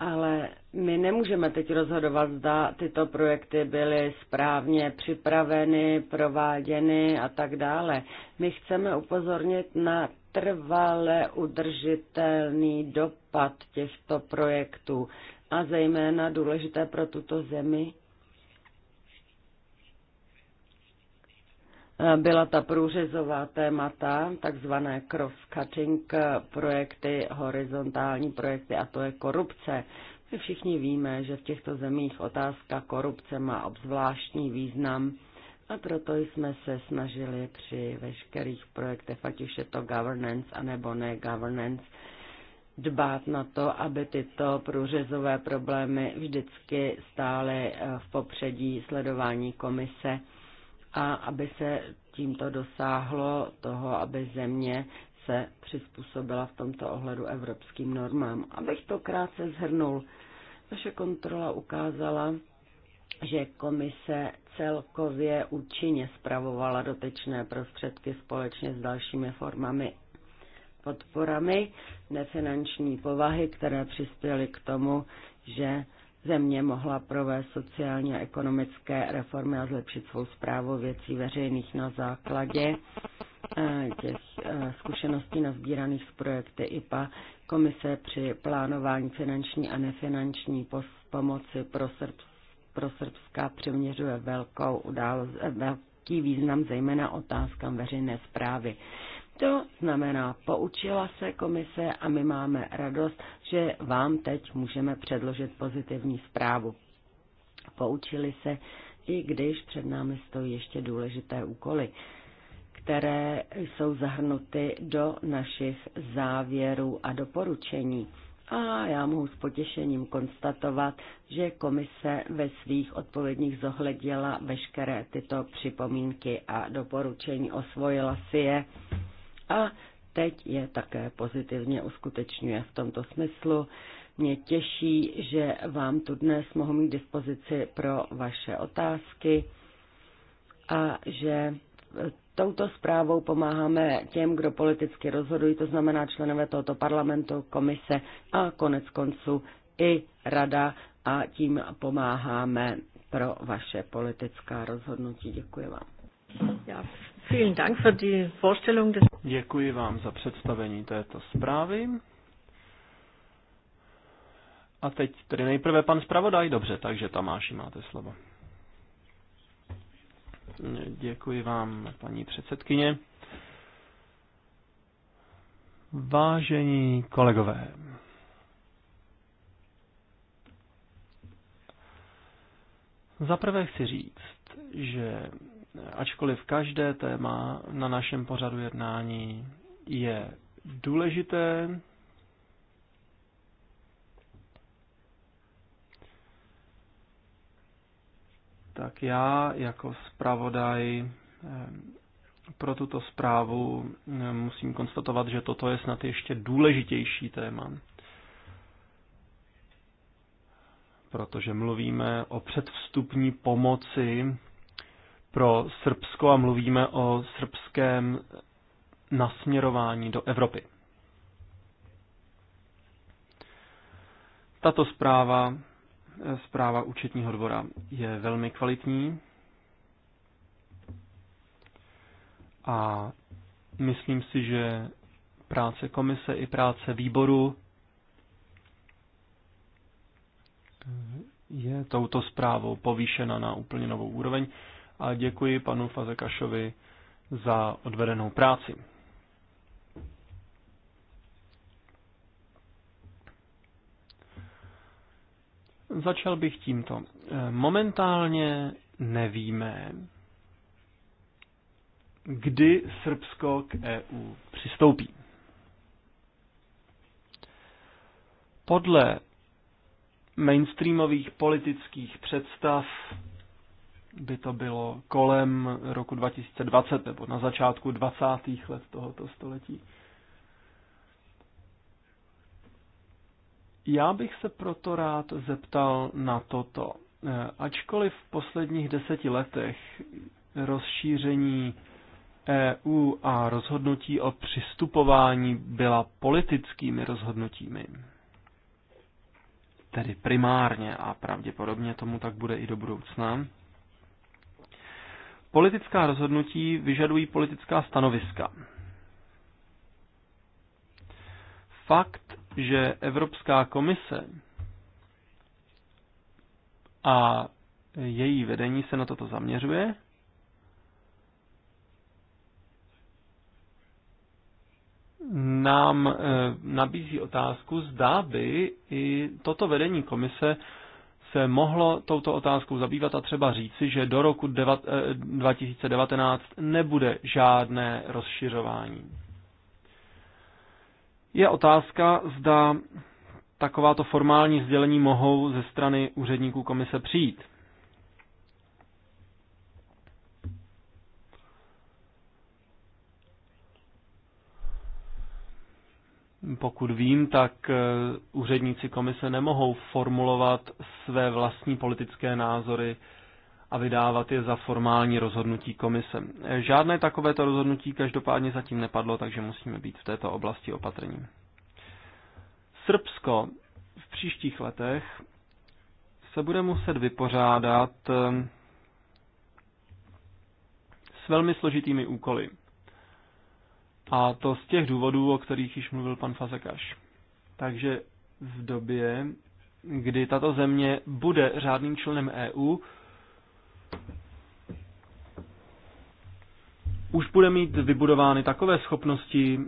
Ale my nemůžeme teď rozhodovat, zda tyto projekty byly správně připraveny, prováděny a tak dále. My chceme upozornit na trvale udržitelný dopad těchto projektů a zejména důležité pro tuto zemi byla ta průřezová témata, takzvané cross-cutting projekty, horizontální projekty, a to je korupce. My všichni víme, že v těchto zemích otázka korupce má obzvláštní význam a proto jsme se snažili při veškerých projektech, ať už je to governance anebo ne governance, dbát na to, aby tyto průřezové problémy vždycky stály eh, v popředí sledování komise a aby se tímto dosáhlo toho, aby země se přizpůsobila v tomto ohledu evropským normám. Abych to krátce zhrnul, naše kontrola ukázala, že komise celkově účinně spravovala dotečné prostředky společně s dalšími formami podporami nefinanční povahy, které přispěly k tomu, že země mohla provést sociálně a ekonomické reformy a zlepšit svou zprávu věcí veřejných na základě eh, těch eh, zkušeností nazbíraných z projekty IPA. Komise při plánování finanční a nefinanční pomoci pro, Srbs, pro Srbska přiměřuje velkou událost, eh, velký význam zejména otázkám veřejné zprávy. To znamená, poučila se komise a my máme radost, že vám teď můžeme předložit pozitivní zprávu. Poučili se, i když před námi stojí ještě důležité úkoly, které jsou zahrnuty do našich závěrů a doporučení. A já mohu s potěšením konstatovat, že komise ve svých odpovědních zohlednila veškeré tyto připomínky a doporučení, osvojila si je a teď je také pozitivně uskutečňuje v tomto smyslu. Mě těší, že vám tu dnes mohu mít dispozici pro vaše otázky a že touto zprávou pomáháme těm, kdo politicky rozhodují, to znamená členové tohoto parlamentu, komise a konec konců i rada a tím pomáháme pro vaše politická rozhodnutí. Děkuji vám. Ja, vielen Dank für die Vorstellung des Děkuji vám za představení této zprávy. A teď tedy nejprve pan zpravodaj, dobře, takže Tamáši máte slovo. Děkuji vám, paní předsedkyně. Vážení kolegové, zaprvé chci říct, že ačkoliv každé téma na našem pořadu jednání je důležité, tak já jako zpravodaj eh, pro tuto zprávu eh, musím konstatovat, že toto je snad ještě důležitější téma. Protože mluvíme o předvstupní pomoci pro Srbsko a mluvíme o srbském nasměrování do Evropy. Tato zpráva, zpráva účetního dvora, je velmi kvalitní a myslím si, že práce komise i práce výboru je touto zprávou povýšena na úplně novou úroveň a děkuji panu Fazekašovi za odvedenou práci. Začal bych tímto. Momentálně nevíme, kdy Srbsko k EU přistoupí. Podle mainstreamových politických představ by to bylo kolem roku 2020 nebo na začátku 20. let tohoto století. Já bych se proto rád zeptal na toto. Eh, ačkoliv v posledních deseti letech rozšíření EU a rozhodnutí o přistupování byla politickými rozhodnutími, tedy primárně a pravděpodobně tomu tak bude i do budoucna, Politická rozhodnutí vyžadují politická stanoviska. Fakt, že Evropská komise a její vedení se na toto zaměřuje, nám eh, nabízí otázku, zdá by i toto vedení komise se mohlo touto otázkou zabývat a třeba říci, že do roku 2019 eh, nebude žádné rozšiřování. Je otázka, zda takováto formální sdělení mohou ze strany úředníků komise přijít. Pokud vím, tak eh, úředníci komise nemohou formulovat své vlastní politické názory a vydávat je za formální rozhodnutí komise. Eh, žádné takovéto rozhodnutí každopádně zatím nepadlo, takže musíme být v této oblasti opatrní. Srbsko v příštích letech se bude muset vypořádat eh, s velmi složitými úkoly. A to z těch důvodů, o kterých již mluvil pan Fazekáš. Takže v době, kdy tato země bude řádným členem EU, už bude mít vybudovány takové schopnosti,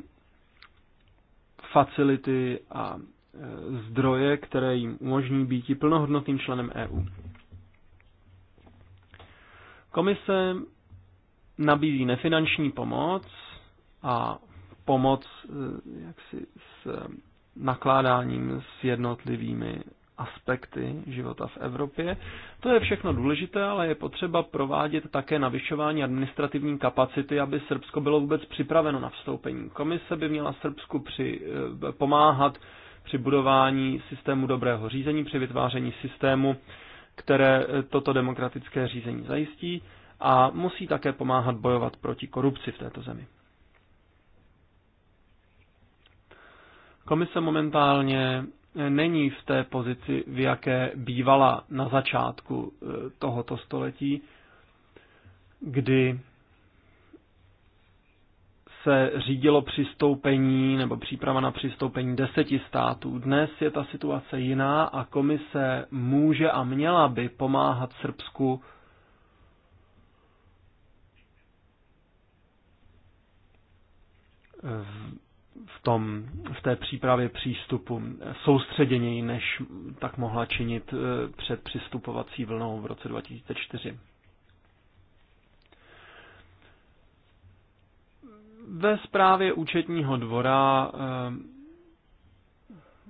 facility a e, zdroje, které jim umožní být plnohodnotným členem EU. Komise nabízí nefinanční pomoc a pomoc eh, jaksi s eh, nakládáním s jednotlivými aspekty života v Evropě. To je všechno důležité, ale je potřeba provádět také navyšování administrativní kapacity, aby Srbsko bylo vůbec připraveno na vstoupení. Komise by měla Srbsku při, eh, pomáhat při budování systému dobrého řízení, při vytváření systému, které toto demokratické řízení zajistí a musí také pomáhat bojovat proti korupci v této zemi. Komise momentálně eh, není v té pozici, v jaké bývala na začátku eh, tohoto století, kdy se řídilo přistoupení nebo příprava na přistoupení deseti států. Dnes je ta situace jiná a komise může a měla by pomáhat Srbsku v v, tom, v té přípravě přístupu soustředěněji, než tak mohla činit eh, před přistupovací vlnou v roce 2004. Ve zprávě účetního dvora eh,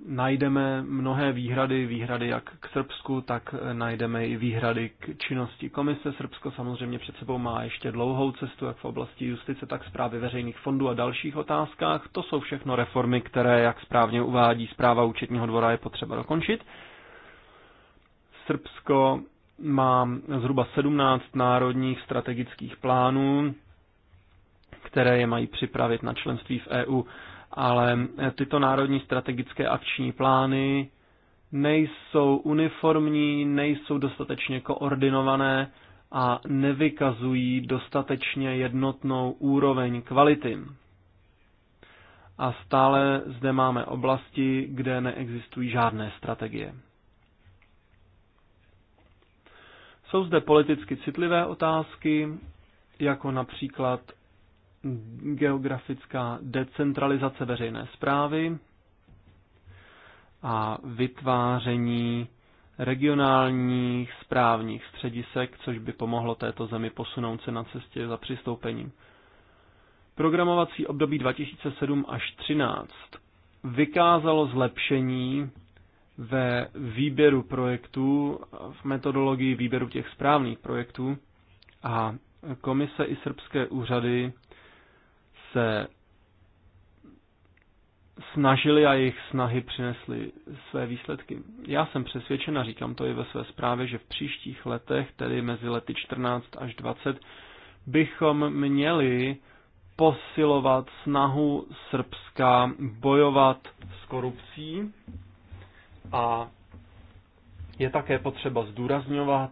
najdeme mnohé výhrady, výhrady jak k Srbsku, tak najdeme i výhrady k činnosti komise. Srbsko samozřejmě před sebou má ještě dlouhou cestu, jak v oblasti justice, tak zprávy veřejných fondů a dalších otázkách. To jsou všechno reformy, které, jak správně uvádí zpráva účetního dvora, je potřeba dokončit. Srbsko má zhruba 17 národních strategických plánů, které je mají připravit na členství v EU ale eh, tyto národní strategické akční plány nejsou uniformní, nejsou dostatečně koordinované a nevykazují dostatečně jednotnou úroveň kvality. A stále zde máme oblasti, kde neexistují žádné strategie. Jsou zde politicky citlivé otázky, jako například geografická decentralizace veřejné zprávy a vytváření regionálních správních středisek, což by pomohlo této zemi posunout se na cestě za přistoupením. Programovací období 2007 až 13 vykázalo zlepšení ve výběru projektů, v metodologii výběru těch správných projektů a komise i srbské úřady se snažili a jejich snahy přinesly své výsledky. Já jsem přesvědčen a říkám to i ve své zprávě, že v příštích letech, tedy mezi lety 14 až 20, bychom měli posilovat snahu Srbska bojovat s korupcí a je také potřeba zdůrazňovat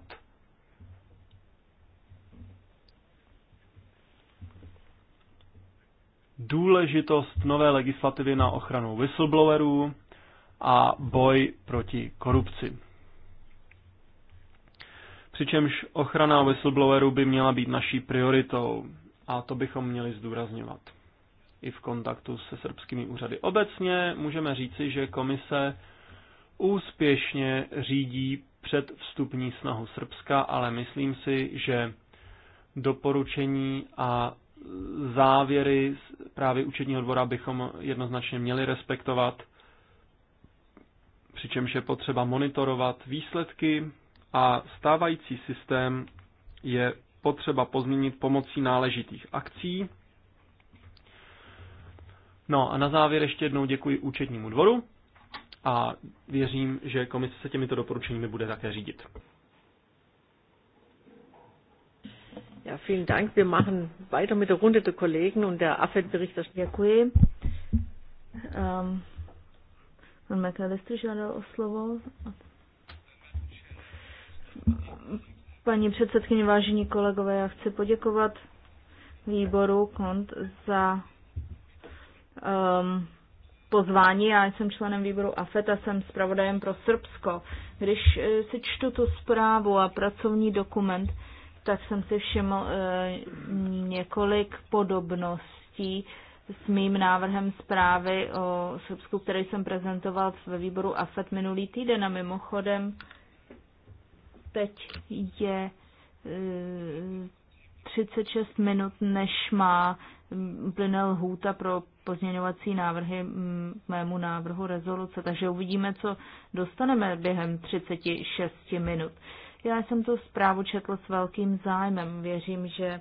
důležitost nové legislativy na ochranu whistleblowerů a boj proti korupci. Přičemž ochrana whistleblowerů by měla být naší prioritou a to bychom měli zdůrazňovat i v kontaktu se srbskými úřady. Obecně můžeme říci, že komise úspěšně řídí předvstupní snahu Srbska, ale myslím si, že doporučení a závěry právě účetního dvora bychom jednoznačně měli respektovat, přičemž je potřeba monitorovat výsledky a stávající systém je potřeba pozměnit pomocí náležitých akcí. No a na závěr ještě jednou děkuji účetnímu dvoru a věřím, že komise se těmito doporučeními bude také řídit. Ja, vielen Dank. Wir machen weiter mit der Runde der Kollegen und der afed berichterstatter Děkuji. Um, pan McAllister žádal o slovo. Paní předsedkyně, vážení kolegové, já chci poděkovat výboru KONT za um, pozvání. Já jsem členem výboru AFET a jsem zpravodajem pro Srbsko. Když eh, si čtu tu zprávu a pracovní dokument, tak jsem si všiml e, několik podobností s mým návrhem zprávy o Srbsku, který jsem prezentoval ve výboru AFET minulý týden. A mimochodem, teď je 36 eh, minut, než má mm, plyne lhůta pro pozměňovací návrhy mm, mému návrhu rezoluce. Takže uvidíme, co dostaneme během 36 minut. Já jsem tu zprávu četl s velkým zájmem. Věřím, že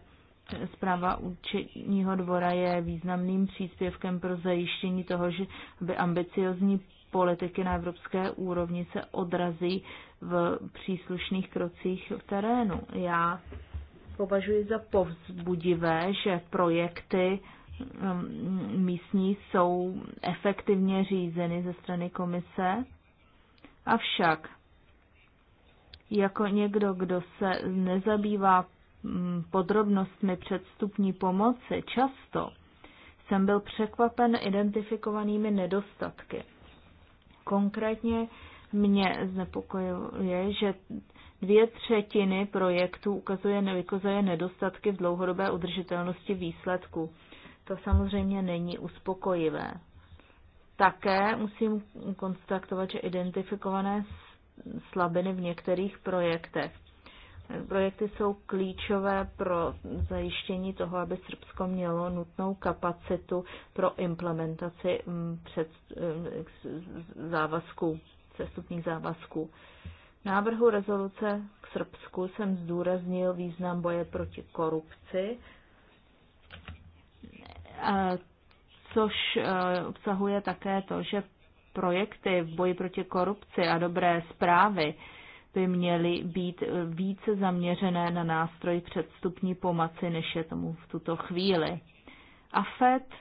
zpráva účetního dvora je významným příspěvkem pro zajištění toho, že by ambiciozní politiky na evropské úrovni se odrazí v příslušných krocích v terénu. Já považuji za povzbudivé, že projekty um, místní jsou efektivně řízeny ze strany komise, avšak jako někdo, kdo se nezabývá mm, podrobnostmi předstupní pomoci, často jsem byl překvapen identifikovanými nedostatky. Konkrétně mě znepokojuje, že dvě třetiny projektů ukazuje, vykazuje nedostatky v dlouhodobé udržitelnosti výsledku. To samozřejmě není uspokojivé. Také musím konstatovat, že identifikované slabiny v některých projektech. Projekty jsou klíčové pro zajištění toho, aby Srbsko mělo nutnou kapacitu pro implementaci mm, před mm, závazků, cestupních závazků. V návrhu rezoluce k Srbsku jsem zdůraznil význam boje proti korupci, což e, obsahuje také to, že projekty v boji proti korupci a dobré zprávy by měly být více zaměřené na nástroj předstupní pomoci, než je tomu v tuto chvíli. A FED eh,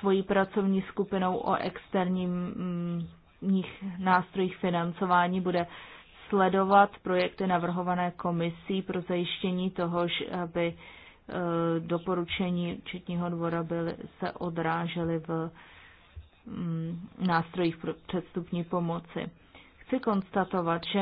svojí pracovní skupinou o externích mm, nástrojích financování bude sledovat projekty navrhované komisí pro zajištění toho, aby eh, doporučení Četního dvora byly, se odrážely v Mm, nástrojích pro předstupní pomoci. Chci konstatovat, že